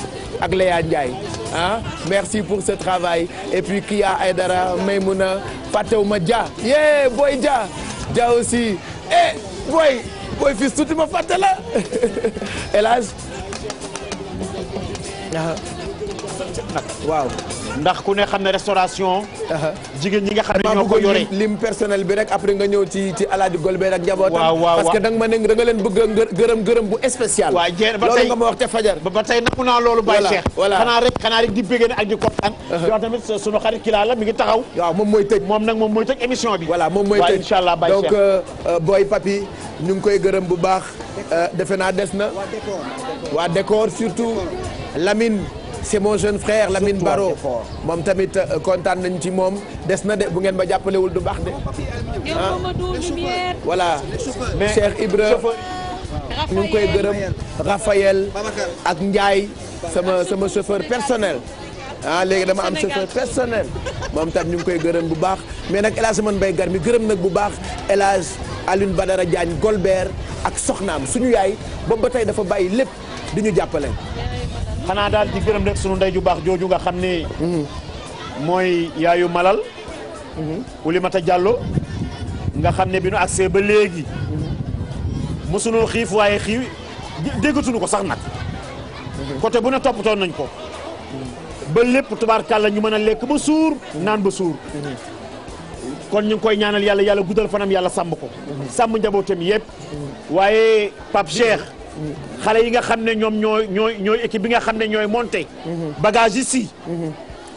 ak Léa Ndiaye ah merci pour ce travail et puis Kia Aydara Maymouna fàttewuma Dia yee booy Dia Dia aussi eh booy booy fils tuuti ma fàtte la El Hadj ndax ku ne xam ne restauration. jigéen ñi nga xam ne ñoo ko yore lim personnel bi rek après nga ñëw ci ci alaaji Golbe ak njabootam. waaw parce que da ma ne leen bëgg a gërëm gërëm bu spécial. waaw jéer ba tey loolu nga ma wax te fajar. ba tey nangu naa loolu. voilà Baye Cheikh moom mooy tëj moom nag moom mooy tëj émission bi. voilà moom mooy tëj waaw incha allah Baye Cheikh donc euh, euh, Boy Papi ñu ngi koy gërëm bu baax euh, defe naa des na waa décor surtout Lamine c'est mon jeune frère Lamine Baro moom tamit euh, kontaan nañ ci moom des na de bu ngeen ma jàppalewul du baax de. ah voilà Cheikh Ibra ngi koy gërëm Raphaël ak Ndiaye sama sama chauffeur personnel. ah léegi dama am chauffeur personnel moom tam ñu ngi koy gërëm bu baax mais nag El Hadj man gar mi gërëm nag bu baax El aline Alioune Badara Diagne Golbert ak soxnaam suñu yaay boobu ba tey dafa bàyyi lépp di ñu jàppale. xanaa daal di gërëm rek sunu ndey ju baax jooju nga xam ne. Mhm. mooy yaayu Malal. Mhm. Oulimata Diallo. nga xam ne bi nu ba léegi. Mhm. mosunoo xiif waaye xiif déggatuñu ko sax nag. côté bu ne toppatoon nañ ko. ba lépp tubaarkàlla ñu mën a lekk ba suur. naan ba suur. kon ñu ngi koy ñaanal yàlla yàlla guddal fanam yàlla sàmb ko. sàmm njabootam yëpp. waaye Pape Cheikh. xale yi nga xam ne ñoom ñooy ñooy ñooy équipe bi nga xam ne ñooy monté. bagage yi si.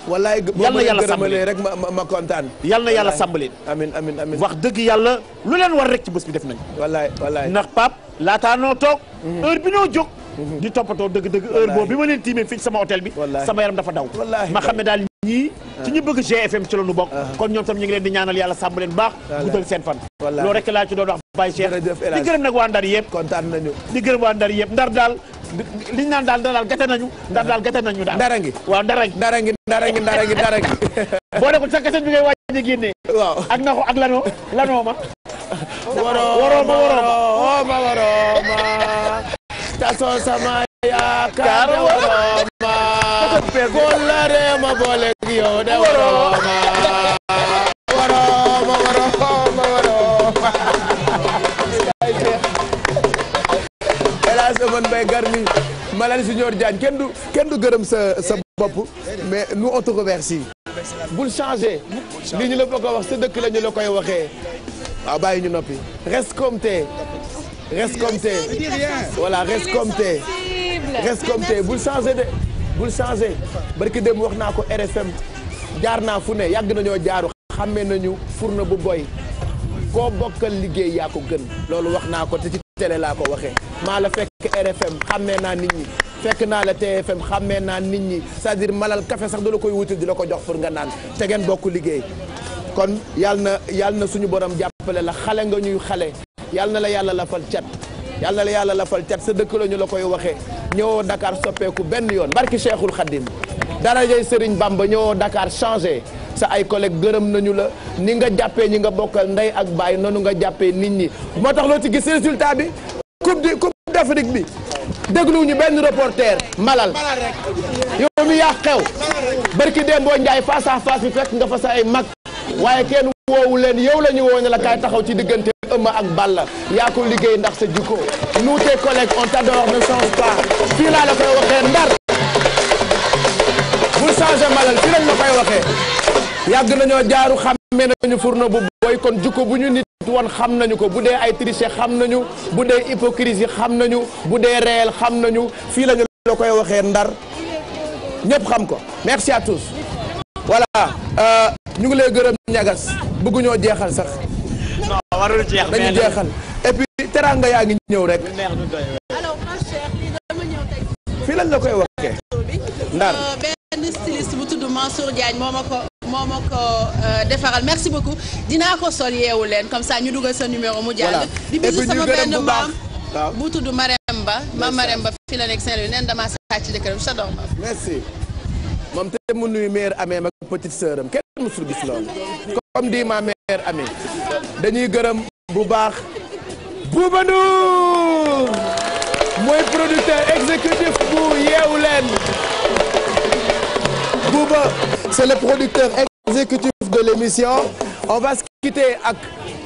wallaay yal na yàlla sàmbali rek ma ma ma kontaan. yal na yàlla sàmbali. amin amin amin wax dëgg yàlla lu leen war rek ci bés bi def nañu. wallaay wallaay ndax Pape laataa noo toog. Mhm. heure bi noo jóg. Mhm. di toppatoo dëgg-dëgg heure boobu bi ma leen tiimee fii sama hôtel bi. sama yaram dafa daw. ma xam daal. ñii ci ñu bëgg GFM ci la ñu bokk ah. kon ñoom tam ñu ngi leen di ñaanal yàlla sàmm leen baax guddal seen fan loolu rek laa ci doon wax Baye Cheikh di gërëm nag waa Ndar yëpp kontaan nañu di gërëm waa Ndar yëpp Ndar daal li ñu naan daal Ndar daal gate nañu Ndar daal gate ndara ngi waaw ndara ngi ndara ngi boo ne ko sa kaset bi ngay wàññi génnee ak naxo ak lanoo lanoo ma waroo ma sama yaakaar waroo kóllëre ma boole ak yow de warooma man bay garmi Malal Signor Diagne kenn du kenn du gërëm sa sa bopp mais nous on te remercie bul changer li ñu la bëgg a wax sa dëkk la ñu la koy waxee waaw ah, bàyyi ñu noppi reste comme t'es reste comme t'es voilà reste comme t'es reste comme t'es bul changer de bul changé barki dem wax naa ko RFM jaar naa fu ne yàgg nañoo jaaru xàmmee nañu fur na bu boy ko bokkal liggéey yaa ko gën loolu wax naa ko te ci télé laa ko waxee maa la fekk RFM xàmmee naa nit ñi fekk naa la TFM xàmmee naa nit ñi cest dire malal café sax du la koy wutil di la ko jox pour nga naan te ngeen bokk liggéey kon yàlla na yàlla na suñu borom jàppale la xale nga ñuy xale yàlla na la yàlla lafal cat yàlla la yàlla lafal cat sa dëkk la ñu la koy waxee ñëwoo Dakar soppeeku benn yoon barki Cheikhul Khadim darajey Serigne Bamba ñëwoo dakaar changé sa ay collègues gërëm nañu la ni nga jàppee ñi nga bokkal ndey ak baay noonu nga jàppee nit ñi moo tax loo ci gis résultat bi coupe du coupe d'Afrique bi dégluwuñu benn reporter malal yow mi yaa xew barki Dembo Ndiaye face à face bi fekk nga fa sa ay mag waaye kenn woowu leen yow la ñu woo ne la kaay taxaw ci diggante Eumeu ak Balla yaa ko liggéey ndax sa jikko nous tes collègues on t'adore ne change pas fii laa la koy waxee ndar bul changer fii lañ la koy waxee yàgg nañoo jaaru xàmmee nañu furno bu boy kon jikko bu ñu nit woon xam nañu ko bu dee ay tricher xam nañu bu dee hypocrisie xam nañu bu dee réel xam nañu fii lañu la koy waxee ndar ñëpp xam ko merci à tous voilà euh, ñu ngi lay gërëm ñagas bëgguñoo jeexal sax non warul jeex dañu jeexal et puis teraanga yaa ngi ñëw rek. alors ma chère lii fii lañ la koy waxee. ndar euh, benn styliste bu tudd Mansour Diagne moom ma ko moo ma ko euh, defaral merci beaucoup dinaa ko sol yeewu leen comme ça ñu dugal sa numéro mu jàll. di bisu sama benn maam bu tudd Maremba. maam Maremba fii la nekk Saint-Louis neen damaa sàcc ci sa doom. merci. moom te mu nuyu mère amee ma petite sœur am kenn musul gis loolu comme dit ma mère amee dañuy gërëm bu baax Bouba Ndour mooy producteur exécutif bu yeewu leen Bouba c'est le producteur exécutif de l'émission on va se quitter ak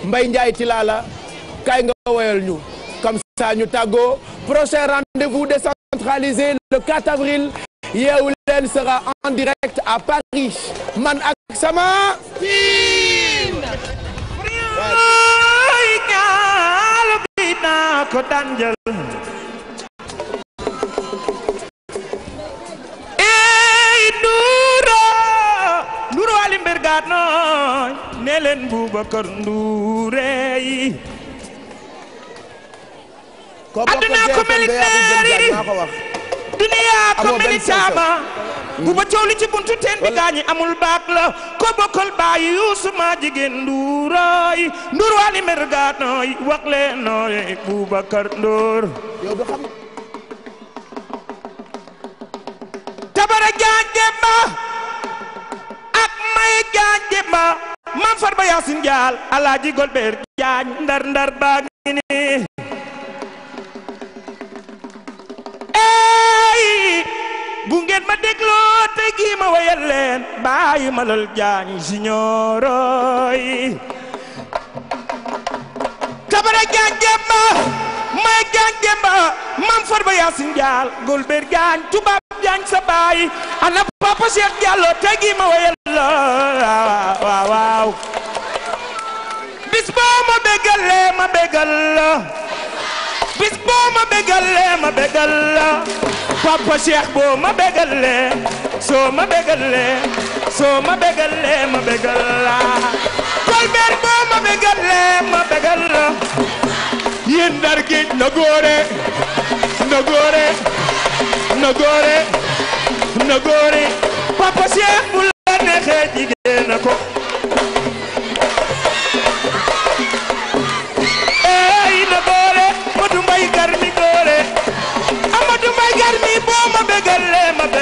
mbay Ndiaye Tilala kaay nga woyal ñu comme ça ñu tàggoo prochain rendez-vous décentralisé le 4 avril Yeewu Leen sera en direct à Paris man ak sama team ay kaala bi naa ko daan jël ey Ndoura Ndoura nooy ne leen Boubacar Ndouré yi adduna ko mel duniyaa ko meli caama coow li ci buntu teen bi gaañi amul baak la ko bokkal baayi yuusu maa jigéen nduuraay nduur waali mer gaa nooy wax leen nooy Boubacar Ndour tabara jaaje ba ak may jaaje ba Yaasin Jaal alaaji Golbeer jaañ ndar ndar baa ngi ngeen ma dégloo te gii ma wayal leen ma lal jaañ siñooroy kabara jaañ jemba may jaañ jemba mam far ba yaasin jaal golbeer jaañ tubaab jaañ sa baay ana papa Cheikh te gii ma wayal la waaw ma bégal ma bégal bis boo ma bégalee ma bégal la papa cheikh boo ma bégalee soo ma bégalee soo ma bégalee ma bégal la colbert boo ma bégalee ma bégal la yéen ndar géej na góore na papa cheikh bu la neexee jigéen na ko sagar mi boo ma bégalee ma